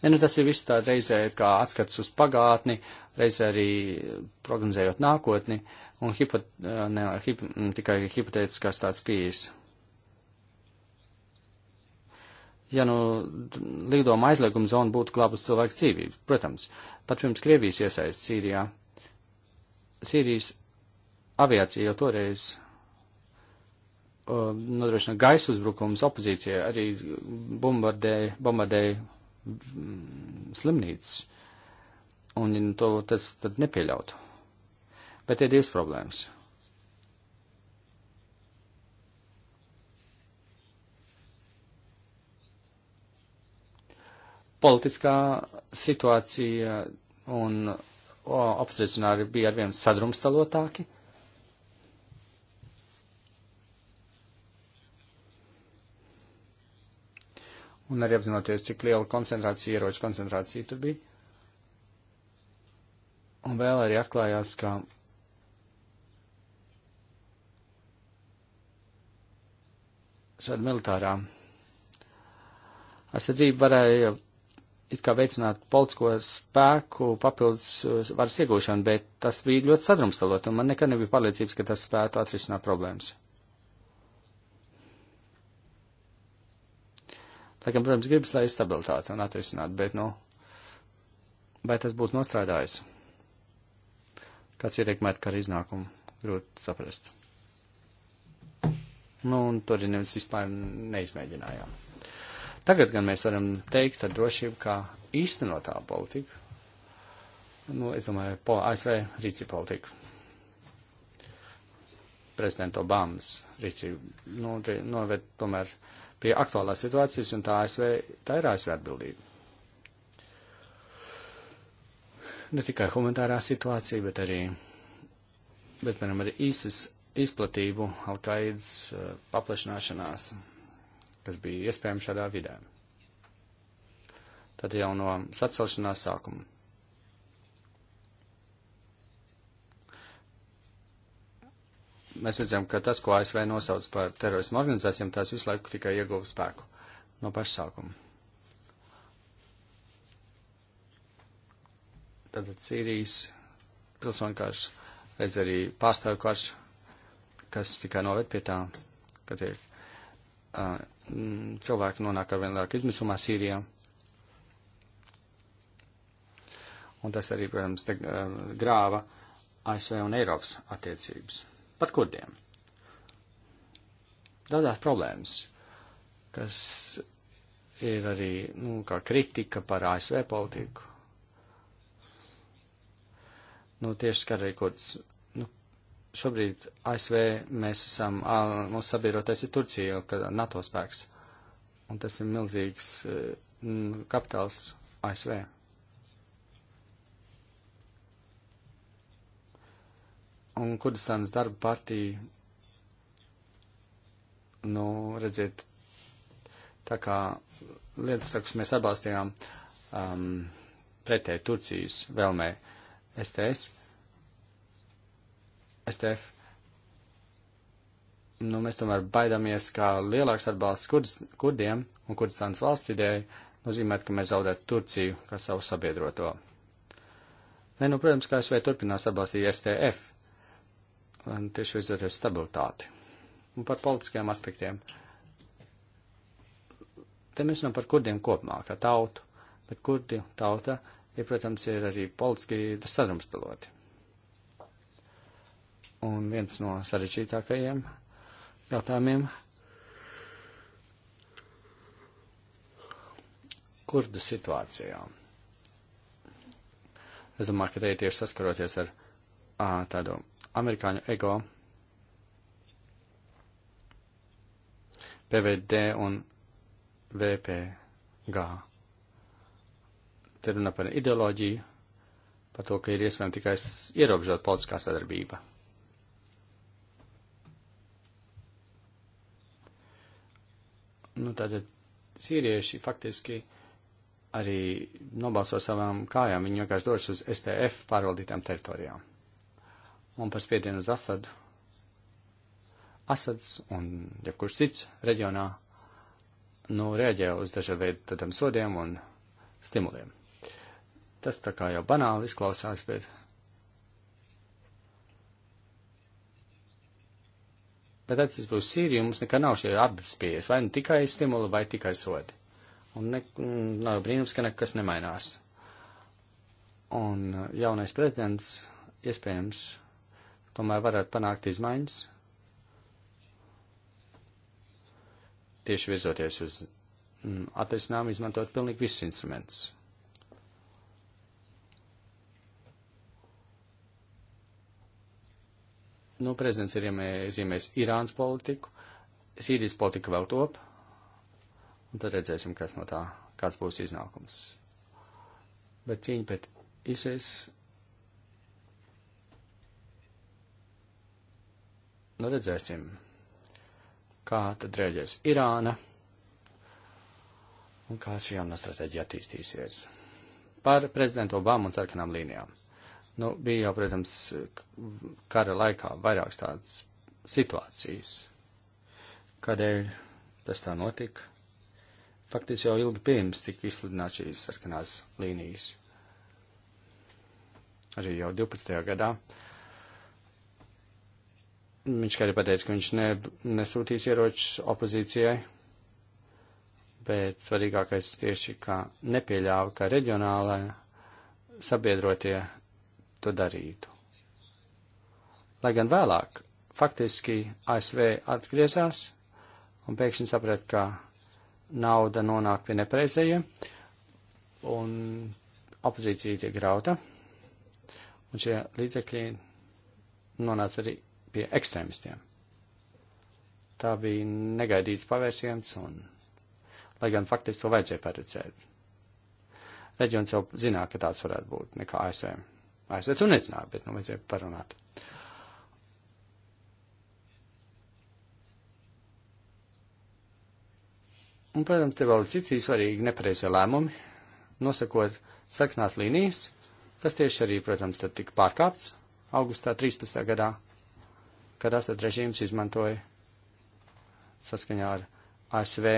Ne, nu tas ir viss tā reizē kā atskats uz pagātni, reizē arī prognozējot nākotni un hipot, ne, hip, tikai hipotētiskās tāds pieejas. Ja nu lidoma aizlieguma zona būtu klāpus cilvēku dzīvību, protams, pat pirms Krievijas iesaists Sīrijā Sīrijas aviācija jau toreiz nodrošina gaisa uzbrukums opozīcijai, arī bombardēja, bombardēja mm, slimnīcas. Un to tas tad nepieļautu. Bet ir divas problēmas. Politiskā situācija un opozicionāri bija arvien sadrumstalotāki. Un arī apzinoties, cik liela koncentrācija, ieroču koncentrācija tur bija. Un vēl arī atklājās, ka šāda militārā aizsardzība varēja it kā veicināt politisko spēku papildus eh, varas iegūšanu, bet tas bija ļoti sadrumstalot, un man nekad nebija pārliecības, ka tas spētu atrisināt problēmas. Tā kā, protams, gribas, lai ir stabilitāte un atrisināt, bet, nu, vai tas būtu nostrādājis? Kāds ietekmētu kara iznākumu? Grūti saprast. Nu, un to arī nevis vispār neizmēģinājām. Tagad gan mēs varam teikt ar drošību, kā īstenotā politika, nu, es domāju, po ASV rīcība politika, prezidenta Obamas rīcība, nu, noved nu, tomēr pie aktuālās situācijas, un tā ASV, tā ir ASV atbildība. Ne tikai humanitārā situācija, bet arī, bet, piemēram, arī īsas izplatību, alkaidas eh, paplašināšanās. Uh, kas bija iespējams šādā vidē. Tad jau no sacelšanās sākuma. Mēs redzam, ka tas, ko ASV nosauc par terorismu organizācijām, tās visu laiku tikai ieguva spēku no paša sākuma. Tātad Sīrijas pilsoņu karš, redz arī pārstāvju karš, kas tikai noved pie tā, ka tiek uh, Mm, cilvēki nonāk ar vienlāk izmisumā Sīrijā. Un tas arī, protams, te, grāva ASV un Eiropas attiecības. Par kurdiem. Daudzās problēmas, kas ir arī, nu, kā kritika par ASV politiku. Nu, tieši skar arī kurds šobrīd ASV mēs esam, mūsu sabiedrotais ir Turcija, ka NATO spēks. Un tas ir milzīgs e, kapitāls ASV. Un Kurdistānas darba partija, nu, redziet, tā kā lietas, kas mēs atbalstījām um, pretēji Turcijas vēlmē STS, STF. Nu, mēs tomēr baidāmies, ka lielāks atbalsts kurds, kurdiem un Kurdistānas valsts idejai nozīmē, ka mēs zaudētu Turciju kā savu sabiedroto. Nē, nu, protams, kā es vai turpinās atbalstīt STF, un tieši virzoties stabilitāti. Un par politiskajiem aspektiem. Te mēs runājam par kurdiem kopumā, kā tautu, bet kurdi tauta, ja, protams, ir arī politiski sadrumstaloti. Un viens no sarežģītākajiem jautājumiem - kurdu situācijā. Es domāju, ka te ir tieši saskaroties ar ā, tādu amerikāņu ego, PVD un VPG. Te runa par ideoloģiju, par to, ka ir iespējams tikai ierobežot politiskā sadarbība. Nu, tātad sīrieši faktiski arī nobalso savām kājām, viņi vienkārši dodas uz STF pārvaldītām teritorijām. Un par spiedienu uz Asadu. Asads un jebkurš cits reģionā, nu, reaģē uz dažādiem veidiem um, tādiem sodiem un stimuliem. Tas tā kā jau banāli izklausās, bet Bet tad, tas būs Sīrija, mums nekā nav šie abas pieejas, vai nu tikai stimuli, vai tikai sodi. Un ne, mm, nav brīnums, ka nekas nemainās. Un uh, jaunais prezidents iespējams tomēr varētu panākt izmaiņas, tieši virzoties uz mm, atrisinājumu, izmantot pilnīgi visus instrumentus. Nu, prezidents ir iezīmējis Irānas politiku, Sīrijas politika vēl top, un tad redzēsim, kas no tā, kāds būs iznākums. Bet cīņa pēc ISIS. Nu, redzēsim, kā tad rēģēs Irāna un kā šī jaunā stratēģija attīstīsies. Par prezidentu Obamu un sarkanām līnijām. Nu, bija jau, protams, kara laikā vairākas tādas situācijas, kādēļ tas tā notika. Faktiski jau ilgi pirms tika izsludināts šīs sarkanās līnijas. Arī jau 12. gadā viņš arī pateica, ka viņš ne, nesūtīs ieročus opozīcijai, bet svarīgākais tieši, ka nepieļāva, ka reģionālai sabiedrotie to darītu. Lai gan vēlāk, faktiski ASV atgriezās un pēkšņi saprat, ka nauda nonāk pie nepreizējiem un opozīcija tiek grauta. Un šie līdzekļi nonāca arī pie ekstrēmistiem. Tā bija negaidīts pavērsiens, un, lai gan faktiski to vajadzēja paredzēt. Reģions jau zināja, ka tāds varētu būt nekā ASV. Aizsēc un nezināju, bet nu vajadzēja parunāt. Un, protams, te vēl citi svarīgi nepareizie lēmumi, nosakot saknās līnijas, kas tieši arī, protams, tad tika pārkāpts augustā 13. gadā, kad asat režīms izmantoja saskaņā ar ASV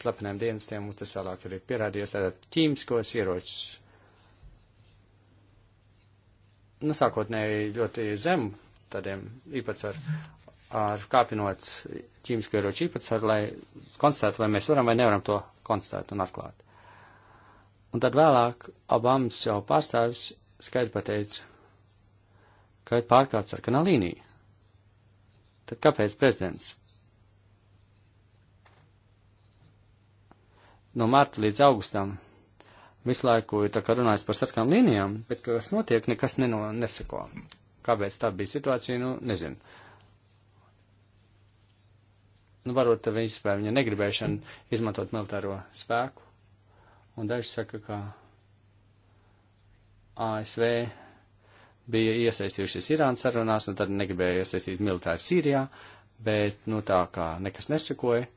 slepeniem dienestiem, un tas vēlāk arī pierādījās, tātad ķīmiskos ieročus nu, sākotnēji ļoti zemu tādiem īpatsvaru, ar kāpinot ķīmisko ieroču īpatsvaru, lai konstatētu, vai mēs varam vai nevaram to konstatēt un atklāt. Un tad vēlāk Obamas jau pārstāvis skaidri pateica, ka ir pārkāpts ar kanalīniju. Tad kāpēc prezidents? No marta līdz augustam visu laiku tā kā runājis par sarkām līnijām, bet kas notiek, nekas neno, neseko. Kāpēc tā bija situācija, nu, nezinu. Nu, varbūt viņš vai viņa negribēšana izmantot militāro spēku. Un daži saka, ka ASV bija iesaistījušies Irānas sarunās, un tad negribēja iesaistīt militāru Sīrijā, bet, nu, tā kā nekas nesekoja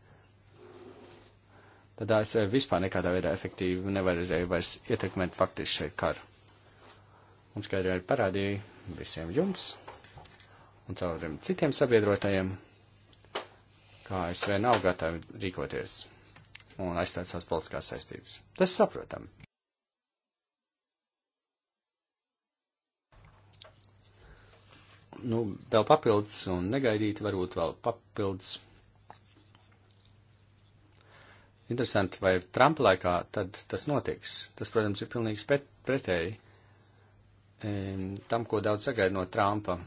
tad ASV eh, vispār nekādā veidā efektīvi nevarēja vairs ietekmēt faktiski šeit karu. Un skaidri arī parādīja visiem jums un cauriem citiem sabiedrotajiem, kā ASV nav gatavi rīkoties un aizstāt savas politiskās saistības. Tas saprotam. Nu, vēl papildus un negaidīt varbūt vēl papildus Interesanti, vai Trumpa laikā tad tas notiks. Tas, protams, ir pilnīgi pret, pretēji e, tam, ko daudz sagaida no Trumpa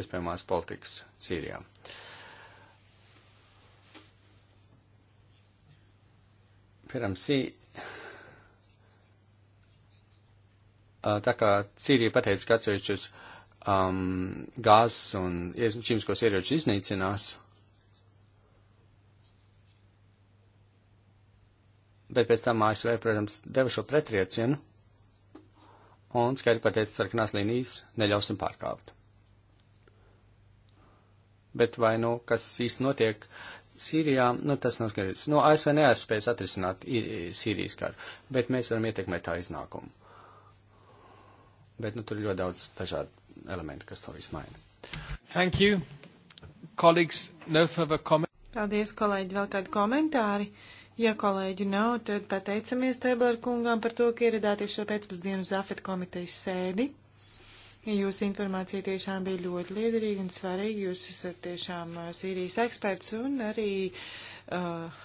iespējamās politikas Sīrijā. Piemēram, Sī... tā kā Sīrija pateica, ka atsevišķus um, gāzes un ķīmiskos ieročus iznīcinās, bet pēc tam ASV, protams, deva šo pretriecienu un skaidri pateica, sarkanās līnijas neļausim pārkāpt. Bet vai nu, kas īsti notiek Sīrijā, nu tas nav skaidrs. Nu, ASV neaizspējas atrisināt Sīrijas karu, bet mēs varam ietekmēt tā iznākumu. Bet, nu, tur ir ļoti daudz dažādu elementu, kas to visu maina. Thank you. Colleagues, no further comment. Paldies, kolēģi, vēl kādi komentāri. Uh, Ja kolēģi nav, tad pateicamies Tēblera kungām par to, ka ieradāties šo pēcpusdienu Zafet komitejas sēdi. Jūsu informācija tiešām bija ļoti liederīga un svarīga. Jūs esat tiešām Sīrijas eksperts un arī uh,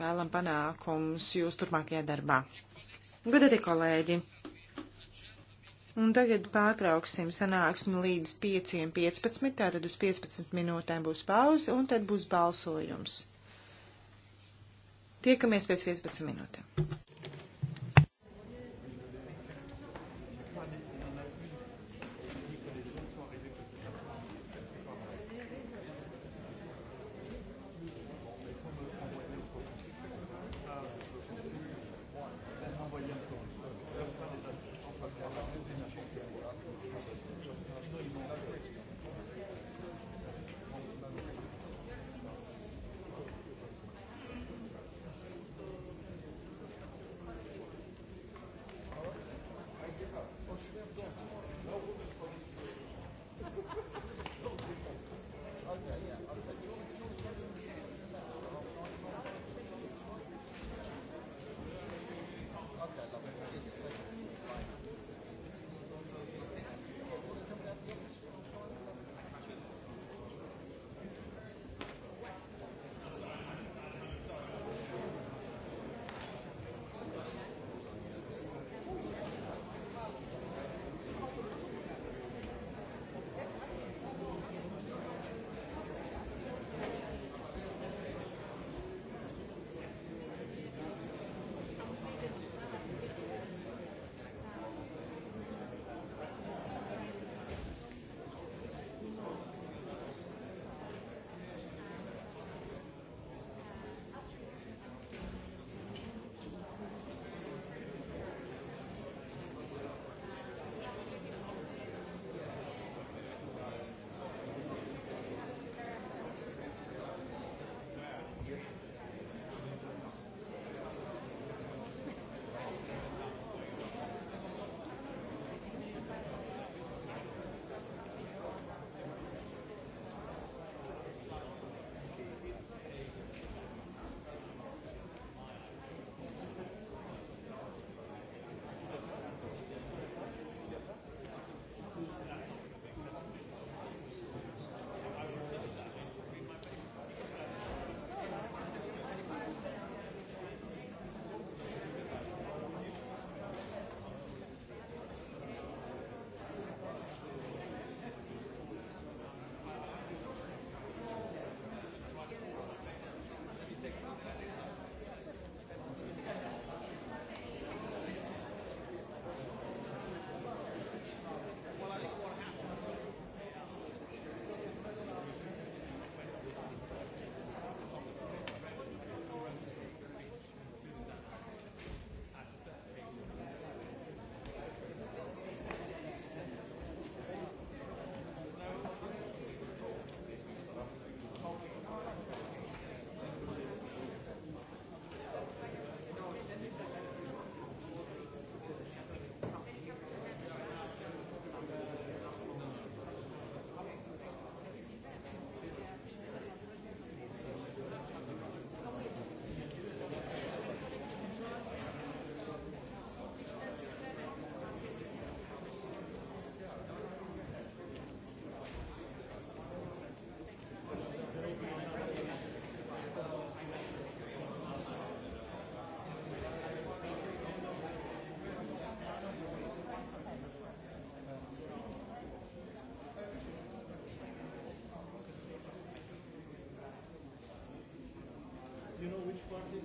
vēlam panākums jūs turpmākajā darbā. Godati kolēģi! Un tagad pārtrauksim sanāksmi līdz 5.15, tātad uz 15 minūtēm būs pauze un tad būs balsojums. Tiekamies pēc 15 minūtēm. you know which part is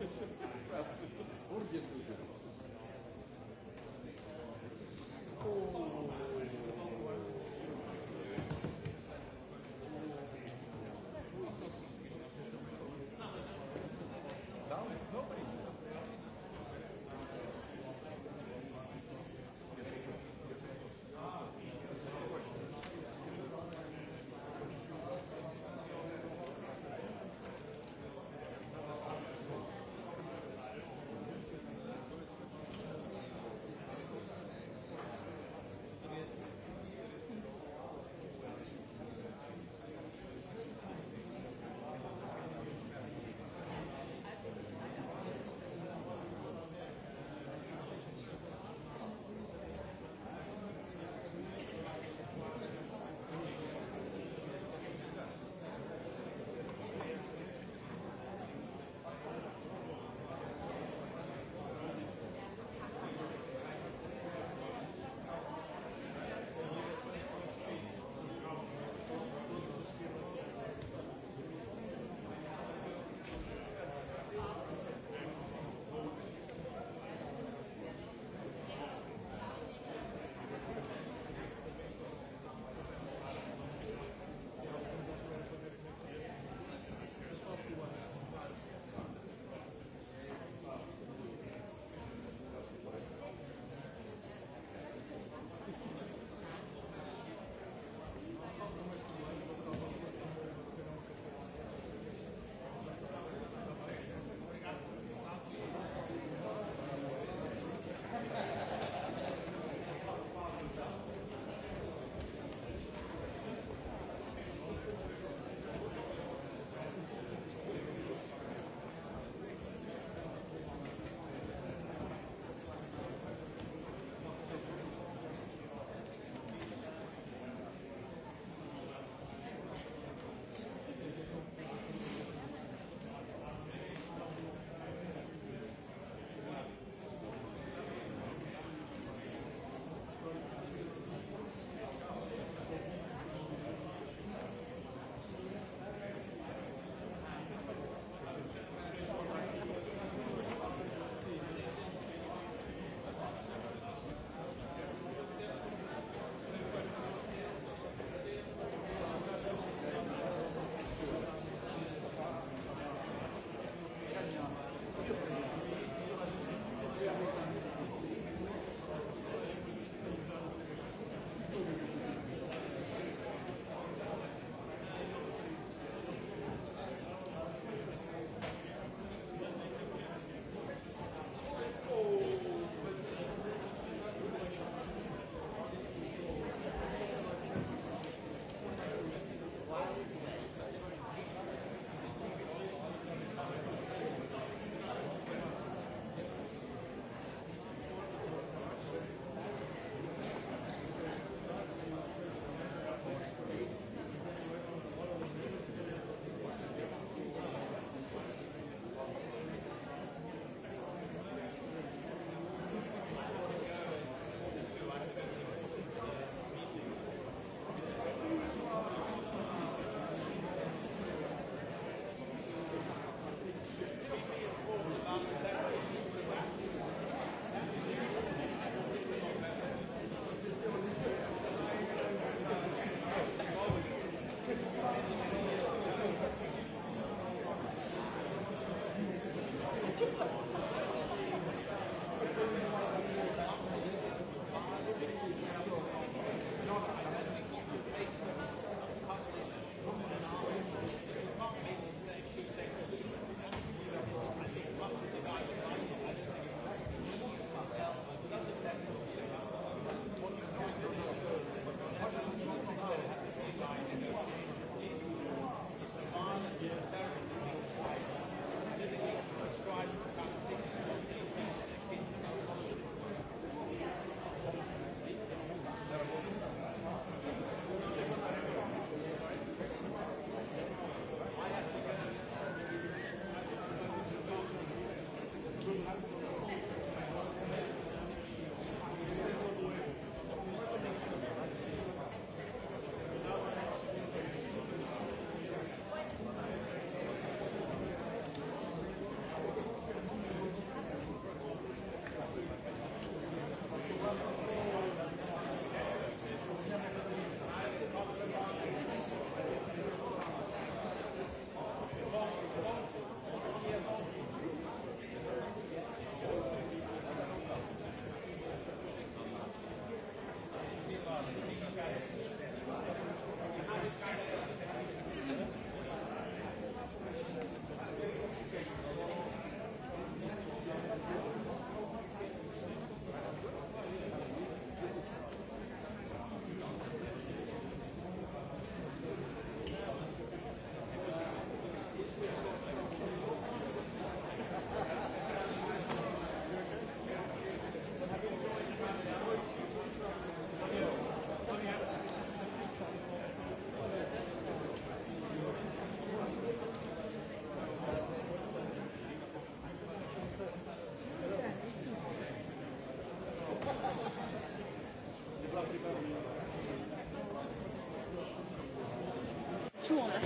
Kur girdite?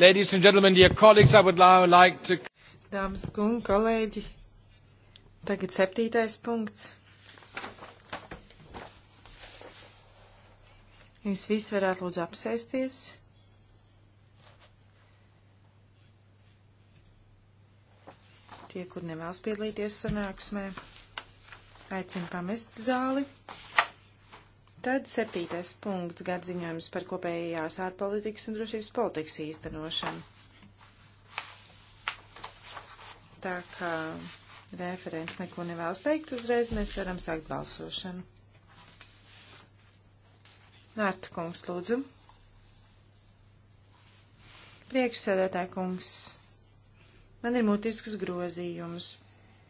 Ladies and gentlemen, dear colleagues, I would now like to. Dāmas un kolēģi, tagad septītais punkts. Jūs visi varētu lūdzu apsēsties. Tie, kur nevēlas piedalīties sanāksmē, aicinu pamest zāli. Tad septītais punkts gadziņojums par kopējās ārpolitikas un drošības politikas īstenošanu. Tā kā referents neko nevēlas teikt, uzreiz mēs varam sākt balsošanu. Nārta kungs, lūdzu. Priekšsēdētā kungs, man ir mutisks grozījums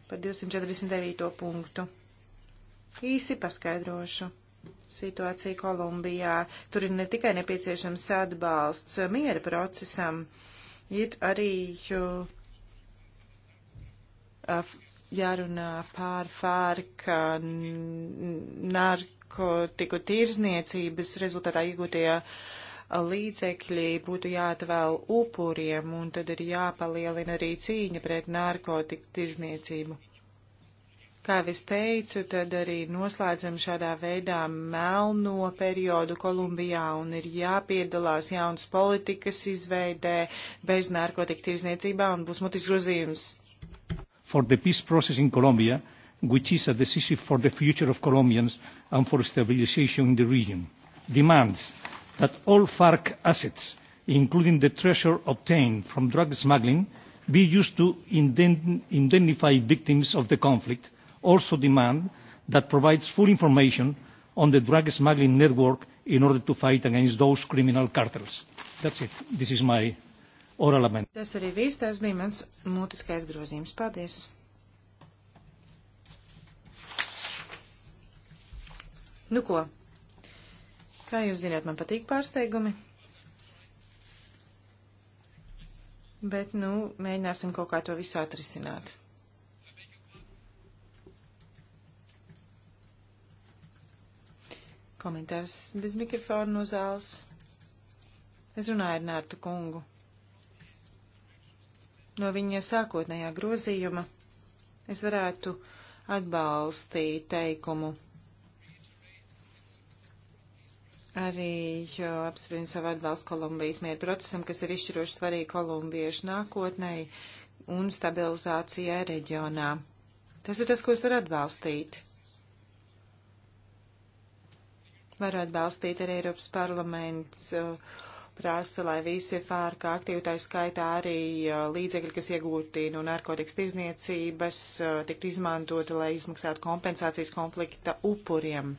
par 249. punktu. Īsi paskaidrošu situācija Kolumbijā. Tur ir ne tikai nepieciešams atbalsts miera procesam, ir arī jārunā pār fārka narkotiku tirzniecības rezultātā iegūtajā līdzekļi būtu jāatvēl upuriem, un tad ir jāpalielina arī cīņa pret narkotiku tirzniecību. Kā es teicu, tad arī noslēdzam šādā veidā melno periodu Kolumbijā un ir jāpiedalās jaunas politikas izveidē bez narkotika tirzniecībā un būs mutis grozījums. For the peace process in Colombia, which is a decision for the future of Colombians and for stabilization in the region, demands that all FARC assets, including the treasure obtained from drug smuggling, be used to indemnify victims of the conflict – also demand that provides full information on the drug smuggling network in order to fight against those criminal cartels. That's it. This is my oral amendment. Tas arī viss, tas bija mans mutiskais grozījums. Paldies! Nu ko, kā jūs zināt, man patīk pārsteigumi. Bet, nu, mēģināsim kaut kā to visu atrisināt. Komentārs bez mikrofona no zāles. Es runāju ar Nārtu kungu. No viņa sākotnējā grozījuma es varētu atbalstīt teikumu. Arī apspriežam savu atbalstu Kolumbijas mieru procesam, kas ir izšķiroši svarīgi kolumbiešu nākotnēji un stabilizācijai reģionā. Tas ir tas, ko es varu atbalstīt. var atbalstīt arī Eiropas parlaments uh, prasa, lai visi fārka aktīvitāju skaitā arī uh, līdzekļi, kas iegūti no narkotikas tirzniecības, uh, tiktu izmantoti, lai izmaksātu kompensācijas konflikta upuriem.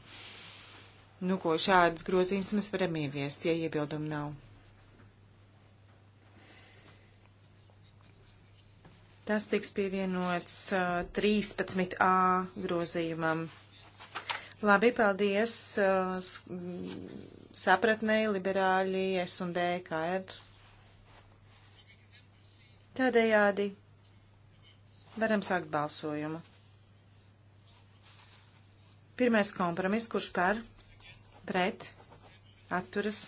Nu, ko šādas grozījumus mēs varam ieviest, ja iebildumi nav. Tas tiks pievienots 13a grozījumam. Labi, paldies. Uh, mm, Sapratnēji liberāļi S un D, kā ir. Tādējādi varam sākt balsojumu. Pirmais kompromiss, kurš par, pret, atturas,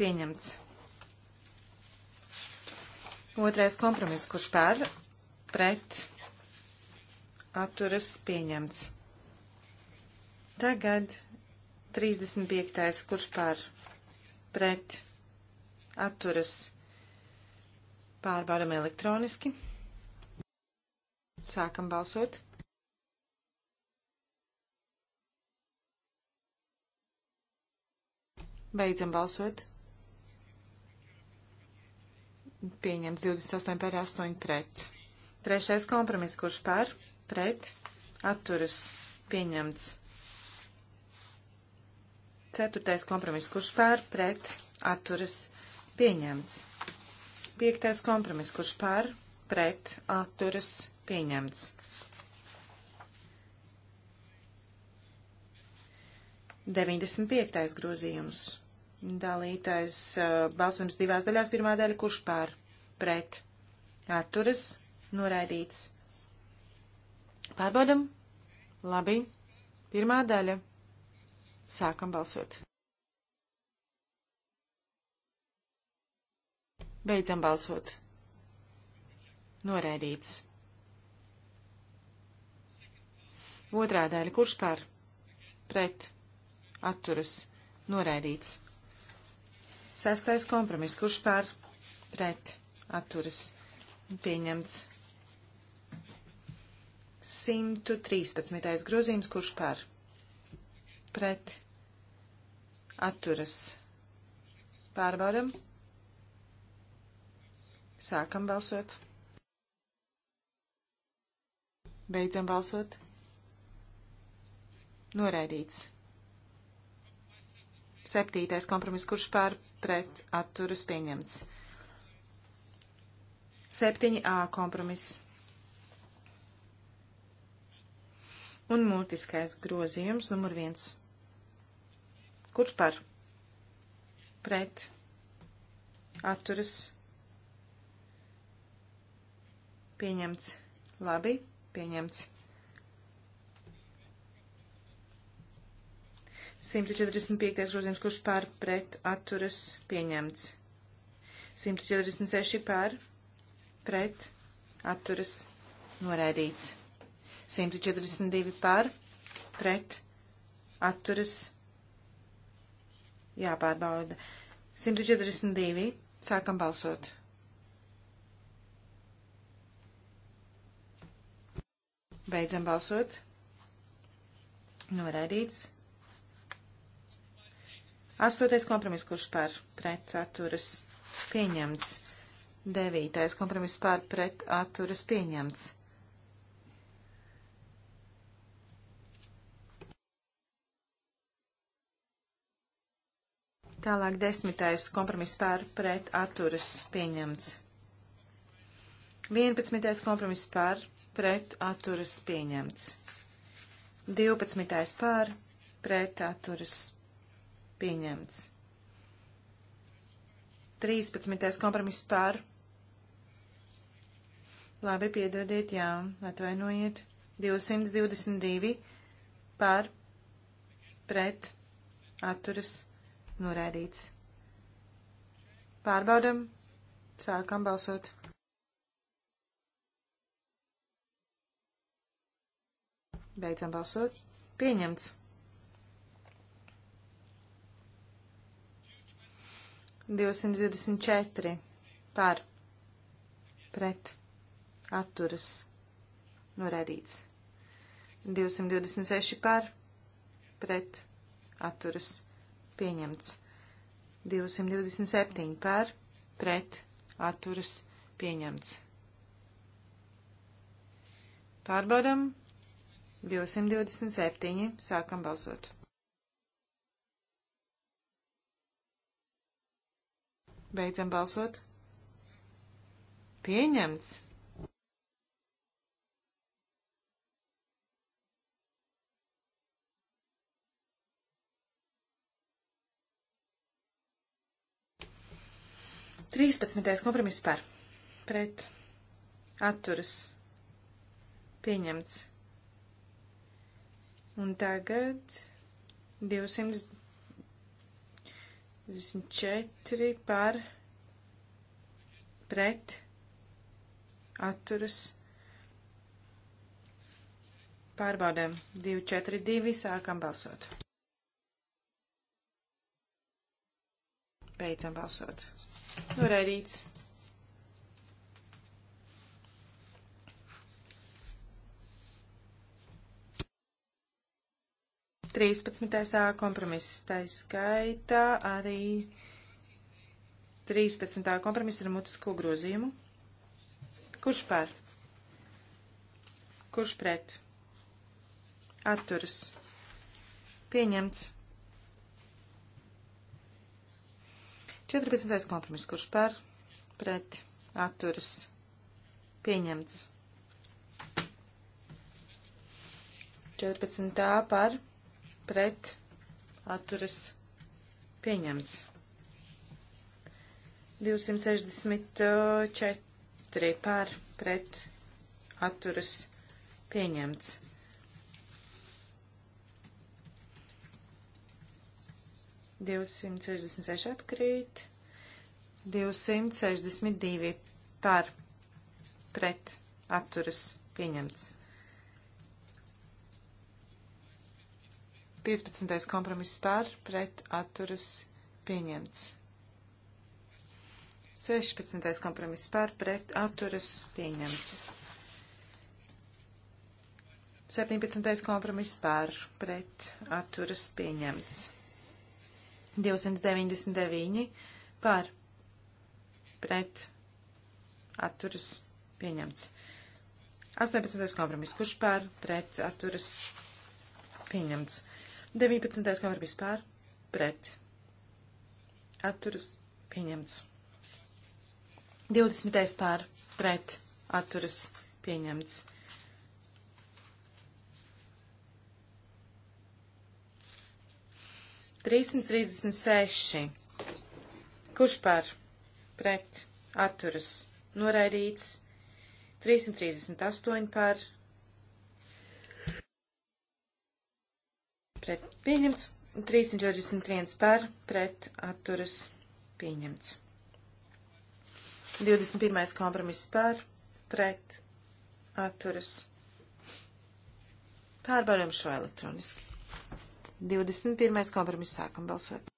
pieņemts. Otrais kompromiss, kurš par, pret, atturas, pieņemts. Tagad 35. kurš pār pret atturas pārbaudam elektroniski. Sākam balsot. Beidzam balsot. Pieņems 28 par 8 pret. Trešais kompromiss, kurš par, pret, atturas, pieņemts. Ceturtais kompromiss, kurš pār pret atturas pieņemts. Piektais kompromiss, kurš pār pret atturas pieņemts. Deviņdesmit piektais grozījums. Dalītais uh, balsums divās daļās. Pirmā daļa, kurš pār pret atturas noraidīts. Pārbaudam? Labi. Pirmā daļa. Sākam balsot. Beidzam balsot. Noraidīts. Otrā daļa. Kurš par? Pret. Atturas. Noraidīts. Sestais kompromiss. Kurš par? Pret. Atturas. Pieņemts. 113. grozījums. Kurš par? pret atturas. Pārbaudam. Sākam balsot. Beidzam balsot. Noraidīts. Septītais kompromiss, kurš pār pret atturas pieņemts. 7a kompromiss. Un multiskais grozījums numur 1. Kurš par? Pret. Atturas. Pieņemts. Labi. Pieņemts. 145. grozījums, kurš pār pret atturas pieņemts. 146 pār pret atturas noraidīts. 142 pār pret atturas jāpārbauda. 142. Sākam balsot. Beidzam balsot. Noraidīts. Astotais kompromiss, kurš par pret atturas pieņemts. Devītais kompromiss par pret atturas pieņemts. Tālāk desmitais kompromiss pār pret atturas pieņemts. 11. kompromiss pār pret atturas pieņemts. 12. pār pret atturas pieņemts. 13. kompromiss pār. Labi, piedodiet, jā, atvainojiet. 222 pār pret atturas pieņemts noraidīts. Pārbaudam, sākam balsot. Beidzam balsot. Pieņemts. 224 par pret atturas norādīts. 226 par pret atturas pieņemts. 227 par, pret, atturas, pieņemts. Pārbaudam 227, sākam balsot. Beidzam balsot. Pieņemts 13. kompromiss par. Pret. Atturas. Pieņemts. Un tagad 224 par pret atturas pārbaudēm. 242 sākam balsot. Beidzam balsot. Noraidīts. Nu, Trīspadsmitais A kompromiss, tā skaitā arī 13. kompromiss ar mutisko grozījumu. Kurš par? Kurš pret? Atturas. Pieņemts. 14. kompromiss, kurš par, pret, atturas, pieņemts. 14. par, pret, atturas, pieņemts. 264 par, pret, atturas, pieņemts. 266 atkrīt, 262 par pret atturas pieņemts. 15. kompromiss par pret atturas pieņemts. 16. kompromiss par pret atturas pieņemts. 17. kompromiss par pret atturas pieņemts. 299 par pret atturas pieņemts. 18. kompromiss, kurš par pret atturas pieņemts. 19. kompromiss par pret atturas pieņemts. 20. par pret atturas pieņemts. 336. Kurš par? Pret. Atturas. Noraidīts. 338 par. Pret. Pieņemts. 341 par. Pret. Atturas. Pieņemts. 21. kompromiss par. Pret. Atturas. Pārbaudām šo elektroniski. 21. kompromiss sākam balsot.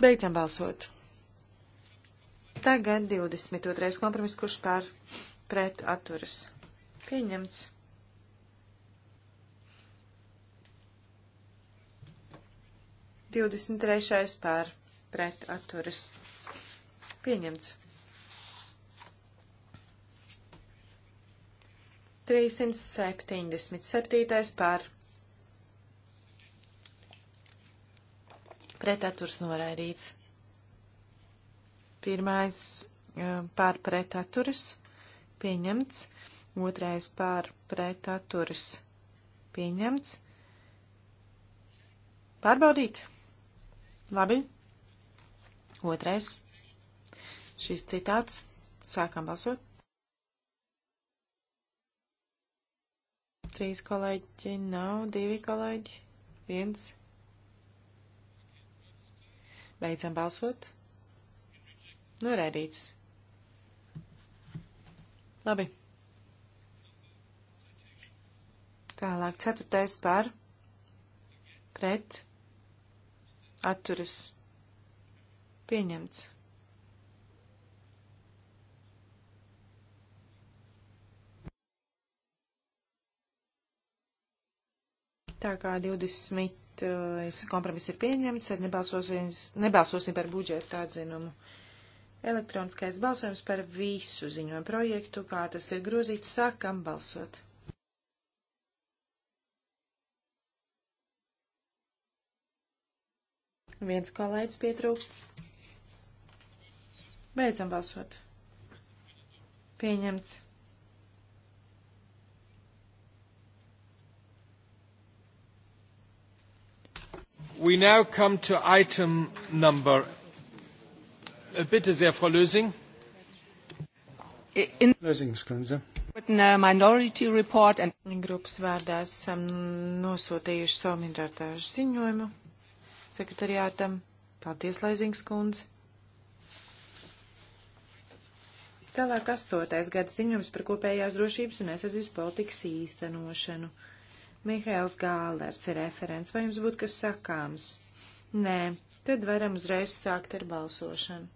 Beidzam balsot. Tagad 22. kompromiss, kurš pār pret atturas. Pieņemts. Divdesmit trešais pār pret atturas. Pieņemts. 377. par pretaturs noraidīts. Pirmais uh, par pretaturs pieņemts, otrais par pretaturs pieņemts. Pārbaudīt. Labi. Otrais. Šis citāts. Sākam balsot. Trīs kolēģi nav, divi kolēģi, viens. Beidzam balsot. Noraidīts. Labi. Tālāk, ceturtais par, pret, atturas, pieņemts. Tā kā 20. Eh, kompromiss ir pieņemts, tad nebalsosim, nebalsosim par budžeta atzinumu. Elektroniskais balsojums par visu ziņojumu projektu, kā tas ir grozīts, sākam balsot. Viens kolēģis pietrūkst. Beidzam balsot. Pieņemts. We now come to item number. Äh, bitte sehr, Frau Lösing. In Lösings, Kundze. Uh, minority report and grupas vārdā esam nosūtījuši savu minoritāšu ziņojumu sekretariātam. Paldies, Laizings kundze. Tālāk astotais gada ziņojums par kopējās drošības un aizsardzības politikas īstenošanu. Uh, Mihails Gālers ir referents. Vai jums būtu kas sakāms? Nē, tad varam uzreiz sākt ar balsošanu.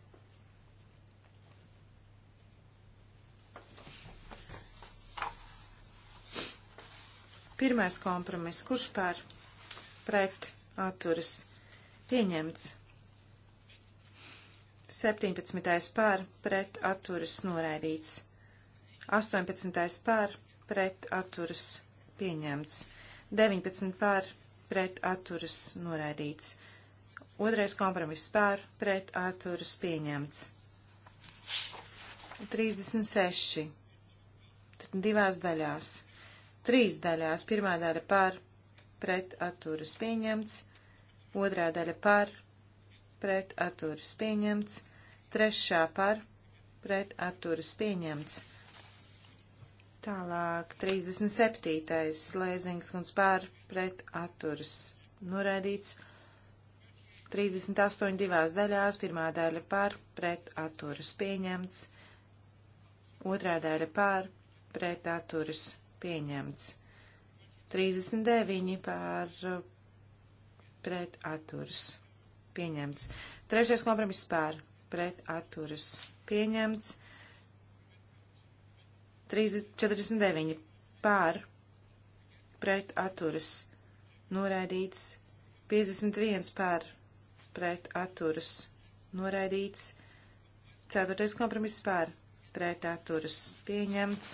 Pirmais kompromiss. Kurš pār? Pret. Atturas. Pieņemts. 17. pār. Pret. Atturas. Noraidīts. 18. pār. Pret. Atturas pieņemts. 19 pār pret atturas noraidīts. Otrais kompromiss pār pret atturas pieņemts. 36. Tad divās daļās. Trīs daļās. Pirmā daļa pār pret atturas pieņemts. Otrā daļa pār pret atturas pieņemts. Trešā par pret atturas pieņemts. Tālāk 37. slēzings un spēr pret atturas. Noraidīts 38 divās daļās, pirmā daļa par pret atturas pieņemts, otrā daļa par pret atturas pieņemts. 39 par pret atturas pieņemts. Trešais kompromiss par pret atturas pieņemts. 49 pār pret atturas noraidīts 51 pār pret atturas noraidīts 4. kompromiss pār pret atturas pieņemts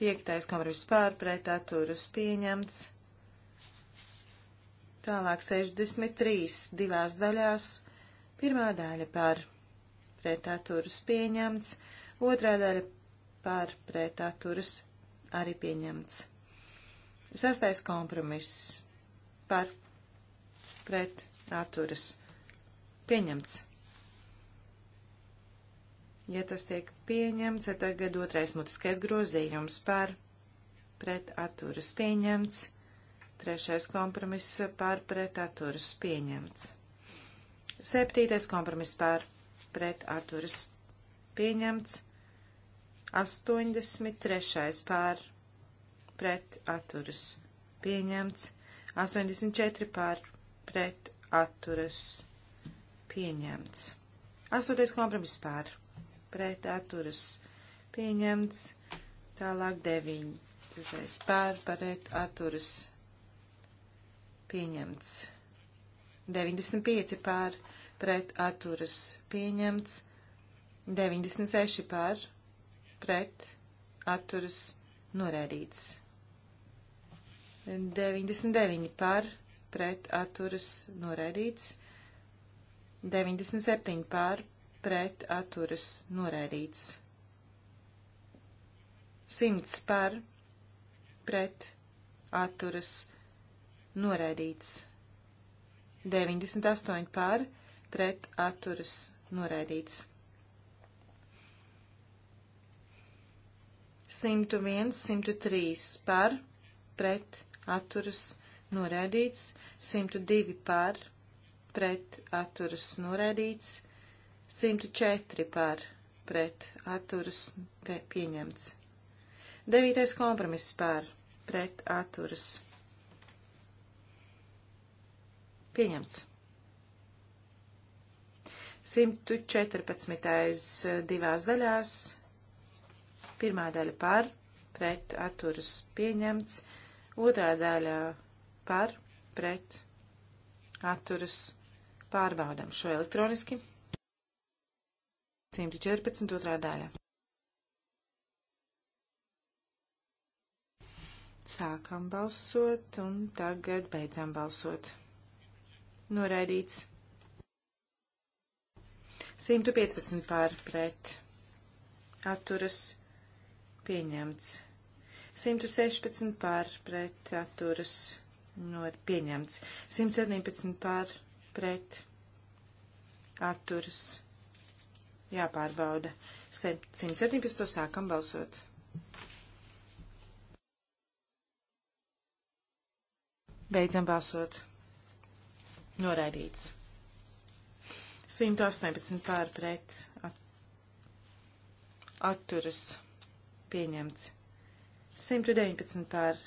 5. kompromiss pār pret atturas pieņemts Tālāk 63 divās daļās. Pirmā daļa par pretāturus pieņemts, otrā daļa par pretāturas arī pieņemts. Sastais kompromiss par pretāturas pieņemts. Ja tas tiek pieņemts, tad tagad otrais mutiskais grozījums par pretaturas pieņemts. Trešais kompromiss par pretaturas pieņemts. Septītais kompromiss par pretaturas pieņemts. 83. pār pret atturas pieņemts, 84 pār pret atturas pieņemts, 8. kompromiss pār pret atturas pieņemts, tālāk 9. pār pret atturas pieņemts, 95 pār pret atturas pieņemts, 96 pār pret pret atturas norēdīts. 99 par pret atturas norēdīts. 97 par pret atturas norēdīts. 100 par pret atturas norēdīts. 98 par pret atturas norēdīts. 101, 103 par, pret, atturas, noraidīts, 102 par, pret, atturas, noraidīts, 104 par, pret, atturas, pie, pieņemts. 9. kompromiss par, pret, atturas, pieņemts. 114. divās daļās Pirmā daļa par, pret atturas pieņemts, otrā daļa par, pret atturas pārbaudam šo elektroniski. 114. otrā daļa. Sākam balsot un tagad beidzam balsot. Noraidīts. 115 pār pret. Atturas pieņemts. 116 pār pret atturas no pieņemts. 117 pār pret atturas jāpārbauda. 117 sākam balsot. Beidzam balsot. Noraidīts. 118 pār pret atturas pieņemts. 119 par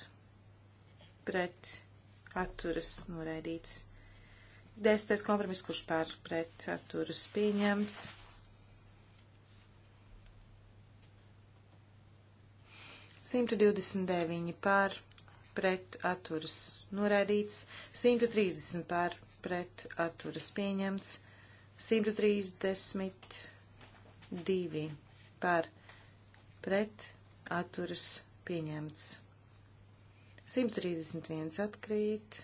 pret atturas noraidīts. 10. kompromiss, kurš par pret atturas pieņemts. 129 par pret atturas noraidīts, 130 par pret atturas pieņemts, 132 par pret atturas pieņemts. 131 atkrīt.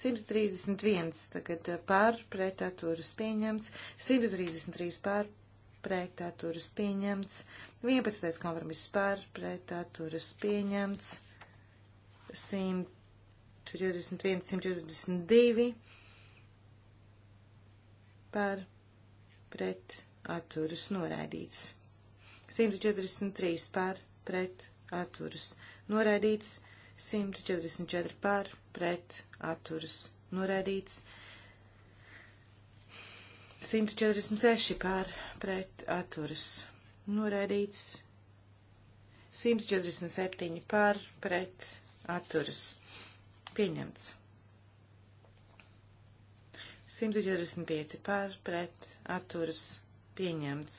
131 tagad eh, pār pret atturas pieņemts. 133 pār pret atturas pieņemts. 11. kompromiss pār pret atturas pieņemts. 141, 142 pār pret atturas noraidīts. 143 pār pret pret atturas noraidīts, 144 par pret atturas noraidīts, 146 par pret atturas noraidīts, 147 par pret atturas pieņemts. 145 par pret atturas pieņemts,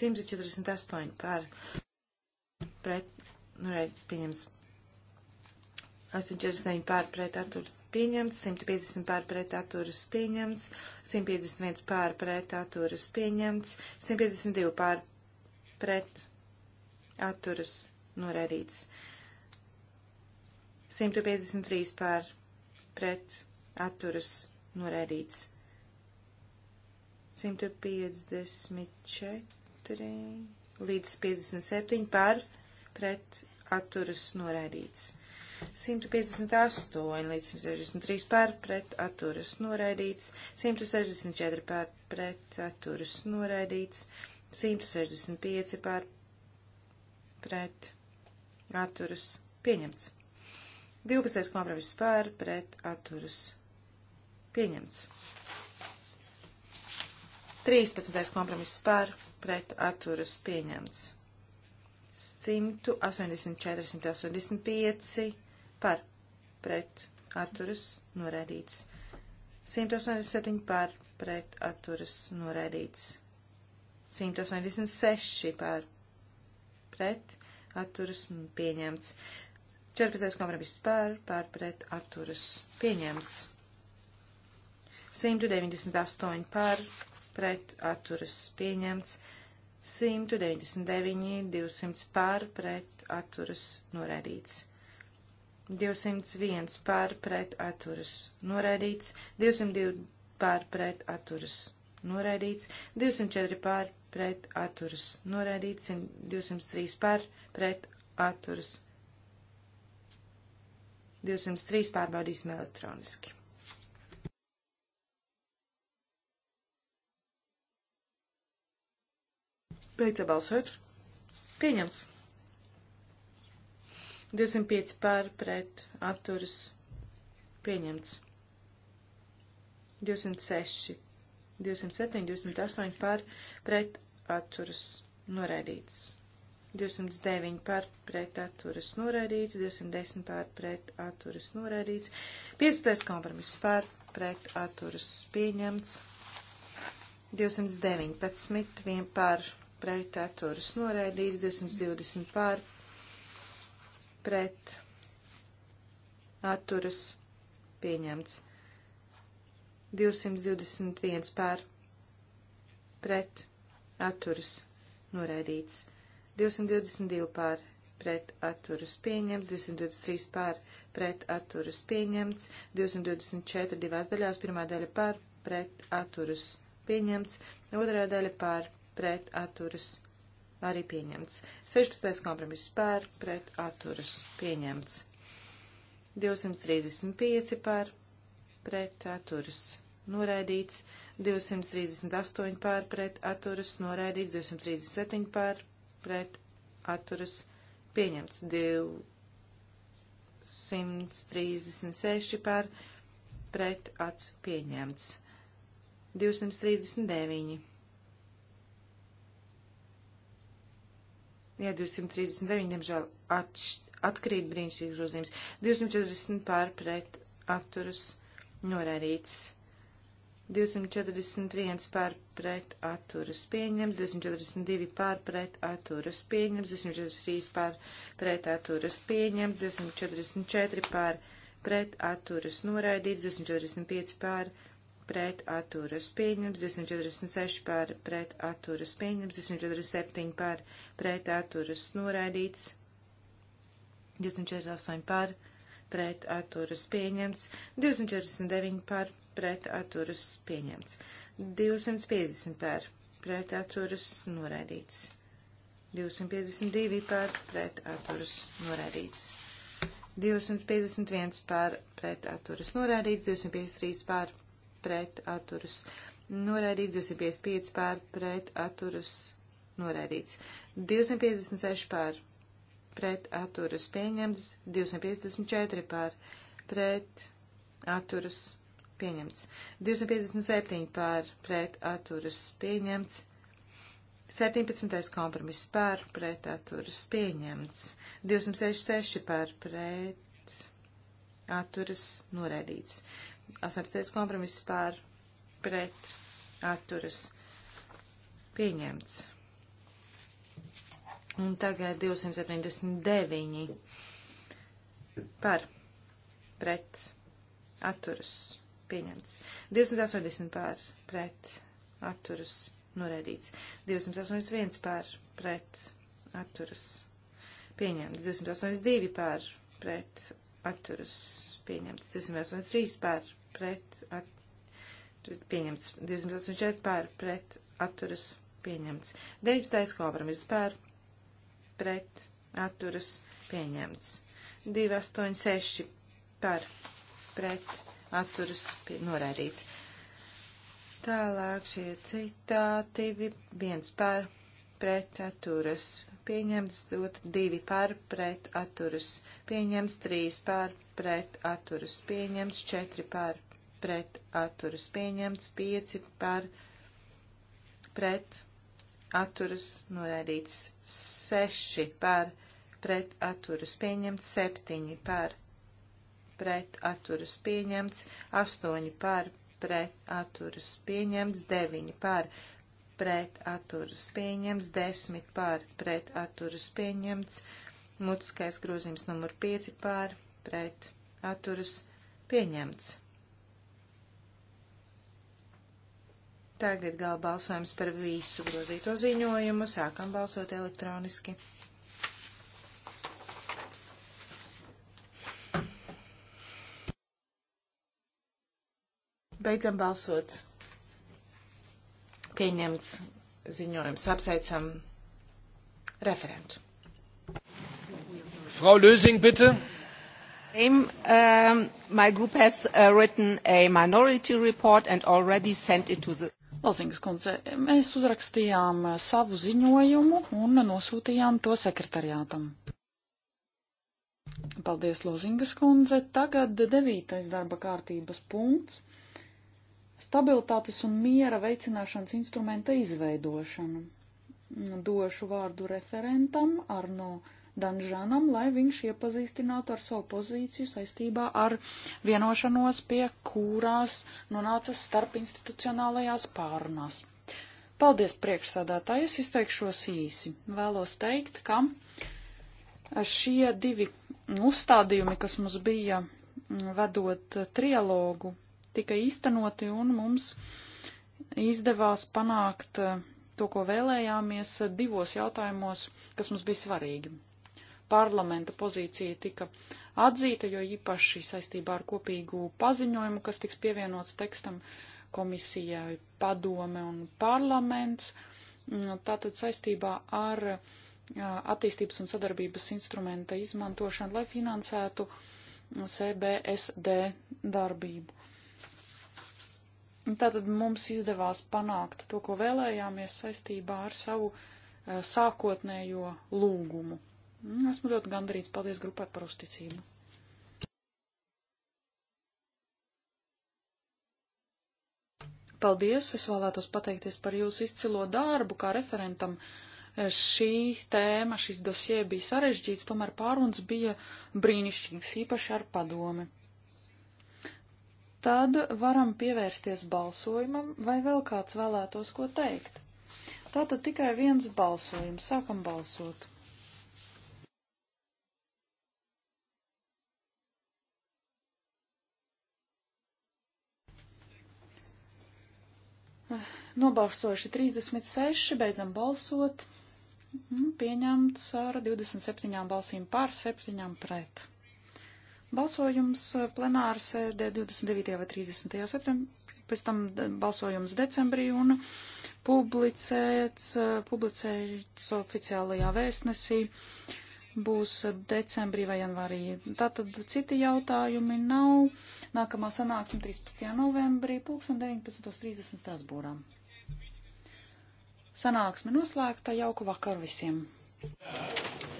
148 par pret, nu, reiķis pieņems. 849 pār pret atturas pieņemts, 150 pār pret atturas pieņemts, 151 pār pret atturas pieņemts, 152 pār pret atturas norēdīts, 153 pār pret atturas norēdīts, 154 līdz 57 pār pret pret atturas noraidīts. 158 līdz 163 pār pret atturas noraidīts, 164 pār pret atturas noraidīts, 165 pār pret atturas pieņemts. 12. kompromiss pār pret atturas pieņemts. 13. kompromiss pār pret atturas pieņemts. 184, 185 par pret atturas noraidīts. 187 par pret atturas noraidīts. 186 par pret atturas pieņemts. 14. kompromiss par par pret atturas pieņemts. 198 par pret atturas pieņemts. 199, 200 pār pret atturas noraidīts. 201 pār pret atturas noraidīts, 202 pār pret atturas noraidīts, 204 pār pret atturas noraidīts, 203 pār pret atturas. 203 pārbaudīsim elektroniski. Beidzam balsot. Pieņemts. 205 pār pret atturas pieņemts. 206, 207, 208 pār pret atturas noraidīts. 209 pār pret atturas noraidīts, 210 pār pret atturas noraidīts, 15. kompromiss pār pret atturas pieņemts, 219 pār pret atturas noraidīts, 220 pār pret atturas pieņemts, 221 pār pret atturas noraidīts, 222 pār pret atturas pieņemts, 223 pār pret atturas pieņemts, 224 divās daļās, pirmā daļa pār pret atturas pieņemts, otrā daļa pār pret pret atturas arī pieņemts. 16. kompromiss par pret atturas pieņemts. 235 par pret atturas noraidīts. 238 par pret atturas noraidīts. 237 par pret atturas pieņemts. 236 par pret atturas pieņemts. 239 Jā, 239, diemžēl, atš, atkrīt brīnišķīgs grozījums. 240 pār pret atturas norādīts. 241 pār pret atturas pieņems, 242 pār pret atturas pieņems, 243 pār pret atturas pieņems, 244 pār pret atturas noraidīts, 245 pār pret pret atturas pieņems, 246 par pret atturas pieņems, 247 par pret atturas noraidīts, 248 par pret atturas pieņems, 249 par pret atturas pieņemts, 250 par pret atturas noraidīts, 252 par pret atturas noraidīts. 251 pār pret atturas norādīts, 253 pār pret atturas noraidīts, 255 pār pret atturas noraidīts, 256 pār pret atturas pieņemts, 254 pār pret atturas pieņemts, 257 pār pret atturas pieņemts, 17. kompromiss par pretaturas pieņemts, 266 par pret atturas noraidīts, 18. kompromiss pār pret atturas pieņemts. Un tagad 279 par pret atturas pieņemts. 280 par pret atturas norēdīts. 281 par pret atturas pieņemts. 282 par pret atturas pieņemts. 283 par pret atturas pieņemts. 284 pār pret atturas pieņemts. 19. kompromiss pār pret atturas pieņemts. 286 pār pret atturas pie, norādīts. Tālāk šie citāti viens pār pret atturas pieņemts, dot divi par pret atturas, pieņemts trīs par pret atturas, pieņemts četri par pret atturas, pieņemts pieci par pret atturas, noraidīts seši par pret atturas, pieņemts septiņi par pret atturas, pieņemts astoņi par pret atturas, pieņemts deviņi par pret pret atturas pieņemts, 10 par pret atturas pieņemts, mutiskais grozījums numur 5 par pret atturas pieņemts. Tagad gal balsojums par visu grozīto ziņojumu. Sākam balsot elektroniski. Beidzam balsot. Pieņemts ziņojums. Apsveicam referentu. Frau Lösing, bitte. Um, my group has uh, written a minority report and already sent it to the Lozingas kundze, mēs uzrakstījām uh, savu ziņojumu un nosūtījām to sekretariātam. Paldies, Lozingas kundze. Tagad devītais darba kārtības punkts stabilitātes un miera veicināšanas instrumenta izveidošanu. Došu vārdu referentam Arno Danžanam, lai viņš iepazīstinātu ar savu pozīciju saistībā ar vienošanos, pie kurās nonāca starp institucionālajās pārunās. Paldies priekšsādātāji, es izteikšos īsi. Vēlos teikt, ka šie divi uzstādījumi, kas mums bija vedot trialogu tika īstenoti un mums izdevās panākt eh, to, ko vēlējāmies eh, divos jautājumos, kas mums bija svarīgi. Parlamenta pozīcija tika atzīta, jo īpaši saistībā ar kopīgu paziņojumu, kas tiks pievienots tekstam komisijai, padome un parlaments, mm, tātad saistībā ar eh, attīstības un sadarbības instrumenta izmantošanu, lai finansētu mm, CBSD darbību. Tātad mums izdevās panākt to, ko vēlējāmies saistībā ar savu eh, sākotnējo lūgumu. Mm, esmu ļoti gandarīts. Paldies grupai par uzticību. Paldies! Es vēlētos pateikties par jūsu izcilo darbu kā referentam. Eh, šī tēma, šis dosie bija sarežģīts, tomēr pāruns bija brīnišķīgs, īpaši ar padomi tad varam pievērsties balsojumam, vai vēl kāds vēlētos ko teikt. Tātad tikai viens balsojums. Sākam balsot. Ah, nobalsojuši 36, beidzam balsot. Mm, pieņemts ar 27 balsīm pār, 7 pret. Balsojums eh, plenāra sēdē 29. vai 30. septembrī, pēc tam balsojums decembrī un publicēts, eh, publicēts oficiālajā vēstnesī būs decembrī vai janvārī. Tātad citi jautājumi nav. Nākamā sanāksme 13. novembrī, 19.30 Strasbūrā. Sanāksme noslēgta, jauku vakaru visiem! Yeah.